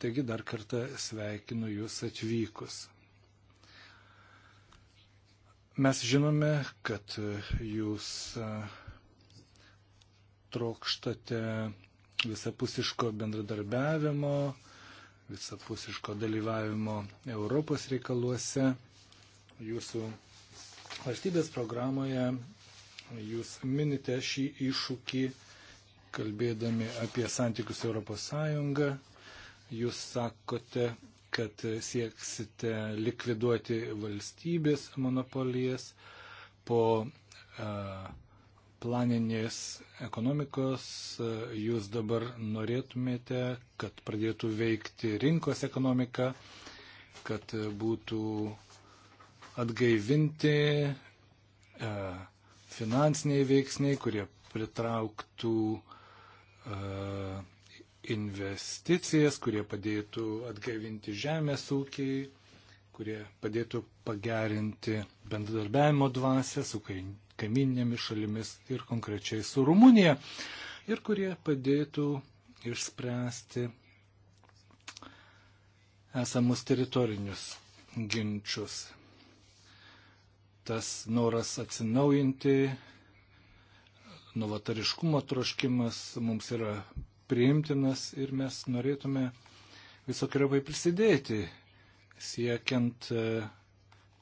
Taigi dar kartą sveikinu Jūs atvykus. Mes žinome, kad Jūs e, trokštate visapusiško bendradarbiavimo, visapusiško dalyvavimo Europos reikaluose. Jūsų valstybės programoje jūs minite šį iššūkį, kalbėdami apie santykius Europos Sąjungą. Jūs sakote, kad sieksite likviduoti valstybės monopolijas po uh, planinės ekonomikos, jūs dabar norėtumėte, kad pradėtų veikti rinkos ekonomika, kad būtų atgaivinti e, finansiniai veiksniai, kurie pritrauktų e, investicijas, kurie padėtų atgaivinti žemės ūkiai, kurie padėtų pagerinti bendradarbiavimo dvasę su kaiminėmis šalimis ir konkrečiai su Rumunija ir kurie padėtų išspręsti esamus teritorinius ginčius. Tas noras atsinaujinti, novatariškumo troškimas mums yra priimtinas ir mes norėtume visokiojopai prisidėti siekiant, e,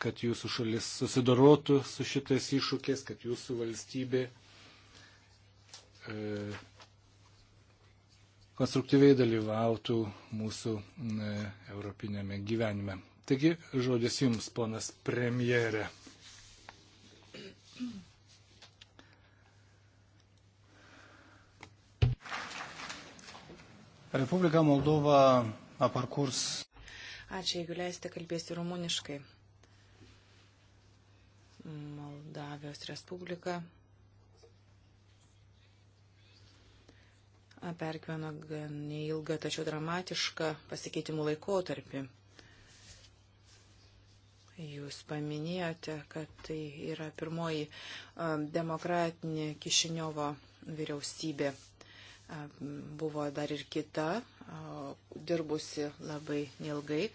kad jūsų šalis susidorotų su šitais iššūkės, kad jūsų valstybė e, konstruktyviai dalyvautų mūsų e, europinėme gyvenime. Taigi, žodis jums, ponas premjerė. Republica Moldova a parcurs Ačiū, jeigu leisite, kalbėsiu rumuniškai. Moldavijos Respublika pergyveno gan neilgą, tačiau dramatišką pasikeitimų laikotarpį. Jūs paminėjote, kad tai yra pirmoji demokratinė Kišiniovo vyriausybė. Buvo dar ir kita, dirbusi labai ilgai,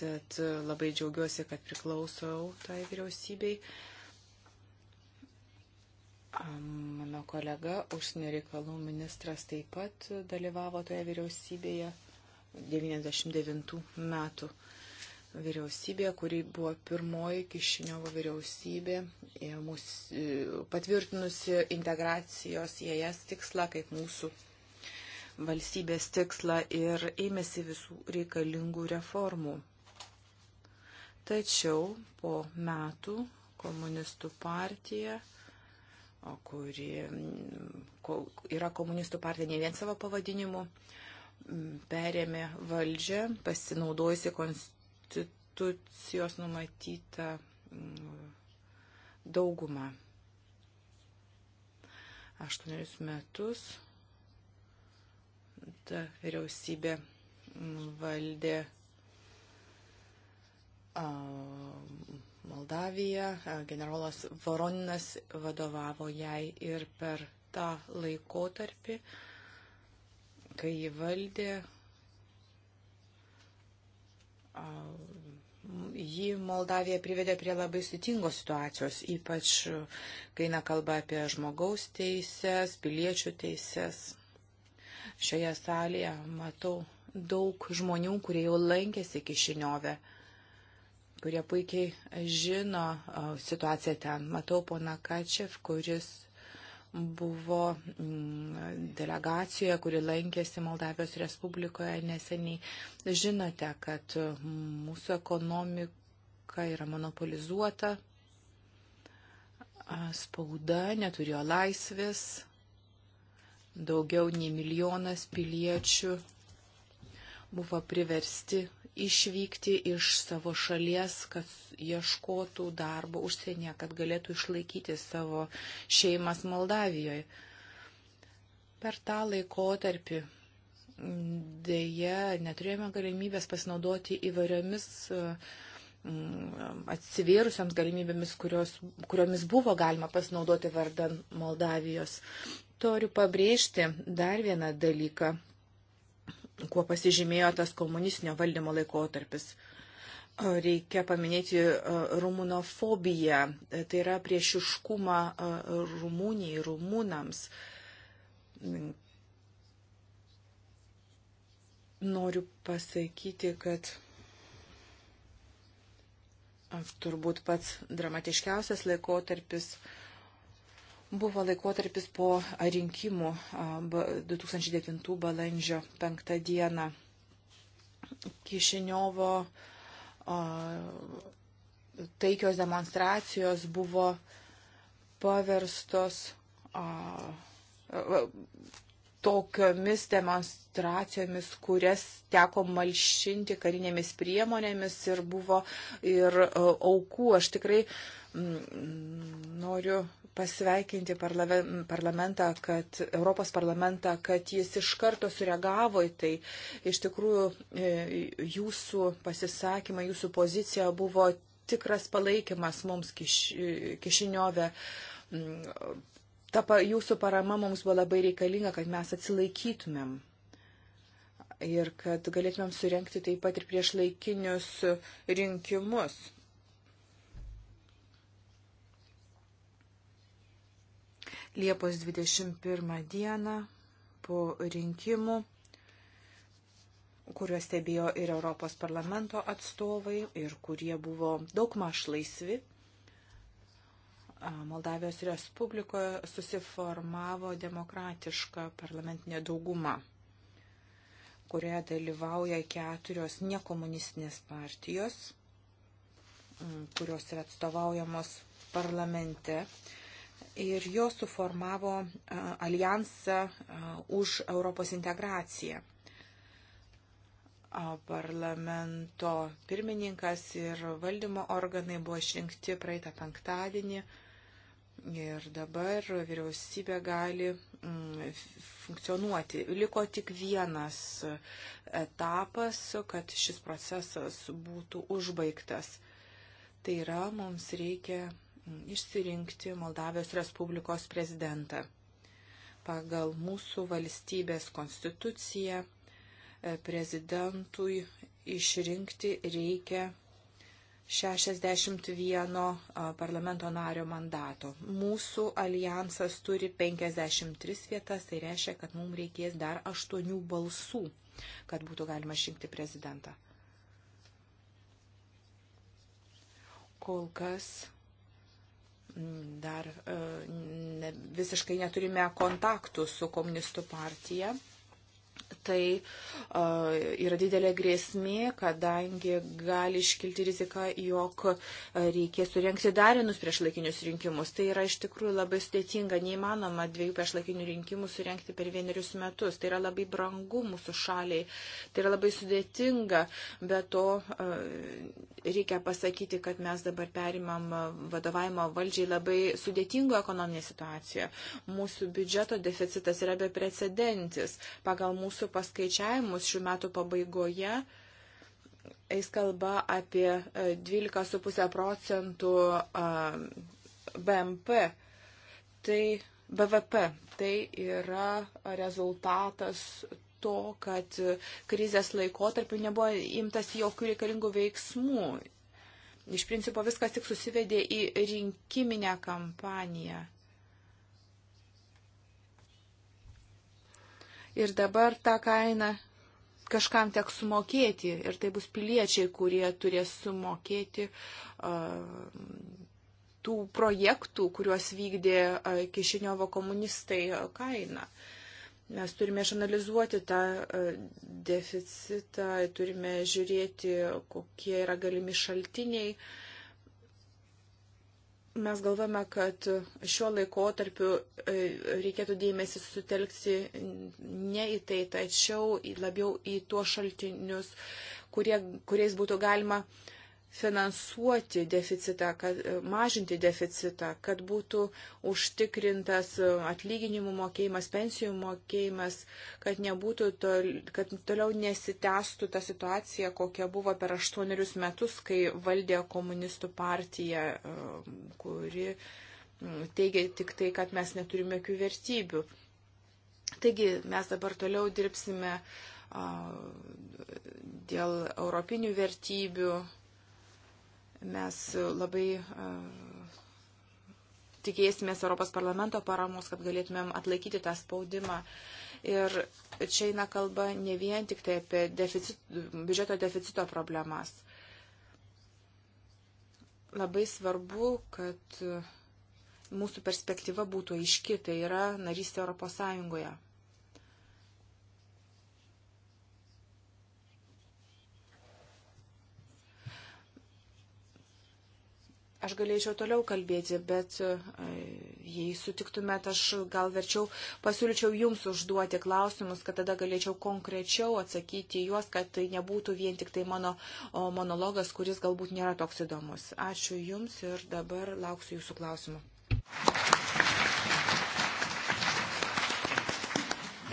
tad labai džiaugiuosi, kad priklausau tai vyriausybei. Mano kolega, užsienio reikalų ministras, taip pat dalyvavo toje vyriausybėje 99 metų vyriausybė, kuri buvo pirmoji Kišiniovo vyriausybė, mūs, e, patvirtinusi integracijos į jas tikslą kaip mūsų valstybės tikslą ir ėmėsi visų reikalingų reformų. Tačiau po metų komunistų partija, kuri yra komunistų partija ne vien savo pavadinimu, perėmė valdžią, pasinaudojusi konstituciją konstitucijos numatytą mm, daugumą. Aštuonerius metus ta vyriausybė mm, valdė Moldaviją, generolas Voroninas vadovavo jai ir per tą laikotarpį, kai jį valdė, Jį Moldavija privedė prie labai sėtingos situacijos, ypač kai eina kalba apie žmogaus teises, piliečių teises. Šioje salėje matau daug žmonių, kurie jau lankėsi Kišiniove, kurie puikiai žino situaciją ten. Matau pona Kačev, kuris buvo mm, delegacijoje, kuri lankėsi Moldavijos Respublikoje neseniai. Žinote, kad mūsų ekonomika yra monopolizuota, spauda neturėjo laisvės, daugiau nei milijonas piliečių buvo priversti išvykti iš savo šalies, kad ieškotų darbo užsienyje, kad galėtų išlaikyti savo šeimas Moldavijoje. Per tą laikotarpį dėje neturėjome galimybės pasinaudoti įvairiomis e, atsivėrusiams galimybėmis, kurios, kuriomis buvo galima pasinaudoti vardan Moldavijos. Toriu pabrėžti dar vieną dalyką, kuo pasižymėjo tas komunistinio valdymo laikotarpis. Reikia paminėti rumunofobiją, e, tai yra priešiškumą Rumunijai, rumūnams. Mm. Noriu pasakyti, kad turbūt pats dramatiškiausias laikotarpis uh, buvo laikotarpis po rinkimų 2009 balandžio 5 dieną. Kišiniovo taikios demonstracijos buvo paverstos tokiomis demonstracijomis, kurias teko malšinti karinėmis priemonėmis ir buvo ir aukų. Aš tikrai noriu pasveikinti parlamentą, kad Europos parlamentą, kad jis iš karto sureagavo į tai. Iš tikrųjų, e, jūsų pasisakymai, jūsų pozicija buvo tikras palaikymas mums kiš, e, kišiniove. Mm, ta pa, jūsų parama mums buvo labai reikalinga, kad mes atsilaikytumėm ir kad galėtumėm surenkti taip pat ir prieš laikinius rinkimus. Liepos 21 dieną po rinkimų, kuriuos stebėjo ir Europos parlamento atstovai ir kurie buvo daug maž laisvi. Moldavijos Respublikoje susiformavo demokratiška parlamentinė dauguma, kurioje dalyvauja keturios nekomunistinės partijos, kurios yra atstovaujamos parlamente ir jos suformavo alijansą už Europos integraciją. Parlamento pirmininkas ir valdymo organai buvo išrinkti praeitą penktadienį ir dabar vyriausybė gali mm, funkcionuoti. Liko tik vienas etapas, kad šis procesas būtų užbaigtas. Tai yra, mums reikia išsirinkti Moldavijos Respublikos prezidentą. Pagal mūsų valstybės konstituciją e, prezidentui išrinkti reikia 61 e, parlamento nario mandato. Mūsų alijansas turi 53 vietas, tai reiškia, kad mums reikės dar 8 balsų, kad būtų galima išrinkti prezidentą. Kol kas dar e, visiškai neturime kontaktų su komunistų partija tai uh, yra didelė grėsmė, kadangi gali iškilti rizika, jog reikės surenkti darinus priešlaikinius rinkimus. Tai yra iš tikrųjų labai sudėtinga, neįmanoma dviejų priešlaikinių rinkimų surenkti per vienerius metus. Tai yra labai brangu mūsų šaliai, tai yra labai sudėtinga, bet to uh, reikia pasakyti, kad mes dabar perimam vadovavimo valdžiai labai sudėtingo ekonominė situacija. Mūsų biudžeto deficitas yra beprecedentis. Pagal mūsų paskaičiavimus šių metų pabaigoje eis kalba apie 12,5 e, procentų BMP. Tai BVP tai yra rezultatas to, kad krizės laikotarpiu nebuvo imtas jokių reikalingų veiksmų. Iš principo viskas tik susivedė į rinkiminę kampaniją. ir dabar tą kainą kažkam teks sumokėti ir tai bus piliečiai, kurie turės sumokėti uh, tų projektų, kuriuos vykdė uh, Kišiniovo komunistai uh, kainą. Mes turime išanalizuoti tą deficitą, turime žiūrėti, kokie yra galimi šaltiniai. Uh, mes galvojame, kad šiuo laikotarpiu e, reikėtų dėmesį sutelkti ne į tai, tačiau labiau į tuos šaltinius, kurie, kuriais būtų galima uh, finansuoti deficitą, kad, e, mažinti deficitą, kad būtų užtikrintas e, atlyginimų mokėjimas, pensijų mokėjimas, kad, nebūtų tol, kad toliau nesitęstų ta situacija, kokia buvo per aštuonerius metus, kai valdė komunistų partija, e, kuri teigia tik tai, kad mes neturime jokių vertybių. Taigi mes dabar toliau dirbsime dėl europinių vertybių, Mes e, labai e, tikėsimės Europos parlamento paramos, kad galėtumėm atlaikyti tą spaudimą. Ir čia eina kalba ne vien tik tai apie deficit, biudžeto deficito problemas. Labai svarbu, kad e, mūsų perspektyva būtų aiški, tai yra narystė Europos Sąjungoje. Aš galėčiau toliau kalbėti, bet e, jei sutiktumėt, aš gal verčiau pasiūlyčiau jums užduoti klausimus, kad tada galėčiau konkrečiau atsakyti juos, kad tai nebūtų vien tik tai mano monologas, kuris galbūt nėra toks įdomus. Ačiū jums ir dabar lauksiu jūsų klausimų.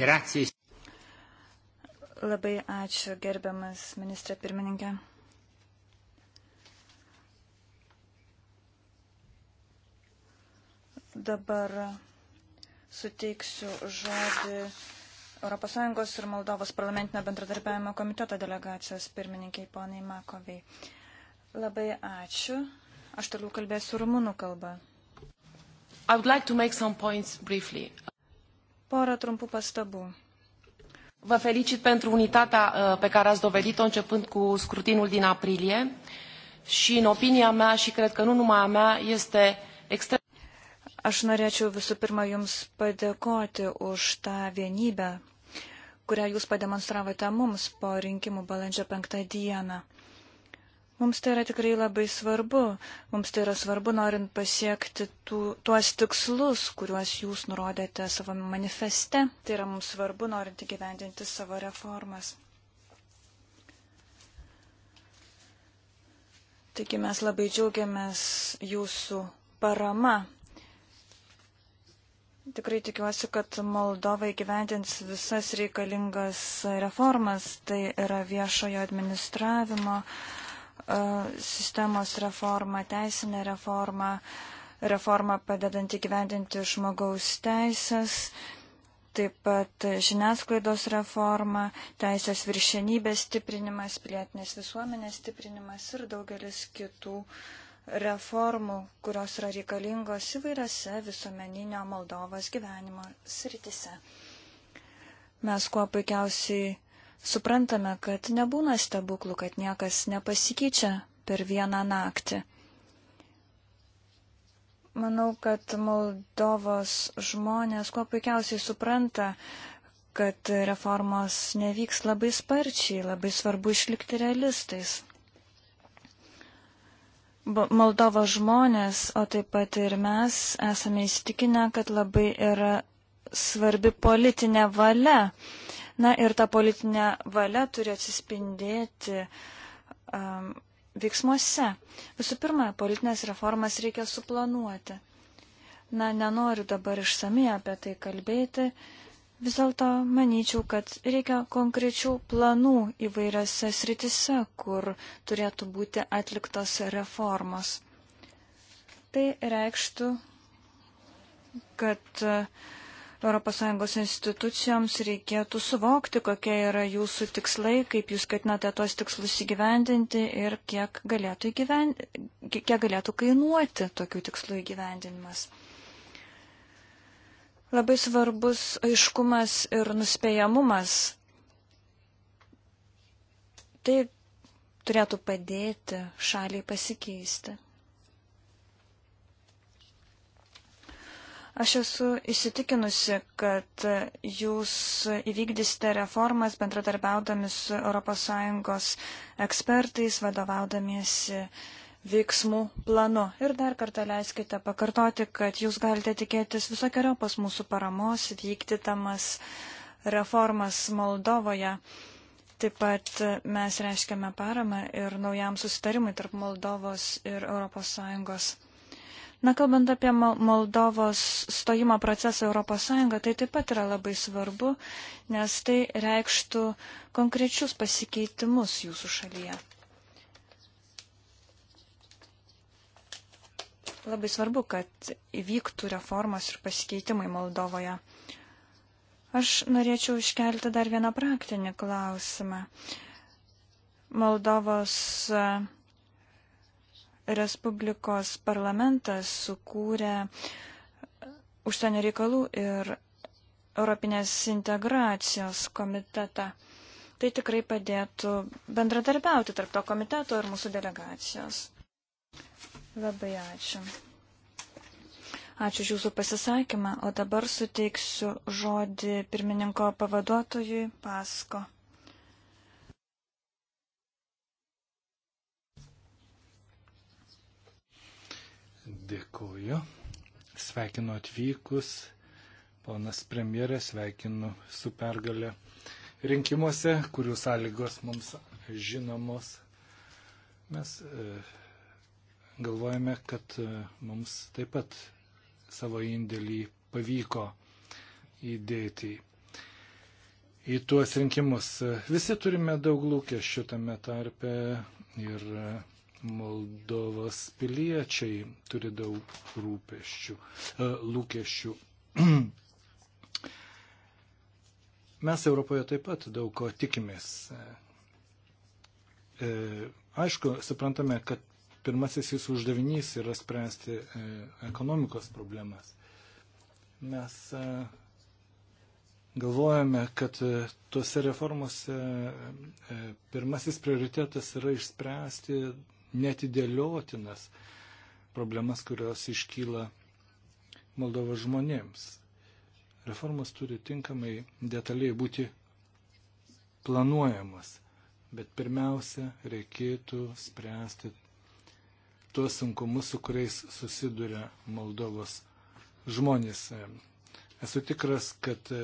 Gracias. Labai ačiū, gerbiamas ministrė pirmininkė. Dabar suteiksiu žodį ES ir Moldovos parlamentinio bendradarbiavimo komiteto delegacijos pirmininkiai poniai Makoviai. Labai ačiū. Aš toliau kalbėsiu rumunų kalbą. Like Porą trumpų pastabų. Vă felicit pentru unitatea uh, pe care ați dovedit-o începând cu scrutinul din aprilie și, în opinia mea și cred că nu numai a mea, este extrem Aš norėčiau visų pirma Jums padėkoti už tą vienybę, kurią Jūs pademonstravote mums po rinkimų balandžio penktą dieną. Mums tai yra tikrai labai svarbu. Mums tai yra svarbu, norint pasiekti tų, tuos tikslus, kuriuos jūs nurodėte savo manifeste. Tai yra mums svarbu, norint įgyvendinti savo reformas. Taigi mes labai džiaugiamės jūsų parama Tikrai tikiuosi, kad Moldova įgyvendins visas reikalingas reformas, tai yra viešojo administravimo e, sistemos reforma, teisinė reforma, reforma padedanti gyvendinti žmogaus teisės, taip pat žiniasklaidos reforma, teisės viršenybės stiprinimas, pilietinės visuomenės stiprinimas ir daugelis kitų uh, reformų, kurios yra reikalingos įvairiose visuomeninio Moldovos gyvenimo sritise. Mes kuo puikiausiai suprantame, kad nebūna stebuklų, kad niekas nepasikeičia per vieną naktį. Manau, kad Moldovos žmonės kuo puikiausiai supranta, kad reformos nevyks labai sparčiai, labai svarbu išlikti realistais. Moldovo žmonės, o taip pat ir mes esame įstikinę, kad labai yra svarbi politinė valia. Na ir ta politinė valia turi atsispindėti um, veiksmuose. Visų pirma, politinės reformas reikia suplanuoti. Na, nenoriu dabar išsamei apie tai kalbėti, uh, Vis dėlto manyčiau, kad reikia konkrečių planų įvairiose sritise, kur turėtų būti atliktos reformos. Tai reikštų, kad ES institucijoms reikėtų suvokti, kokie yra jūsų tikslai, kaip jūs ketinate tuos tikslus įgyvendinti ir kiek galėtų, įgyvend... kiek galėtų kainuoti tokių tikslų įgyvendinimas. Labai svarbus aiškumas ir nuspėjamumas. Tai turėtų padėti šaliai pasikeisti. Aš esu įsitikinusi, kad jūs įvykdysite reformas bendradarbiaudami su ES ekspertais, vadovaudamiesi veiksmų planu. Ir dar kartą leiskite pakartoti, kad jūs galite tikėtis visokiojopos mūsų paramos vykdytamas reformas Moldovoje. Taip pat mes reiškiame paramą ir naujam susitarimui tarp Moldovos ir ES. Na, kalbant apie Moldovos stojimo procesą ES, tai taip pat yra labai svarbu, nes tai reikštų konkrečius pasikeitimus jūsų šalyje. Labai svarbu, kad įvyktų reformos ir pasikeitimai Moldovoje. Aš norėčiau iškelti dar vieną praktinį klausimą. Moldovos e, Respublikos parlamentas sukūrė e, užsienio reikalų ir Europinės integracijos komitetą. Tai tikrai padėtų bendradarbiauti tarp to komiteto ir mūsų delegacijos. Labai ačiū. Ačiū už Jūsų pasisakymą, o dabar suteiksiu žodį pirmininko pavaduotojui Pasko. Dėkuoju. Sveikinu atvykus. Ponas premjeras, sveikinu su pergalė rinkimuose, kurių sąlygos mums žinomos. Mes e, galvojame, kad e, mums taip pat savo indėlį pavyko įdėti į tuos rinkimus. Visi turime daug lūkesčių tame tarpe ir Moldovos piliečiai turi daug rūpeščių, e, lūkesčių. Mes Europoje taip pat daug ko tikimės. E, aišku, suprantame, kad pirmasis jūsų uždavinys yra spręsti e, ekonomikos problemas. Mes e, galvojame, kad e, tuose reformuose pirmasis prioritetas yra išspręsti netidėliotinas problemas, kurios iškyla Moldovo žmonėms. Reformas turi tinkamai detaliai būti planuojamas, bet pirmiausia, reikėtų spręsti tuos sunkumus, su kuriais susiduria Moldovos žmonės. Esu tikras, kad e,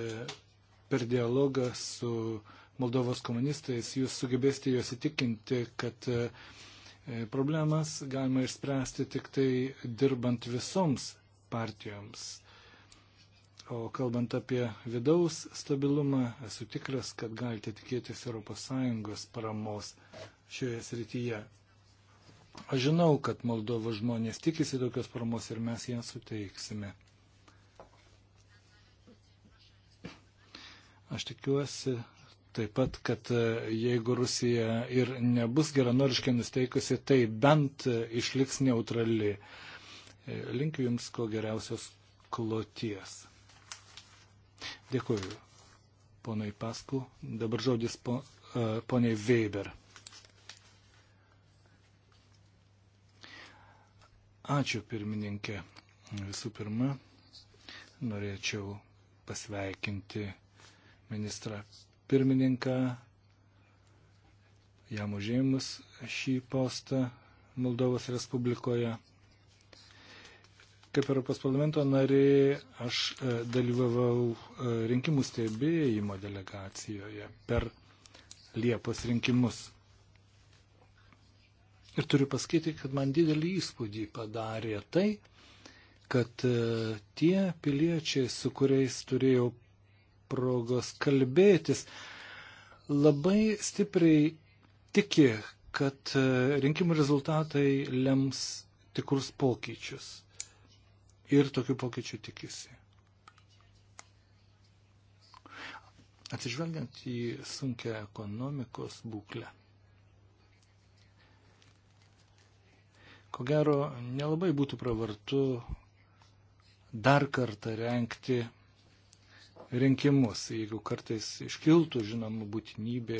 per dialogą su Moldovos komunistais jūs sugebėsite juos įtikinti, kad e, problemas galima išspręsti tik tai dirbant visoms partijoms. O kalbant apie vidaus stabilumą, esu tikras, kad galite tikėtis ES paramos šioje srityje. Aš žinau, kad Moldovo žmonės tikisi tokios paramos ir mes ją suteiksime. Aš tikiuosi taip pat, kad e, jeigu Rusija ir nebus geranoriškai nusteikusi, tai bent išliks neutrali. E, linkiu Jums ko geriausios kloties. Dėkuoju, ponai Pasku. Dabar žodis po, uh, poniai Weber. Ačiū pirmininkė. Visų pirma, norėčiau pasveikinti ministrą pirmininką, jam užėmus šį postą Moldovos Respublikoje. Kaip Europos parlamento narė, aš e, dalyvavau e, rinkimų stebėjimo delegacijoje per Liepos rinkimus. Ir turiu pasakyti, kad man didelį įspūdį padarė tai, kad e, tie piliečiai, su kuriais turėjau progos kalbėtis, labai stipriai tiki, kad e, rinkimų rezultatai lems tikrus pokyčius. Ir tokių pokyčių tikisi. Atsižvelgiant į sunkę ekonomikos būklę. Ko gero, nelabai būtų pravartu dar kartą renkti rinkimus, jeigu kartais iškiltų, žinoma, būtinybė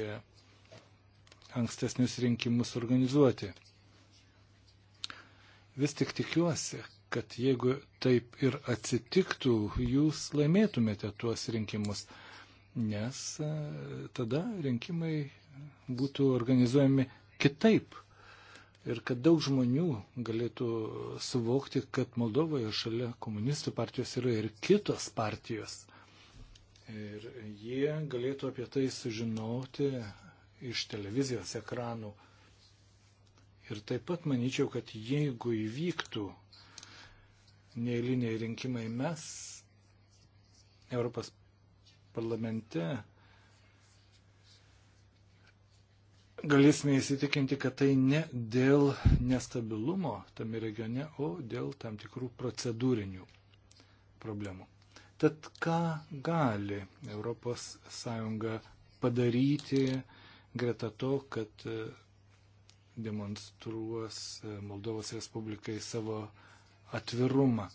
ankstesnius rinkimus organizuoti. Vis tik tikiuosi, kad jeigu taip ir atsitiktų, jūs laimėtumėte tuos rinkimus, nes e, tada rinkimai būtų organizuojami kitaip ir kad daug žmonių galėtų suvokti, kad Moldovoje šalia komunistų partijos yra ir kitos partijos. Ir jie galėtų apie tai sužinoti iš televizijos ekranų. Ir taip pat manyčiau, kad jeigu įvyktų neįliniai rinkimai, mes Europos parlamente galėsime įsitikinti, kad tai ne dėl nestabilumo tame regione, o dėl tam tikrų procedūrinių problemų. Tad ką gali ES padaryti greta to, kad e, demonstruos e, Moldovos Respublikai savo atvirumą?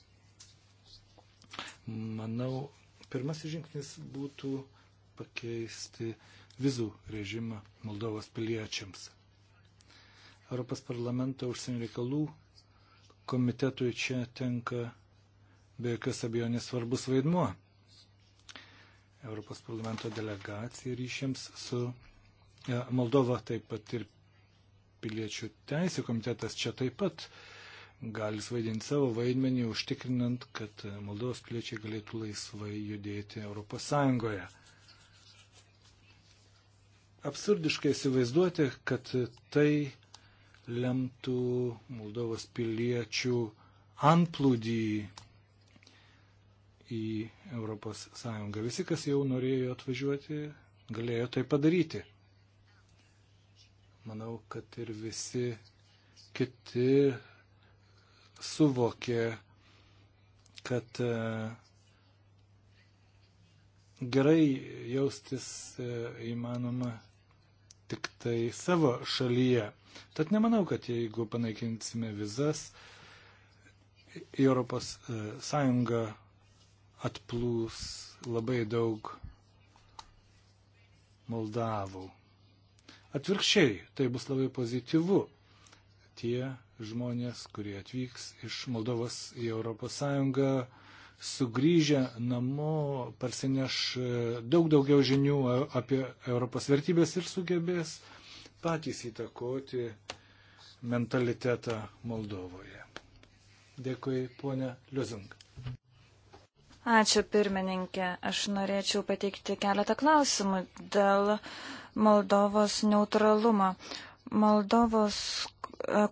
Manau, pirmasis žingsnis būtų pakeisti uh, vizų režimą Moldovos piliečiams. Europos parlamento užsienio reikalų komitetui čia tenka be jokios abejonės svarbus vaidmuo. Europos parlamento delegacija ryšiams su e, Moldova taip pat ir piliečių teisų komitetas čia taip pat gali svaidinti savo vaidmenį, užtikrinant, kad Moldovos piliečiai galėtų laisvai judėti Europos Sąjungoje absurdiškai įsivaizduoti, kad tai lemtų Moldovos piliečių antplūdį į ES. Visi, kas jau norėjo atvažiuoti, galėjo tai padaryti. Manau, kad ir visi kiti suvokė, kad e, gerai jaustis e, įmanoma tik tai savo šalyje. Tad nemanau, kad jeigu panaikinsime vizas, į Europos e, Sąjungą atplūs labai daug Moldavų. Atvirkščiai, tai bus labai pozityvu. Tie žmonės, kurie atvyks iš Moldovos į Europos Sąjungą, sugrįžę namo parsineš e, daug daugiau žinių apie Europos vertybės ir sugebės patys įtakoti mentalitetą Moldovoje. Dėkui, ponė Liuzung. Ačiū, pirmininkė. Aš norėčiau pateikti keletą klausimų dėl Moldovos neutralumo. Moldovos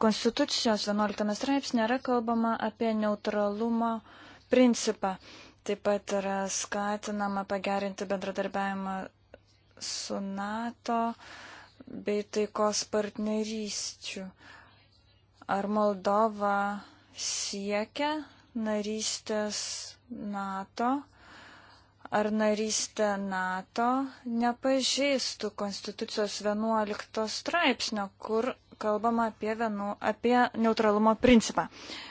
konstitucijos 11 straipsnė yra kalbama apie neutralumo uh, principą. Taip pat yra skatinama pagerinti bendradarbiavimą su NATO bei taikos partnerysčių. Ar Moldova siekia narystės NATO? Ar narystė NATO nepažeistų Konstitucijos 11 straipsnio, kur kalbama apie, vienu, apie neutralumo principą? Uh,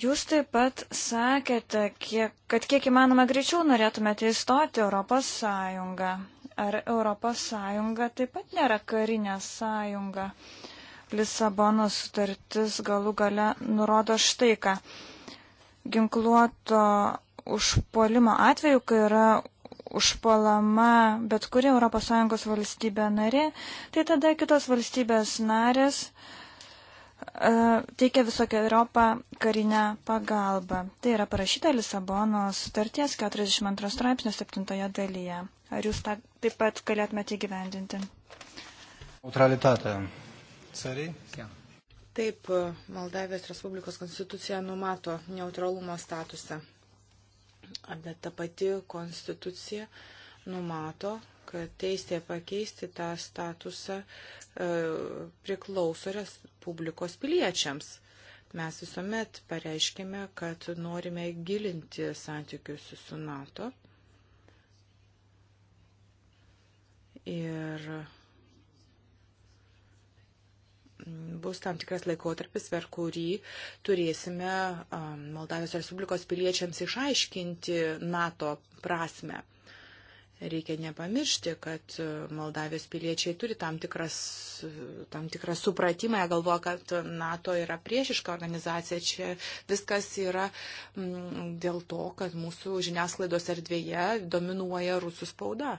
Jūs taip pat sakėte, kiek, kad kiek įmanoma greičiau norėtumėte įstoti Europos Sąjungą. Ar Europos Sąjunga taip pat nėra karinė sąjunga? Lisabonos sutartis galų gale nurodo štai ką. Ginkluoto užpuolimo atveju, kai yra užpuolama bet kuri ES valstybė narė, tai tada kitos valstybės narės uh, E, teikia visokiojopą karinę pagalbą. Tai yra parašyta Lisabonos sutarties 42 straipsnio 7 dalyje. Ar jūs tą taip pat galėtumėte įgyvendinti? Neutralitatė. Sariai? Ja. Taip, e, Moldavijos Respublikos konstitucija numato neutralumo statusą. Bet ta pati konstitucija numato, kad teisė pakeisti tą statusą e, priklauso Respublikos piliečiams. Mes visuomet pareiškime, kad norime gilinti santykius su NATO. Ir bus tam tikras laikotarpis, per kurį turėsime Moldavijos Respublikos piliečiams išaiškinti NATO prasme. Reikia nepamiršti, kad Moldavijos piliečiai turi tam, tikras, tam tikrą supratimą, jie galvoja, kad NATO yra priešiška organizacija. Čia viskas yra m, mm, dėl to, kad mūsų žiniasklaidos erdvėje dominuoja rusų spauda.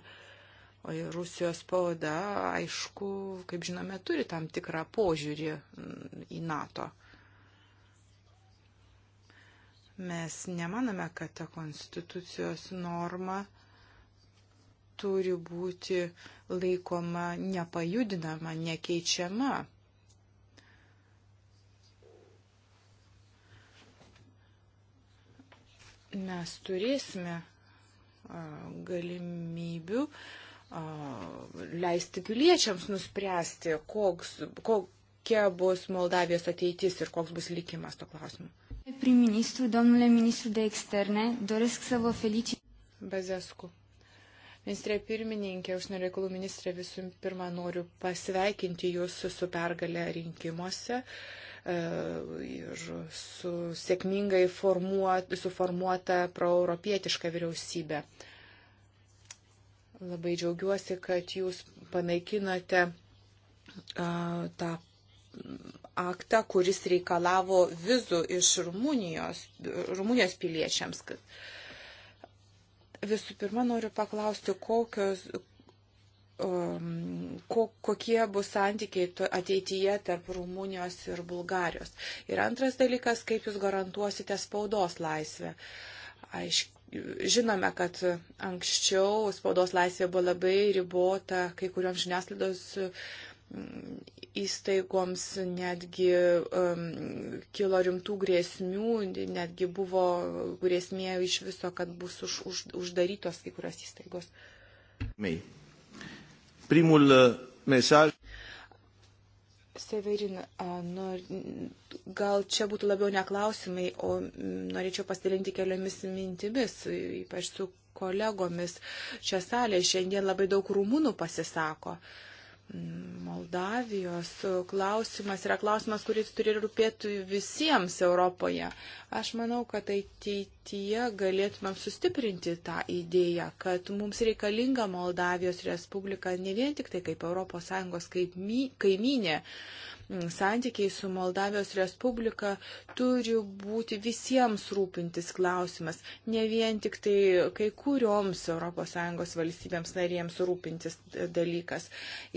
O Rusijos spauda, aišku, kaip žinome, turi tam tikrą požiūrį mm, į NATO. Mes nemaname, kad ta konstitucijos norma turi būti laikoma nepajudinama, nekeičiama. Mes turėsime galimybių leisti piliečiams nuspręsti, koks, kokia bus Moldavijos ateitis ir koks bus likimas to klausimu. Prim-ministru, domnule ministru de externe, doresc să vă felicit. Bezescu. Ministrė pirmininkė, užsienio reikalų ministrė, visų pirma noriu pasveikinti jūs su pergalė rinkimuose e, ir su sėkmingai formuot, suformuota proeuropietiška vyriausybė. Labai džiaugiuosi, kad jūs panaikinote uh, tą aktą, kuris reikalavo vizų iš Rumunijos, Rumunijos piliečiams. Kad, uh, Visų pirma, noriu paklausti, kokios, um, ko, kokie bus santykiai ateityje tarp Rumunijos ir Bulgarijos. Ir antras dalykas, kaip jūs garantuosite spaudos laisvę. Aišk, žinome, kad anksčiau spaudos laisvė buvo labai ribota kai kuriuoms žiniasklaidos įstaigoms netgi um, kilo rimtų grėsmių, netgi buvo grėsmė iš viso, kad bus už, už, uždarytos kai kurios įstaigos. Mei. Primul uh, mesaj. Severin, nor, gal čia būtų labiau neklausimai, o norėčiau pasidalinti keliomis mintimis, ypač su kolegomis. Čia salė šiandien labai daug rumūnų pasisako. Uh, Moldavijos klausimas yra klausimas, kuris turi rūpėti visiems Europoje. Aš manau, kad ateityje galėtumėm sustiprinti tą idėją, kad mums reikalinga Moldavijos Respublika ne vien tik tai kaip ES kaimynė, Mm, santykiai su Moldavijos Respublika turi būti visiems rūpintis klausimas, ne vien tik tai kai kurioms ES valstybėms narėms rūpintis dalykas.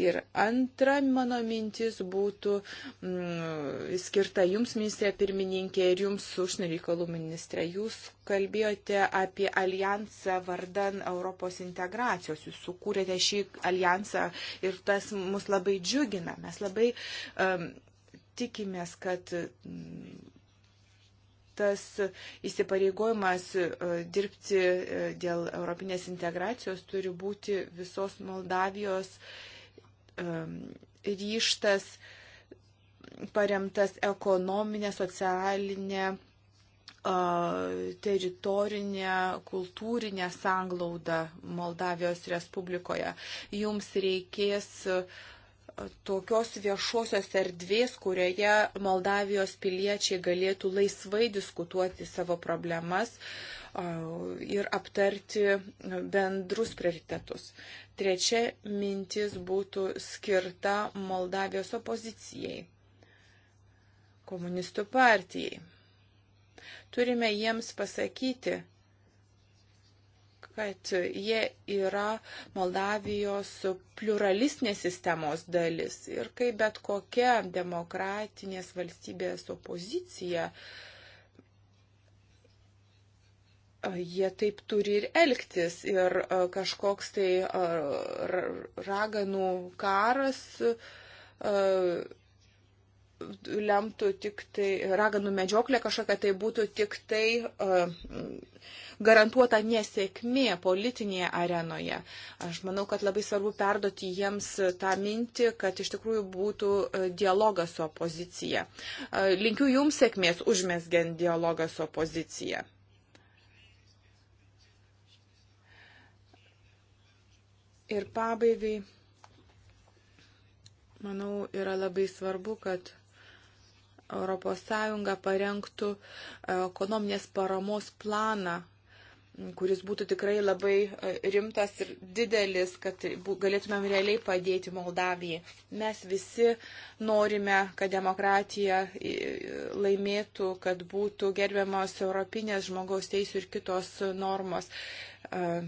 Ir antra mano mintis būtų mm, skirta jums, ministrė pirmininkė, ir jums užsienio reikalų ministrė. Jūs kalbėjote apie alijansą vardan Europos integracijos. Jūs sukūrėte šį alijansą ir tas mus labai džiugina. Mes labai um, tikimės, kad. Um, tas įsipareigojimas uh, dirbti uh, dėl europinės integracijos turi būti visos Moldavijos um, ryštas paremtas ekonominė, socialinė teritorinę, kultūrinę sanglaudą Moldavijos Respublikoje. Jums reikės tokios viešosios erdvės, kurioje Moldavijos piliečiai galėtų laisvai diskutuoti savo problemas ir aptarti bendrus prioritetus. Trečia mintis būtų skirta Moldavijos opozicijai, komunistų partijai. Turime jiems pasakyti, kad jie yra Moldavijos pluralistinės sistemos dalis ir kaip bet kokia demokratinės valstybės opozicija, jie taip turi ir elgtis. Ir e, kažkoks tai e, raganų karas e, lemtų tik tai, raganų medžioklė kažkokia tai būtų tik tai uh, garantuota nesėkmė politinėje arenoje. Aš manau, kad labai svarbu perduoti jiems tą mintį, kad iš tikrųjų būtų e, dialogas su opozicija. E, linkiu jums sėkmės užmesgiant dialogą su opozicija. Ir pabaigai, manau, yra labai svarbu, kad ES parengtų e, ekonominės paramos planą, kuris būtų tikrai labai e, rimtas ir didelis, kad galėtumėm realiai padėti Moldavijai. Mes visi norime, kad demokratija laimėtų, kad būtų gerbiamos europinės žmogaus teisų ir kitos normos. E,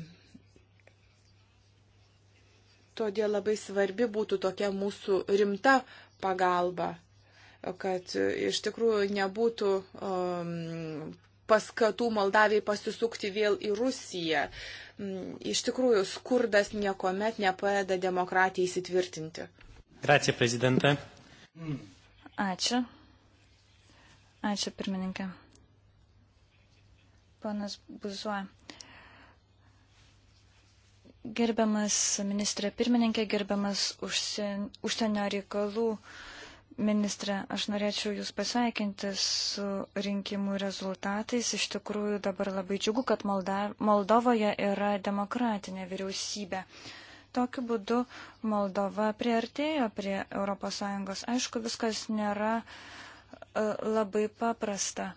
todėl labai svarbi būtų tokia mūsų rimta pagalba kad iš tikrųjų nebūtų um, paskatų Moldavijai pasisukti vėl į Rusiją. Mm, iš tikrųjų, skurdas niekuomet nepadeda demokratijai įsitvirtinti. Gracija, prezidentė. Ačiū. Ačiū, pirmininkė. Ponas Buzuo. Gerbiamas ministrė pirmininkė, gerbiamas užsienio reikalų uh, Ministre, aš norėčiau Jūs pasveikinti su rinkimų rezultatais. Iš tikrųjų dabar labai džiugu, kad Moldovoje yra demokratinė vyriausybė. Tokiu būdu Moldova priartėjo prie ES. Aišku, viskas nėra e, labai paprasta.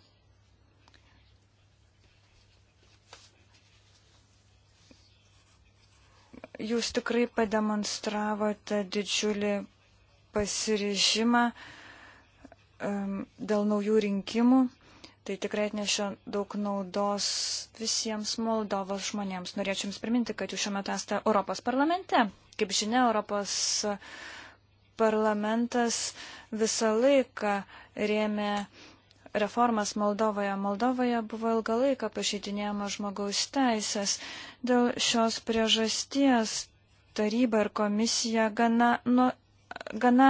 Jūs tikrai pademonstravote didžiulį pasirižimą um, dėl naujų rinkimų. Tai tikrai atnešė daug naudos visiems Moldovos žmonėms. Norėčiau Jums priminti, kad Jūs šiuo metu esate Europos parlamente. Kaip žinia, Europos parlamentas visą laiką rėmė reformas Moldovoje. Moldovoje buvo ilgą laiką pažeidinėjama žmogaus teisės. Dėl šios priežasties taryba ir komisija gana nu, gana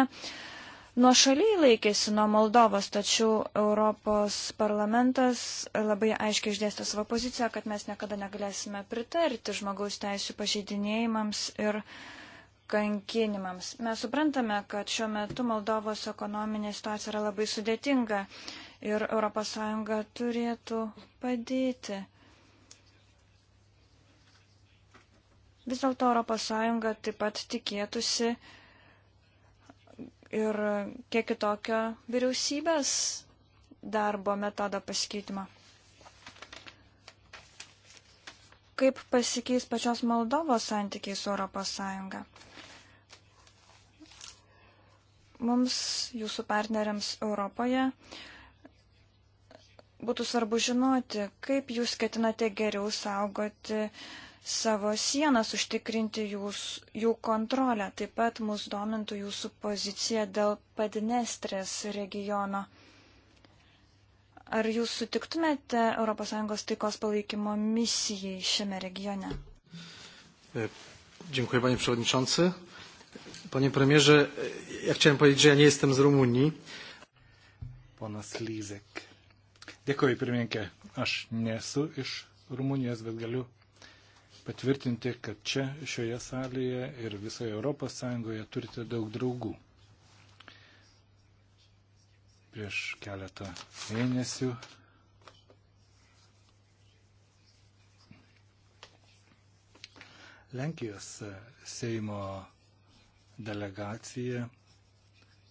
nuošaliai laikėsi nuo Moldovos, tačiau Europos parlamentas labai aiškiai išdėstė savo poziciją, kad mes niekada negalėsime pritarti žmogaus teisų pažeidinėjimams ir kankinimams. Mes suprantame, kad šiuo metu Moldovos ekonominė situacija yra labai sudėtinga ir ES turėtų padėti. Vis dėlto ES taip pat tikėtusi, ir kiek kitokio vyriausybės darbo metodo pasikeitimo. Kaip pasikeis pačios Moldovos santykiai su Europos Sąjunga? Mums, jūsų partneriams Europoje, būtų svarbu žinoti, kaip jūs ketinate geriau saugoti uh, savo sienas, užtikrinti jūs, jų kontrolę. Taip pat mus domintų jūsų pozicija dėl Padinestrės regiono. Ar jūs sutiktumėte ES taikos palaikymo misijai šiame regione? E, dziękuję panie przewodniczący. Panie premierze, ja chciałem powiedzieć, że ja nie jestem z Rumunii. Ponas Lyzek. Dėkuoju, pirmininkė. Aš nesu iš Rumunijos, bet galiu patvirtinti, kad čia šioje salėje ir visoje Europos Sąjungoje turite daug draugų. Prieš keletą mėnesių Lenkijos Seimo delegacija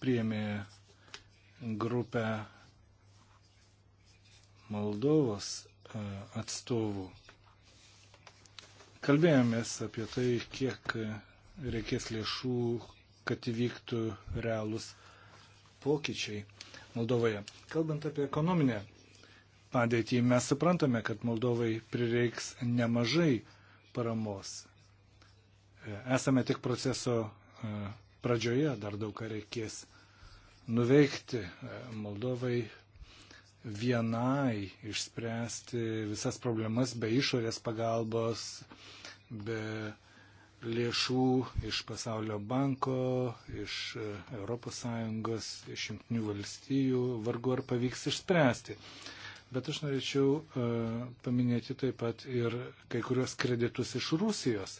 priėmė grupę Moldovos e, atstovų Kalbėjomės apie tai, kiek reikės lėšų, kad įvyktų realūs pokyčiai Moldovoje. Kalbant apie ekonominę padėtį, mes suprantame, kad Moldovai prireiks nemažai paramos. Esame tik proceso e, pradžioje, dar daug ką reikės nuveikti e, Moldovai vienai, išspręsti visas problemas be išorės pagalbos, be lėšų iš pasaulio banko, iš ES, iš jungtinių valstijų vargu ar pavyks išspręsti. Bet aš norėčiau e, paminėti taip pat ir kai kurios kreditus iš Rusijos,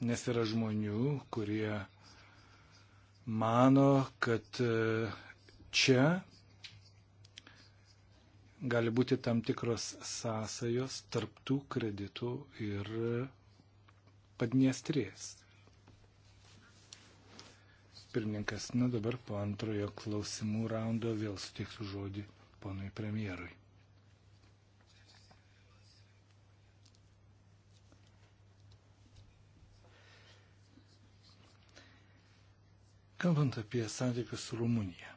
nes yra žmonių, kurie mano, kad e, čia gali būti tam tikros sąsajos tarptų kreditų ir Padniestrės. Pirmininkas, na dabar po antrojo klausimų raundo vėl suteiksiu žodį ponui premjerui. Kalbant apie santykius su Rumunija.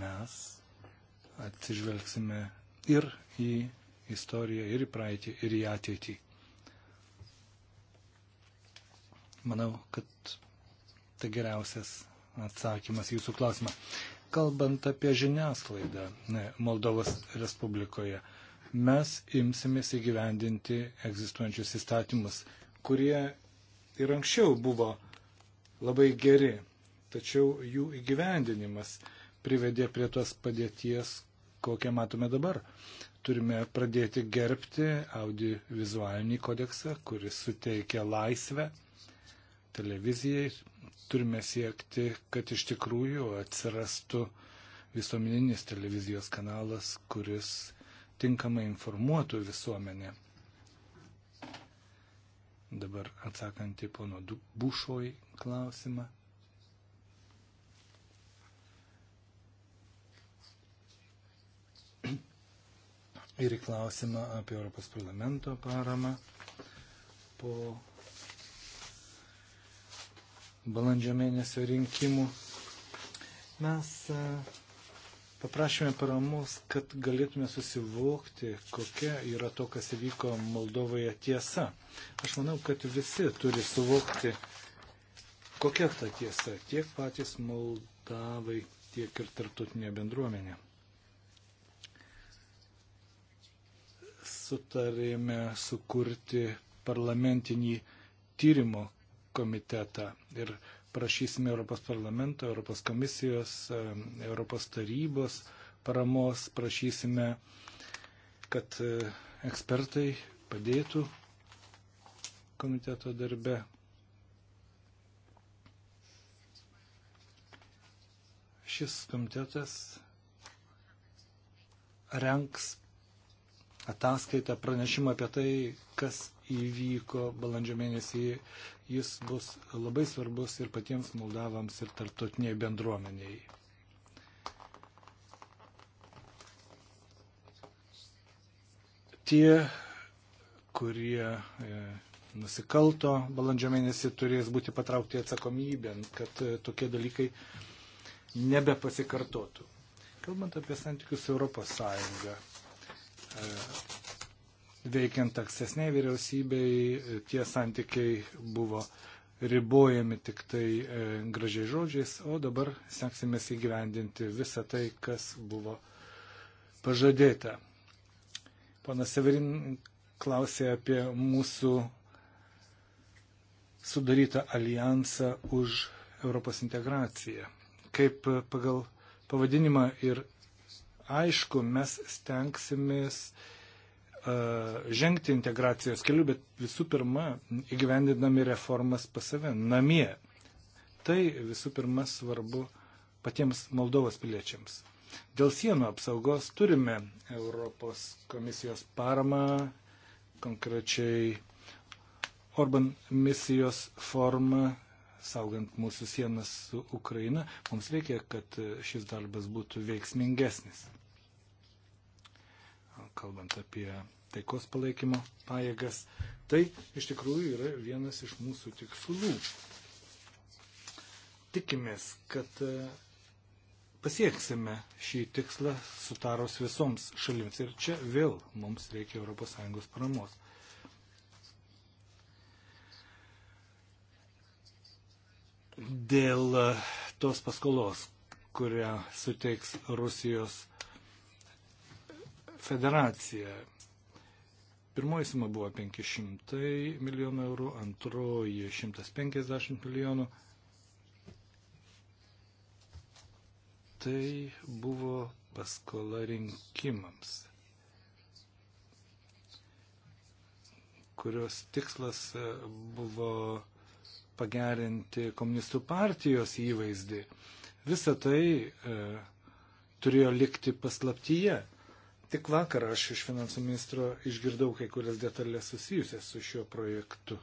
Mes atsižvelgsime ir į istoriją, ir į praeitį, ir į ateitį. Manau, kad tai geriausias atsakymas jūsų klausimą. Kalbant apie žiniasklaidą ne, Moldovos Respublikoje, mes imsimės įgyvendinti egzistuojančius įstatymus, kurie ir anksčiau buvo labai geri, tačiau jų įgyvendinimas privedė prie tos padėties, kokią matome dabar. Turime pradėti gerbti audiovizualinį kodeksą, kuris suteikia laisvę televizijai. Turime siekti, kad iš tikrųjų atsirastų visuomeninis televizijos kanalas, kuris tinkamai informuotų visuomenę. Dabar atsakant į pono Bušoj klausimą. ir į klausimą apie Europos parlamento paramą po balandžio mėnesio rinkimų. Mes e, paprašėme paramos, kad galėtume susivokti, kokia yra to, kas įvyko Moldovoje tiesa. Aš manau, kad visi turi suvokti, kokia ta tiesa, tiek patys Moldavai, tiek ir tarptautinė bendruomenė. sutarėme sukurti parlamentinį tyrimo komitetą ir prašysime Europos parlamento, Europos komisijos, Europos tarybos paramos, prašysime, kad e, ekspertai padėtų komiteto darbe. Šis komitetas renks ataskaitą, pranešimą apie tai, kas įvyko balandžio mėnesį. Jis bus labai svarbus ir patiems Moldavams, ir tarptautiniai bendruomeniai. Tie, kurie e, nusikalto balandžio mėnesį, turės būti patraukti atsakomybę, kad e, tokie dalykai nebepasikartotų. Kalbant apie santykius Europos Sąjungą, E, veikiant aksesniai vyriausybei tie santykiai buvo ribojami tik tai e, gražiai žodžiais, o dabar seksimės įgyvendinti visą tai, kas buvo pažadėta. Ponas Severin klausė apie mūsų sudarytą alijansą už Europos integraciją. Kaip pagal pavadinimą ir Aišku, mes stengsimės e, žengti integracijos keliu, bet visų pirma, įgyvendinami reformas pas save, namie. Tai visų pirma svarbu patiems Moldovos piliečiams. Dėl sienų apsaugos turime Europos komisijos paramą, konkrečiai Orban misijos formą, saugant mūsų sienas su Ukraina. Mums reikia, kad šis darbas būtų veiksmingesnis kalbant apie taikos palaikymo pajėgas. Tai iš tikrųjų yra vienas iš mūsų tikslų. Tikimės, kad e, pasieksime šį tikslą sutarus visoms šalims. Ir čia vėl mums reikia ES paramos. Dėl e, tos paskolos, kurią suteiks Rusijos federacija. Pirmoji suma buvo 500 milijonų eurų, antroji 150 milijonų. Tai buvo paskola rinkimams, kurios tikslas e, buvo pagerinti komunistų partijos įvaizdį. Visą tai e, turėjo likti paslaptyje. Tik vakar aš iš finansų ministro išgirdau kai kurias detalės susijusias su šiuo projektu.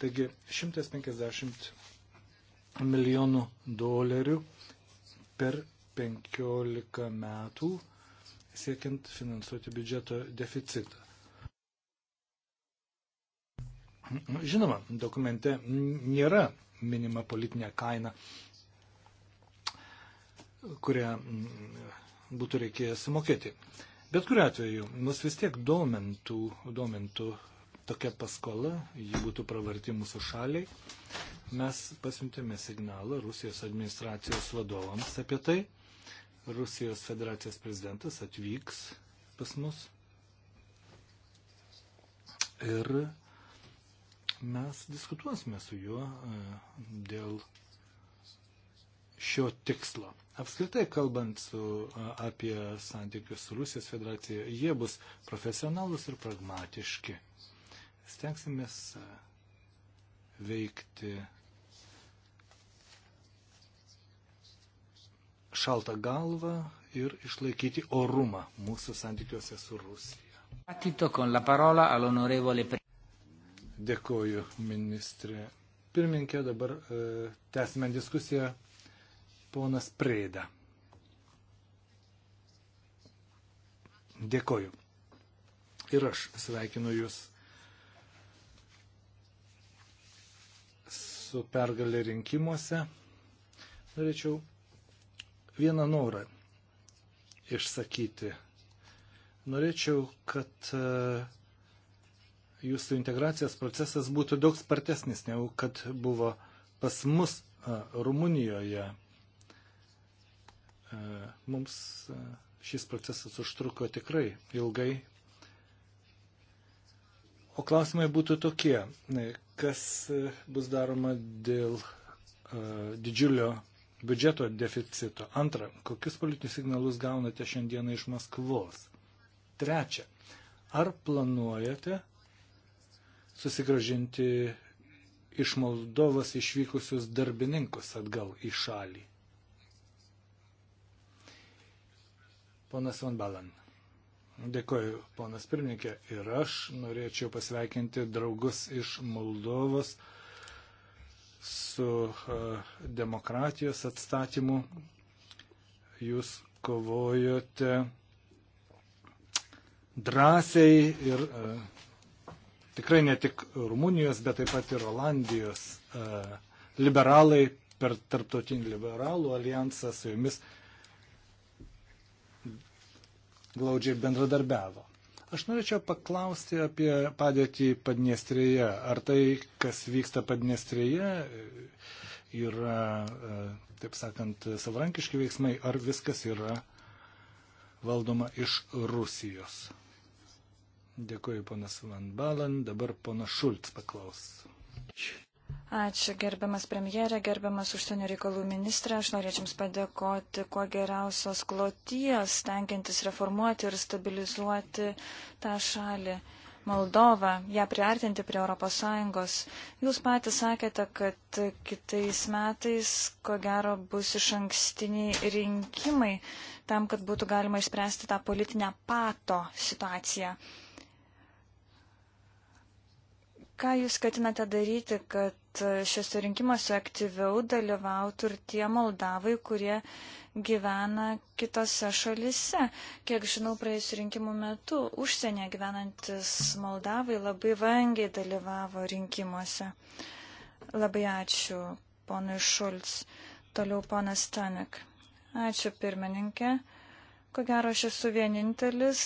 Taigi 150 milijonų dolerių per 15 metų siekiant finansuoti biudžeto deficitą. Žinoma, dokumente nėra minima politinė kaina, kurią būtų reikėję sumokėti. Bet kuriu atveju, mus vis tiek domintų, domintų tokia paskola, ji būtų pravarti mūsų šaliai. Mes pasiuntėme signalą Rusijos administracijos vadovams apie tai. Rusijos federacijos prezidentas atvyks pas mus. Ir mes diskutuosime su juo e, dėl šio tikslo. Apskritai kalbant su, apie santykius su Rusijos federacija, jie bus profesionalus ir pragmatiški. Stengsimės veikti šaltą galvą ir išlaikyti orumą mūsų santykiuose su Rusija. Dėkoju, ministrė. Pirminkė, dabar e, tęsime diskusiją Ponas Prėda. Dėkoju. Ir aš sveikinu Jūs su pergalė rinkimuose. Norėčiau vieną norą išsakyti. Norėčiau, kad e, jūsų integracijos procesas būtų daug spartesnis, negu kad buvo pas mus e, Rumunijoje. E, mums e, šis procesas užtruko tikrai ilgai. O klausimai būtų tokie, e, kas bus daroma dėl didžiulio biudžeto deficito. Antra, kokius politinius signalus gaunate šiandieną iš Maskvos? Trečia, ar planuojate susigražinti iš Moldovos išvykusius darbininkus atgal į šalį? Ponas Van Balan. Dėkoju, ponas pirmininkė. Ir aš norėčiau pasveikinti draugus iš Moldovos su uh, demokratijos atstatymu. Jūs kovojote drąsiai ir uh, tikrai ne tik Rumunijos, bet taip pat ir Olandijos uh, liberalai per tarptautinį liberalų alijansą su jumis uh, glaudžiai bendradarbiavo. Aš norėčiau paklausti apie padėtį Padniestrėje. Ar tai, kas vyksta Padniestrėje, yra, e, taip sakant, savarankiški veiksmai, ar viskas yra valdoma iš Rusijos? Dėkuoju, ponas Van Balen. Dabar ponas Šulc paklaus. Ačiū, gerbiamas premjerė, gerbiamas užsienio reikalų ministrė. Aš norėčiau Jums padėkoti kuo geriausios kloties, tenkiantis reformuoti ir stabilizuoti tą šalį. Moldovą, ją priartinti prie ES. Jūs patys sakėte, kad kitais metais, ko gero, bus iš ankstiniai rinkimai tam, kad būtų galima išspręsti tą politinę pato situaciją ką jūs ketinate daryti, kad kad šiuose rinkimuose aktyviau dalyvautų ir tie Moldavai, kurie gyvena kitose šalise. Kiek žinau, praėjusiu rinkimų metu užsienė gyvenantis Moldavai labai vangiai dalyvavo rinkimuose. Labai ačiū, ponui Šulc. Toliau ponas Tanek. Ačiū, pirmininkė. Ko gero, aš esu vienintelis,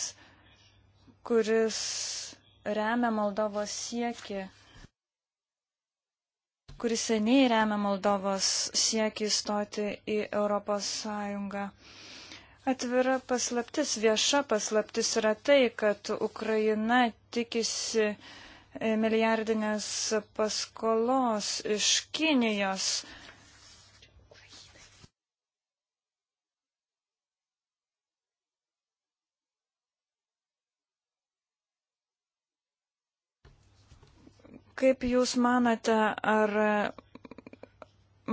kuris remia Moldovos sieki kuris seniai remia Moldovos siekį įstoti į Europos Sąjungą. Atvira paslaptis, vieša paslaptis yra tai, kad Ukraina tikisi e, milijardinės paskolos iš Kinijos Kaip Jūs manote, ar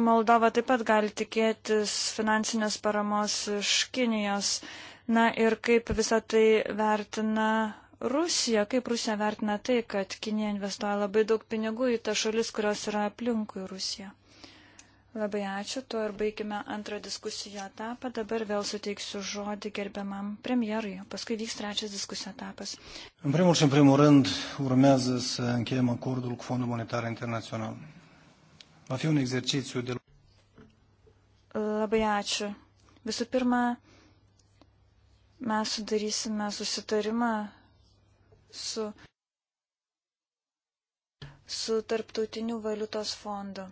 Moldova taip pat gali tikėtis finansinės paramos iš Kinijos? Na ir kaip visą tai vertina Rusija? Kaip Rusija vertina tai, kad Kinija investuoja labai daug pinigų į tą šalis, kurios yra aplinkui Rusiją? Labai ačiū, tuo ir baigime antrą diskusijų etapą. Dabar vėl suteiksiu žodį gerbiamam premjerui, paskui vyks trečias diskusijų etapas. În primul și în primul rând urmează să încheiem acordul cu Fondul Monetar Internațional. Va fi un exercițiu de... Labai ačiū. Visų pirma, mes sudarysime susitarimą su, su Tarptautiniu valiutos fondu.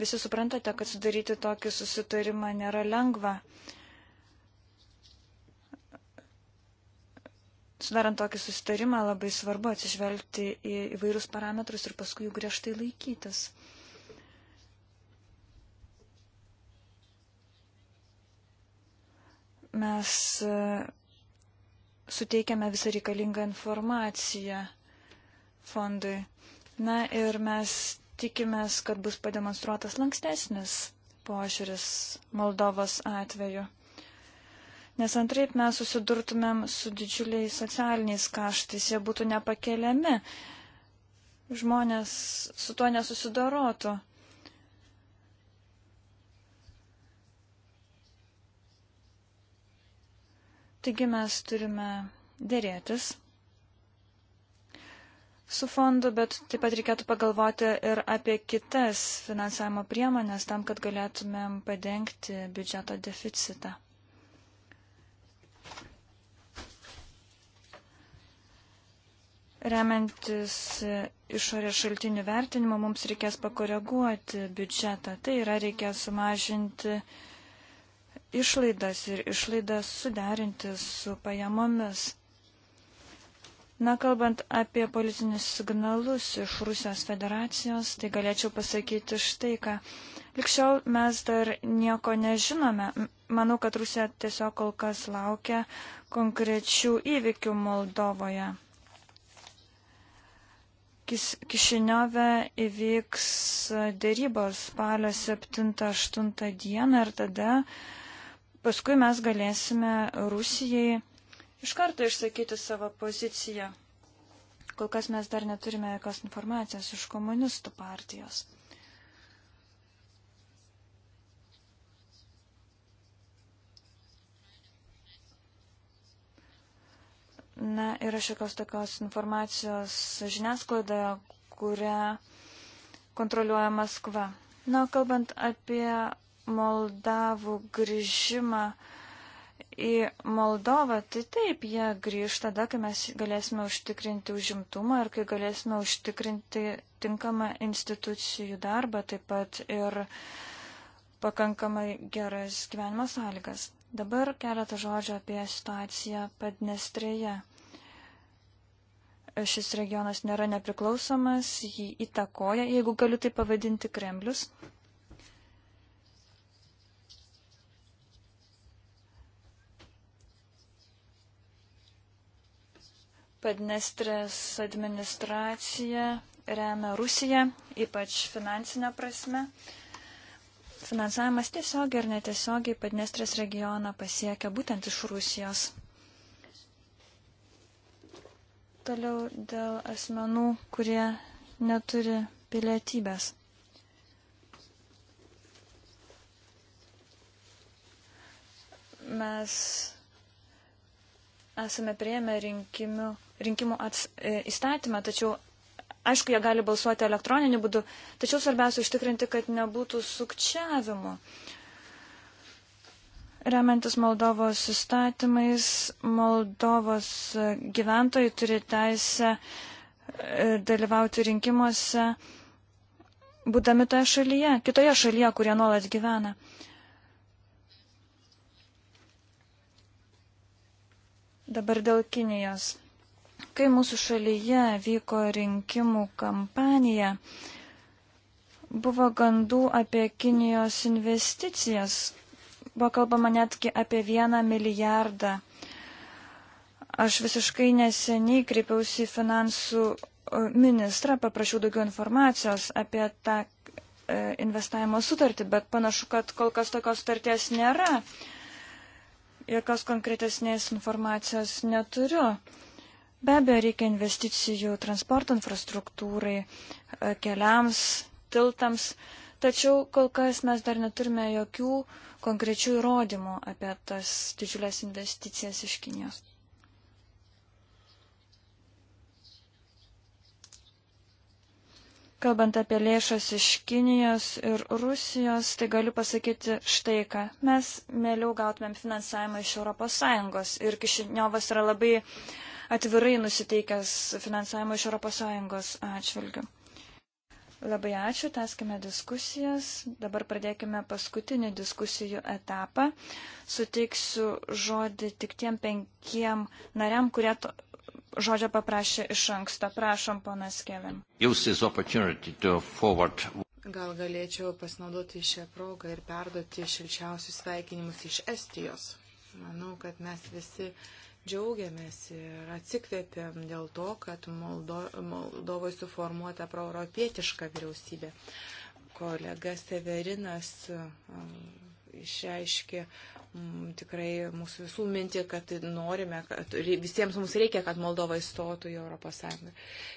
Visi suprantate, kad sudaryti tokį susitarimą nėra lengva. Sudarant tokį susitarimą labai svarbu atsižvelgti į įvairius parametrus ir paskui jų griežtai laikytis. Mes e, suteikiame visą reikalingą informaciją fondui. Na ir mes tikimės, kad bus pademonstruotas lankstesnis požiūris Moldovos atveju. Nes antraip mes susidurtumėm su didžiuliais socialiniais kaštais, jie būtų nepakeliami. Žmonės su tuo nesusidorotų. Taigi mes turime dėrėtis su fondu, bet taip pat reikėtų pagalvoti ir apie kitas finansavimo priemonės tam, kad galėtumėm padengti biudžeto deficitą. Remiantis išorės šaltinių vertinimo, mums reikės pakoreguoti biudžetą. Tai yra, reikės sumažinti išlaidas ir išlaidas suderinti su pajamomis. Na, kalbant apie politinius signalus iš Rusijos federacijos, tai galėčiau pasakyti štai ką. Likščiau mes dar nieko nežinome. Manau, kad Rusija tiesiog kol kas laukia konkrečių įvykių Moldovoje. Kis, Kišiniove įvyks dėrybos spalio 7-8 dieną ir tada paskui mes galėsime Rusijai iš karto išsakyti savo poziciją. Kol kas mes dar neturime jokios informacijos iš komunistų partijos. Na, yra šiokios tokios informacijos žiniasklaidoje, kurią kontroliuoja Maskva. Na, kalbant apie Moldavų grįžimą į Moldovą, tai taip, jie grįž tada, kai mes galėsime užtikrinti užimtumą ir kai galėsime užtikrinti tinkamą institucijų darbą, taip pat ir pakankamai geras gyvenimo sąlygas. Dabar keletą žodžių apie situaciją Padnestrėje. Šis regionas nėra nepriklausomas, jį įtakoja, jeigu galiu tai pavadinti, Kremlius. Padnestrės administracija remia Rusiją, ypač finansinę prasme. Finansavimas tiesiog ir netiesiogiai Padnestrės regioną pasiekia būtent iš Rusijos. Toliau dėl asmenų, kurie neturi pilietybės. Mes esame prieėmę rinkimių rinkimų ats, e, įstatymą, tačiau, aišku, jie gali balsuoti elektroniniu būdu, tačiau svarbiausia užtikrinti, kad nebūtų sukčiavimo. Remiantis Moldovos įstatymais, Moldovos gyventojai turi teisę e, dalyvauti rinkimuose, būdami toje šalyje, kitoje šalyje, kurie nuolat gyvena. Dabar dėl Kinijos. Kai mūsų šalyje vyko rinkimų kampanija, buvo gandų apie Kinijos investicijas. Buvo kalbama netgi apie vieną milijardą. Aš visiškai neseniai kreipiausi į finansų e, ministrą, paprašiau daugiau informacijos apie tą e, investavimo sutartį, bet panašu, kad kol kas tokios sutarties nėra. Jokios konkretesnės informacijos neturiu. Be abejo, reikia investicijų transporto infrastruktūrai, e, keliams, tiltams, tačiau kol kas mes dar neturime jokių konkrečių įrodymų apie tas didžiulės investicijas iš Kinijos. Kalbant apie lėšas iš Kinijos ir Rusijos, tai galiu pasakyti štai ką. Mes mėliau gautumėm finansavimą iš ES ir Kišiniovas yra labai uh, atvirai nusiteikęs finansavimo iš ES atšvilgių. Labai ačiū, teskime diskusijas. Dabar pradėkime paskutinį diskusijų etapą. Suteiksiu žodį tik tiem penkiem nariam, kurie to, žodžio paprašė iš anksto. Prašom, ponas Kevin. Gal galėčiau pasinaudoti šią progą ir perduoti šilčiausius sveikinimus iš Estijos. Manau, kad mes visi džiaugiamės ir atsikvėpėm dėl to, kad Moldo, Moldovoje suformuota proeuropietiška vyriausybė. Kolega Severinas išreiškė mm, tikrai mūsų visų mintį, kad norime, kad visiems mums reikia, kad Moldova įstotų į Europos Sąjungą.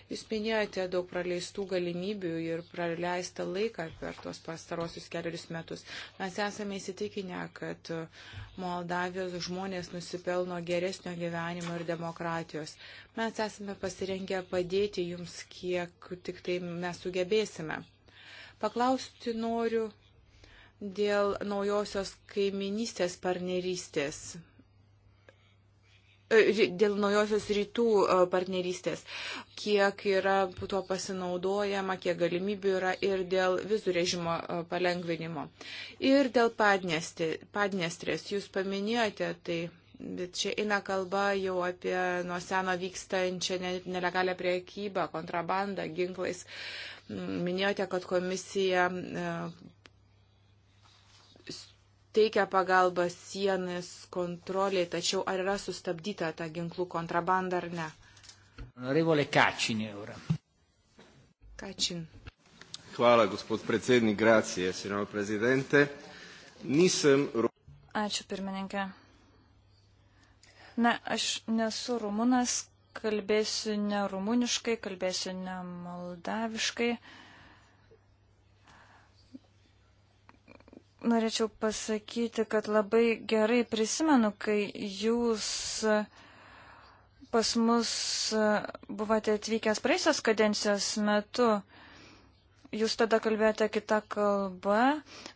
Jūs minėjote daug praleistų galimybių ir praleistą laiką per tuos pastarosius keliarius metus. Mes esame įsitikinę, kad Moldavijos žmonės nusipelno geresnio gyvenimo ir demokratijos. Mes esame pasirengę padėti jums, kiek tik tai mes sugebėsime. Paklausti noriu dėl naujosios kaiminystės partnerystės e, dėl naujosios rytų e, partnerystės, kiek yra tuo pasinaudojama, kiek galimybių yra ir dėl vizų režimo e, palengvinimo. Ir dėl padnestrės, jūs paminėjote, tai bet čia eina kalba jau apie nuo seno vykstančią nelegalią priekybą, kontrabandą, ginklais. Minėjote, kad komisija teikia pagalbą sienas kontroliai, tačiau ar yra sustabdyta ta ginklų kontrabanda ar ne? Revole Kačin je ora. Kačin. Hvala, gospod predsednik, gracije, senor prezidente. Nisem. Ačiū, pirmininkė. Na, aš nesu rumunas, kalbėsiu ne rumuniškai, kalbėsiu ne moldaviškai. Uh, norėčiau pasakyti, kad labai gerai prisimenu, kai jūs pas mus buvote atvykęs praeisios kadencijos metu. Jūs tada kalbėjote kitą kalbą.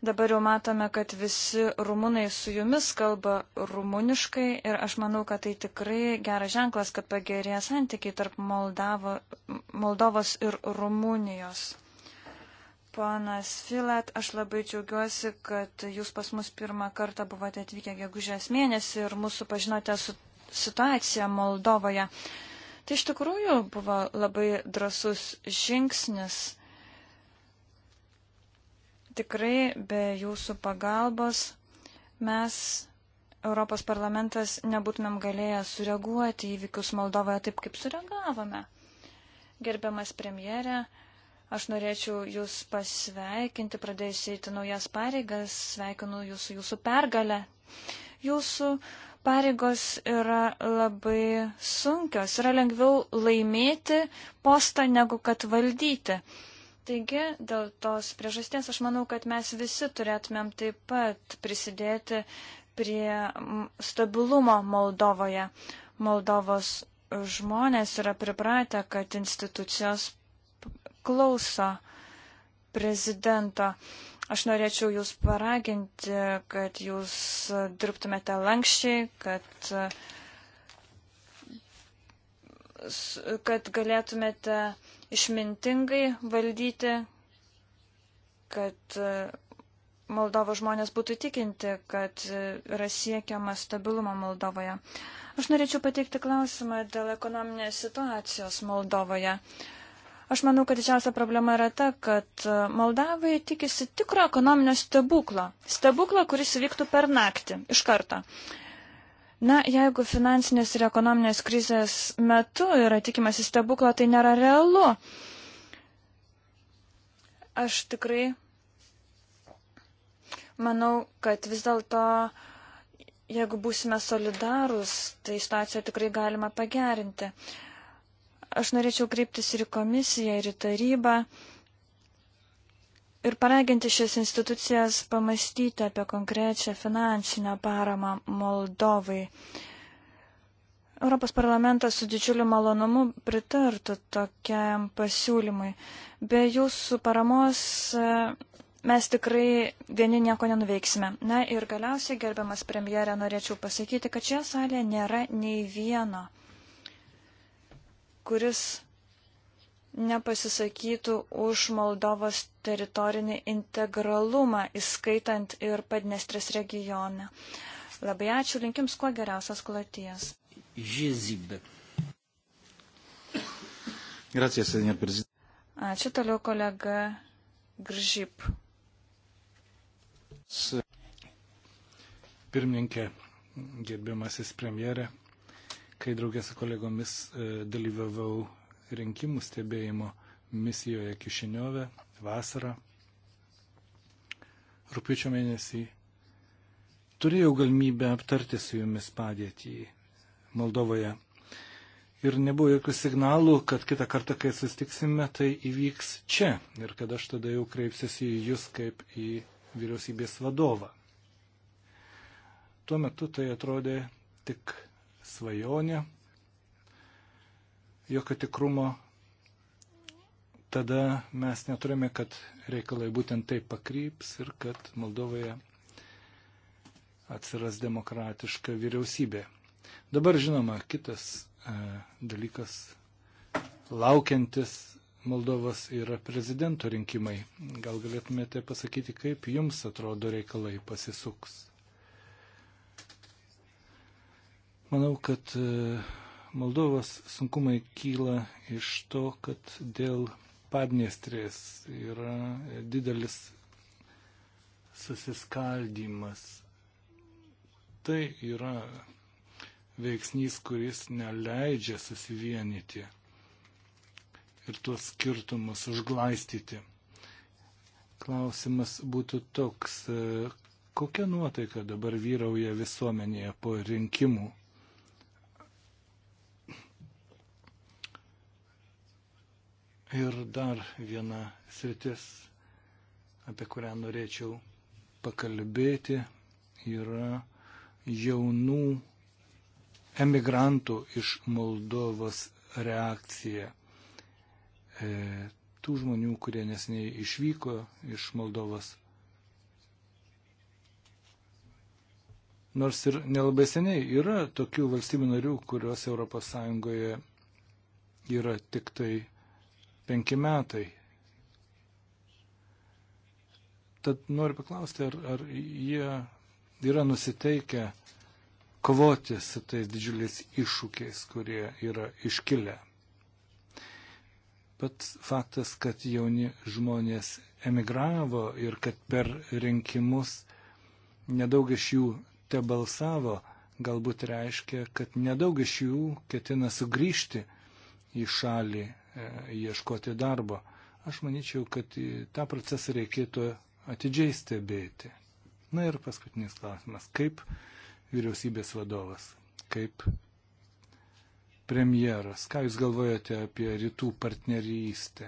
Dabar jau matome, kad visi rumunai su jumis kalba rumuniškai ir aš manau, kad tai tikrai geras ženklas, kad pagerėja santykiai tarp Moldavo, Moldovos ir Rumunijos. Ponas Filat, aš labai džiaugiuosi, kad jūs pas mus pirmą kartą buvote atvykę gegužės mėnesį ir mūsų pažinote su situacija Moldovoje. Tai iš tikrųjų buvo labai drasus žingsnis. Tikrai be jūsų pagalbos mes, Europos parlamentas, nebūtumėm galėję sureaguoti įvykius Moldovoje taip, kaip sureagavome. Gerbiamas premjerė, Aš norėčiau Jūs pasveikinti, pradėjus eiti naujas pareigas, sveikinu Jūsų, jūsų pergalę. Jūsų pareigos yra labai sunkios, yra lengviau laimėti postą negu kad valdyti. Taigi, dėl tos priežasties aš manau, kad mes visi turėtumėm taip pat prisidėti prie stabilumo Moldovoje. Moldovos žmonės yra pripratę, kad institucijos klauso prezidento. Aš norėčiau jūs paraginti, kad jūs dirbtumėte lankščiai, kad, kad galėtumėte išmintingai valdyti, kad Moldovo žmonės būtų tikinti, kad yra siekiama stabilumo Moldovoje. Aš norėčiau pateikti klausimą dėl ekonominės situacijos Moldovoje. Uh, Aš manau, kad didžiausia problema yra ta, kad e, Moldavai tikisi tikro ekonominio stebuklo. Stebuklo, kuris įvyktų per naktį, iš karto. Na, jeigu finansinės ir ekonominės krizės metu yra tikimasi stebuklo, tai nėra realu. Aš tikrai manau, kad vis dėlto, jeigu būsime solidarūs, tai situaciją tikrai galima pagerinti. Uh, Aš norėčiau kreiptis ir į komisiją, ir į tarybą ir paraginti šias institucijas pamastyti apie konkrečią finansinę paramą Moldovai. Europos parlamentas su didžiuliu malonumu pritartų tokiam pasiūlymui. Be jūsų paramos e, mes tikrai vieni nieko nenuveiksime. Na ir galiausiai, gerbiamas premjerė, norėčiau pasakyti, kad šioje salėje nėra nei vieno kuris nepasisakytų už Moldovos teritorinį integralumą, įskaitant ir Padnestrės regioną. Labai ačiū, linkims kuo geriausios kloties. Žizibė. Gracias, senior prezident. Ačiū toliau kolega Gržyp. Pirmininkė, gerbiamasis premjerė, kai draugės su kolegomis e, dalyvavau rinkimų stebėjimo misijoje Kišiniove vasarą, rūpiučio mėnesį, turėjau galimybę aptarti su jumis padėtį Moldovoje. Ir nebuvo jokių signalų, kad kitą kartą, kai sustiksime, tai įvyks čia ir kad aš tada jau kreipsiuosi į jūs kaip į vyriausybės vadovą. Tuo metu tai atrodė tik svajonė, jokio tikrumo, tada mes neturime, kad reikalai būtent taip pakryps ir kad Moldovoje atsiras demokratiška vyriausybė. Dabar žinoma, kitas e, dalykas laukiantis Moldovos yra prezidento rinkimai. Gal galėtumėte pasakyti, kaip jums atrodo reikalai pasisuks? Manau, kad e, Moldovos sunkumai kyla iš to, kad dėl Padniestrės yra didelis susiskaldimas. Tai yra veiksnys, kuris neleidžia susivienyti ir tuos skirtumus užglaistyti. Klausimas būtų toks, e, kokia nuotaika dabar vyrauja visuomenėje po rinkimų Ir dar viena sritis, apie kurią norėčiau pakalbėti, yra jaunų emigrantų iš Moldovos reakcija. E, tų žmonių, kurie nesiniai išvyko iš Moldovos. Nors ir nelabai seniai yra tokių valstybių narių, kurios ES yra tik tai penki metai. Tad noriu paklausti, ar, ar jie yra nusiteikę kovoti su tais didžiuliais iššūkiais, kurie yra iškilę. Pats faktas, kad jauni žmonės emigravo ir kad per rinkimus nedaug iš jų te balsavo, galbūt reiškia, kad nedaug iš jų ketina sugrįžti į šalį E, ieškoti darbo. Aš manyčiau, kad tą procesą reikėtų atidžiai stebėti. Na ir paskutinis klausimas. Kaip vyriausybės vadovas, kaip premjeras, ką Jūs galvojate apie rytų partnerystę,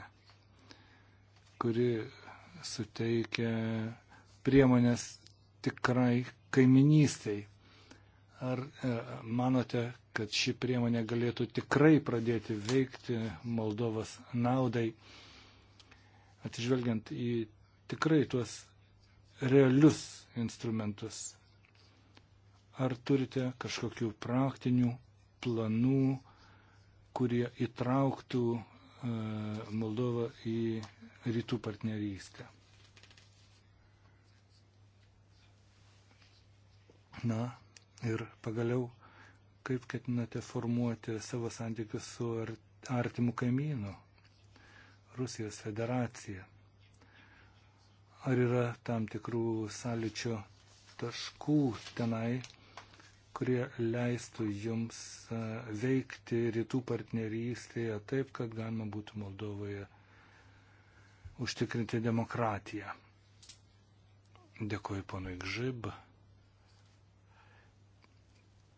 kuri suteikia priemonės tikrai kaiminystiai Ar e, manote, kad ši priemonė galėtų tikrai pradėti veikti Moldovos naudai, atsižvelgiant į tikrai tuos realius instrumentus? Ar turite kažkokių praktinių planų, kurie įtrauktų e, Moldovą į rytų partnerystę? Na, Ir pagaliau, kaip ketinate formuoti savo santykius su artimu kaimynu, Rusijos federacija? Ar yra tam tikrų sąlyčio taškų tenai, kurie leistų jums veikti rytų partnerystėje taip, kad galima būtų Moldovoje užtikrinti demokratiją? Dėkuoju ponui Gžib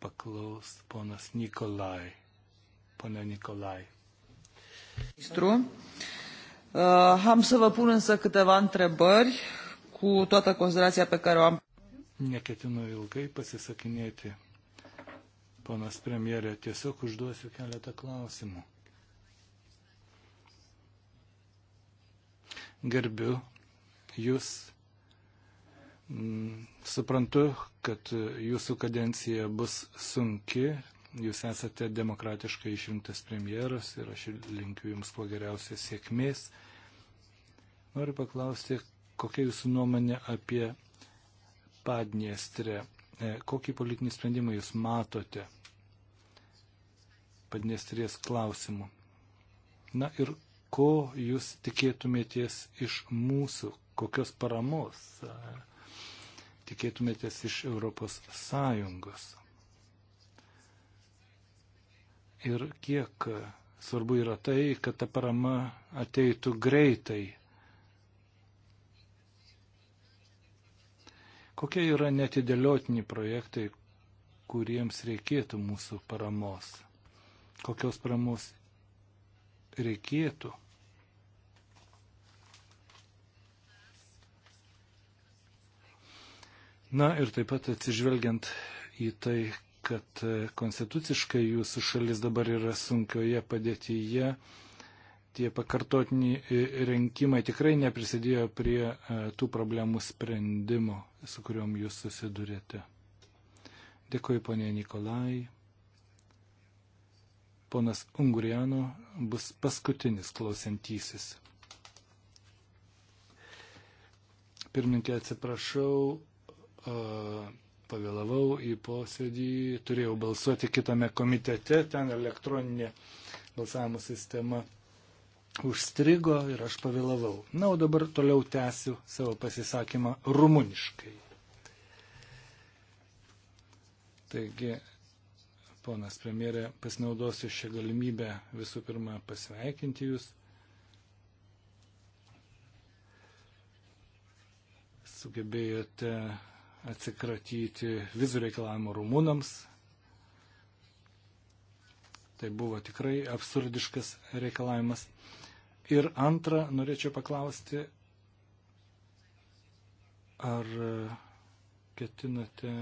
paklaus ponas Nikolai. Pone Nikolai. Ministru, uh, am să vă pun însă câteva întrebări cu toată considerația pe care o am. Neketinu ilgai pasisakinėti. Ponas premjerė, tiesiog užduosiu keletą klausimų. Gerbiu jūs Mm, suprantu, kad jūsų kadencija bus sunki, jūs esate demokratiškai išrinktas premjeras ir aš linkiu jums kuo geriausios sėkmės. Noriu paklausti, kokia jūsų nuomonė apie Padniestrę? E, kokį politinį sprendimą jūs matote Padniestrės klausimu? Na ir ko jūs tikėtumėtės iš mūsų, kokios paramos? tikėtumėtės iš Europos Sąjungos. Ir kiek svarbu yra tai, kad ta parama ateitų greitai. Kokie yra netidėliotini projektai, kuriems reikėtų mūsų paramos? Kokios paramos reikėtų? Na ir taip pat atsižvelgiant į tai, kad e, konstituciškai jūsų šalis dabar yra sunkioje padėtyje, tie pakartotiniai e, rinkimai tikrai neprisidėjo prie e, tų problemų sprendimo, su kuriuom jūs susidurėte. Dėkuoju, ponė Nikolai. Ponas Unguriano bus paskutinis klausiantysis. Pirmininkė, atsiprašau, pavėlavau į posėdį, turėjau balsuoti kitame komitete, ten elektroninė balsavimo sistema užstrigo ir aš pavėlavau. Na, o dabar toliau tęsiu savo pasisakymą rumuniškai. Taigi, ponas premjerė, pasinaudosiu šią galimybę visų pirma pasveikinti jūs. Sugebėjote atsikratyti vizų reikalavimo rumunams. Tai buvo tikrai absurdiškas reikalavimas. Ir antra, norėčiau paklausti, ar ketinate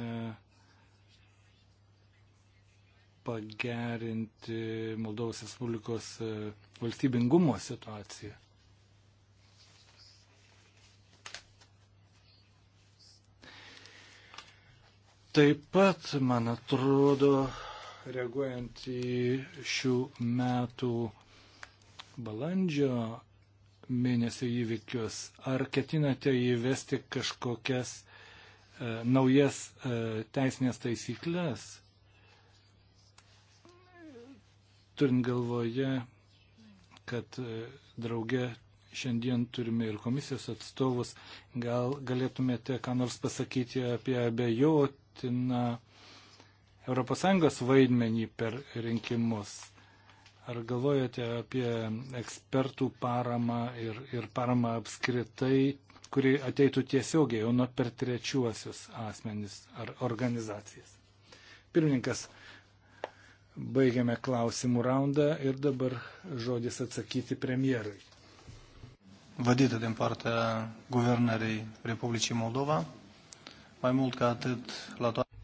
pagerinti Moldovos Respublikos e, valstybingumo situaciją? Taip pat, man atrodo, reaguojant į šių metų balandžio mėnesio įvykius, ar ketinate įvesti kažkokias e, naujas e, teisinės taisyklės, turint galvoje, kad e, drauge šiandien turime ir komisijos atstovus, gal galėtumėte ką nors pasakyti apie abejot vertina ES vaidmenį per rinkimus? Ar galvojate apie ekspertų paramą ir, ir paramą apskritai, kuri ateitų tiesiogiai, o ne per trečiuosius asmenis ar organizacijas? Pirmininkas, baigiame klausimų raundą ir dabar žodis atsakyti premjerui. Vădită din partea Guvernării Republicii Moldova, Mai mult ca atât, la toate.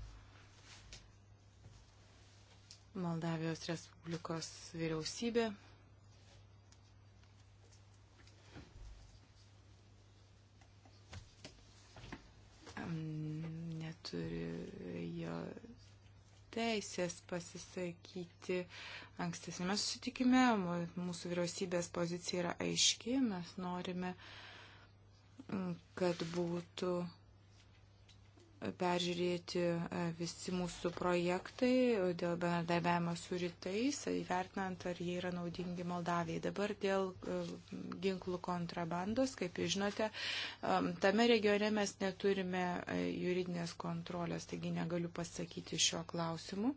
Moldavijos Respublikos vyriausybė neturi jo teisės pasisakyti ankstesnėme susitikime. Mūsų vyriausybės pozicija yra aiški, mes norime, kad būtų peržiūrėti e, visi mūsų projektai dėl bendradarbiavimo su rytais, įvertinant, ar jie yra naudingi Moldavijai. Dabar dėl e, ginklų kontrabandos, kaip jūs žinote, tame regione mes neturime e, juridinės kontrolės, taigi negaliu pasakyti šio klausimu.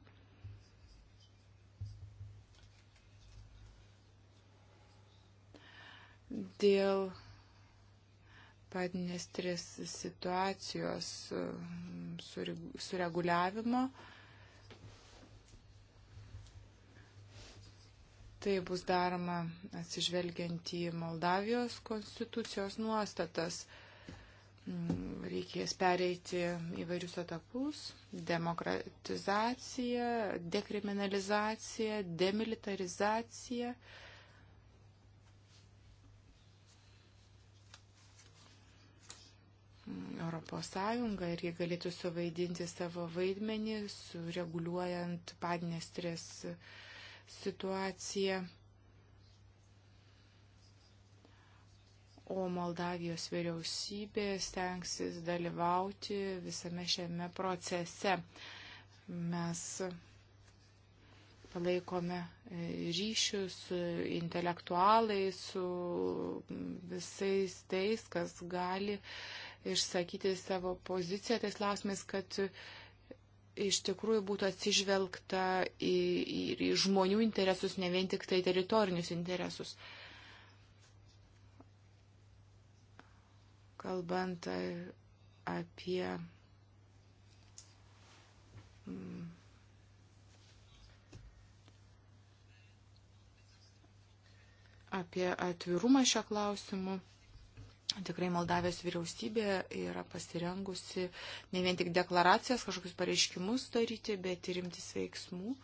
Dėl Padnestrės situacijos mm, sureguliavimo. Tai bus daroma atsižvelgiant į Moldavijos konstitucijos nuostatas. Mm, reikės pereiti įvairius etapus - demokratizacija, dekriminalizacija, demilitarizacija. demilitarizacija Europos Sąjunga ir jie galėtų suvaidinti savo vaidmenį, sureguliuojant padnestrės situaciją. O Moldavijos vyriausybė stengsis dalyvauti visame šiame procese. Mes palaikome ryšius su intelektualais, su visais tais, kas gali uh, išsakyti savo poziciją tais klausimais, kad iš tikrųjų būtų atsižvelgta į, į, į žmonių interesus, ne vien tik tai teritorinius interesus. Kalbant apie mm, apie atvirumą šio klausimu. Tikrai Moldavijos vyriausybė yra pasirengusi ne vien tik deklaracijas, kažkokius pareiškimus daryti, bet ir imtis veiksmų.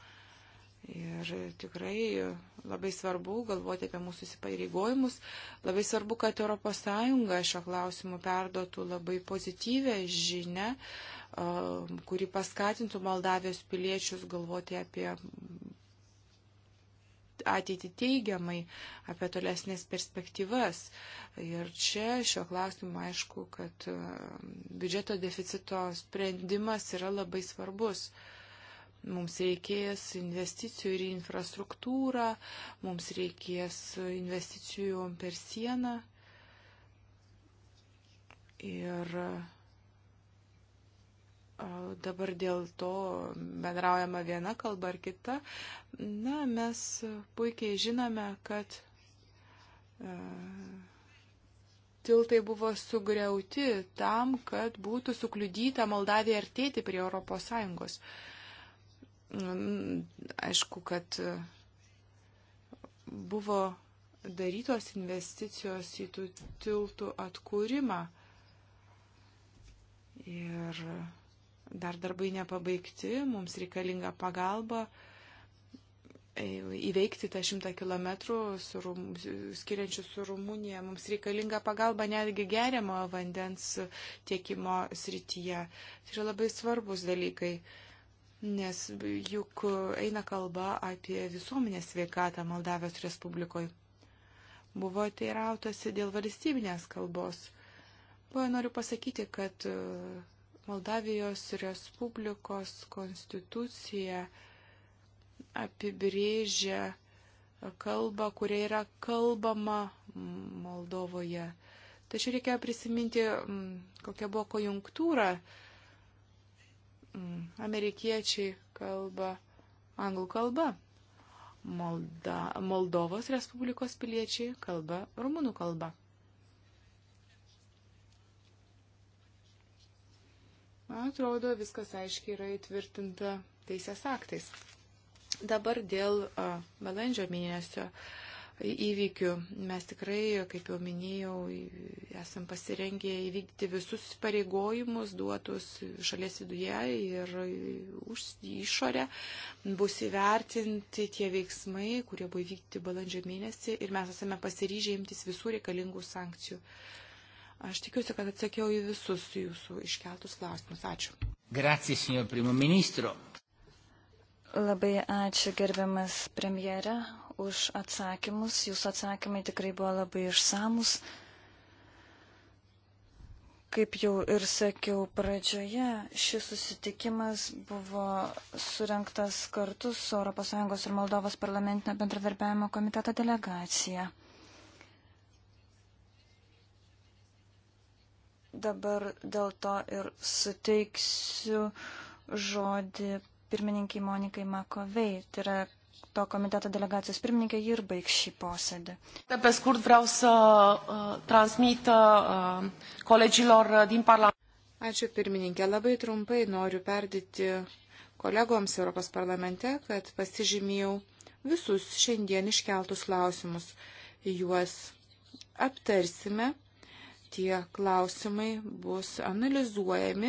Ir tikrai labai svarbu galvoti apie mūsų įsipareigojimus. Labai svarbu, kad ES šio klausimu perduotų labai pozityvę žinę, kuri paskatintų Moldavijos piliečius galvoti apie ateitį teigiamai, apie tolesnės perspektyvas. Ir čia šio klausimu aišku, kad e, biudžeto deficito sprendimas yra labai svarbus. Mums reikės investicijų ir į infrastruktūrą, mums reikės investicijų per sieną. Ir dabar dėl to bendraujama viena kalba ar kita. Na, mes puikiai žinome, kad e, tiltai buvo sugriauti tam, kad būtų sukliudyta Moldavija artėti prie ES. Mm, aišku, kad e, buvo darytos investicijos į tų tiltų atkūrimą. Ir dar darbai nepabaigti, mums reikalinga pagalba e, įveikti tą šimtą kilometrų skiriančių su Rumunija. Mums reikalinga pagalba netgi geriamo vandens tiekimo srityje. Tai yra labai svarbus dalykai, nes juk eina kalba apie visuomenės sveikatą Moldavijos Respublikoje. Buvo teirautasi dėl valstybinės kalbos. Buvo noriu pasakyti, kad Moldavijos Respublikos konstitucija apibrėžia kalbą, kuria yra kalbama Moldovoje. Tačiau reikia prisiminti, kokia buvo konjunktūra. Amerikiečiai kalba anglų kalba. Molda, Moldovos Respublikos piliečiai kalba rumunų kalba. Man atrodo, viskas aiškiai yra įtvirtinta teisės aktais. Dabar dėl balandžio mėnesio įvykių. Mes tikrai, kaip jau minėjau, esam pasirengę įvykdyti visus pareigojimus duotus šalies viduje ir už išorę. Bus įvertinti tie veiksmai, kurie buvo įvykdyti balandžio mėnesį ir mes esame pasiryžę imtis visų reikalingų sankcijų. Uh, Aš tikiuosi, kad atsakiau į visus jūsų iškeltus klausimus. Ačiū. Grazie, signor primo ministro. Labai ačiū, gerbiamas premjera, už atsakymus. Jūsų atsakymai tikrai buvo labai išsamus. Kaip jau ir sakiau pradžioje, šis susitikimas buvo surinktas kartu su ES ir Moldovos parlamentinio bendradarbiavimo komiteto delegacija. dabar dėl to ir suteiksiu žodį pirmininkai Monikai Makovei. Tai yra to komiteto delegacijos pirmininkė ir baigs šį posėdį. Pe scurt vreau să uh, transmit uh, colegilor din parlament. Ačiū pirmininkė. Labai trumpai noriu perdyti kolegoms Europos parlamente, kad pasižymėjau visus šiandien iškeltus klausimus. Juos aptarsime tie klausimai bus analizuojami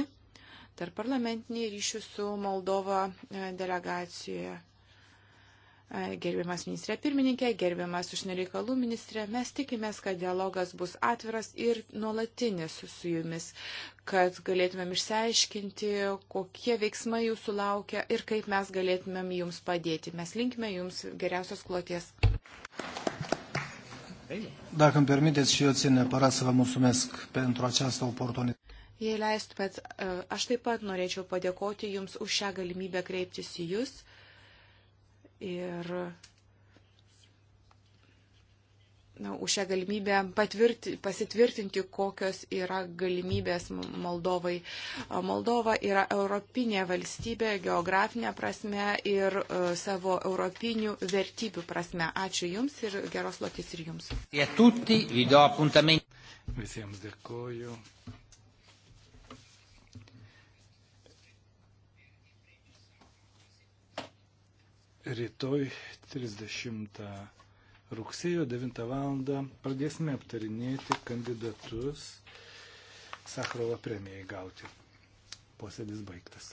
tarp parlamentiniai ryšių su Moldova e, delegacijoje. E, gerbiamas ministrė pirmininkė, gerbiamas užsienio reikalų ministrė, mes tikimės, kad dialogas bus atviras ir nuolatinis su jumis, kad galėtumėm išsiaiškinti, kokie veiksmai jūsų laukia ir kaip mes galėtumėm jums padėti. Mes linkime jums geriausios kloties. Dacă îmi permiteți și eu țin neapărat să vă mulțumesc pentru această oportunitate. Jei leistumėt, aš taip pat norėčiau padėkoti Jums už šią galimybę kreiptis į Jūs ir na, už šią galimybę pasitvirtinti, kokios yra galimybės Moldovai. Moldova yra europinė valstybė geografinė prasme ir uh, savo europinių vertybių prasme. Ačiū Jums ir geros lokis ir Jums. E Visiems dėkoju. Rytoj 30 Rugsėjo 9 val. pradėsime aptarinėti kandidatus Sakrovo premijai gauti. Posėdis baigtas.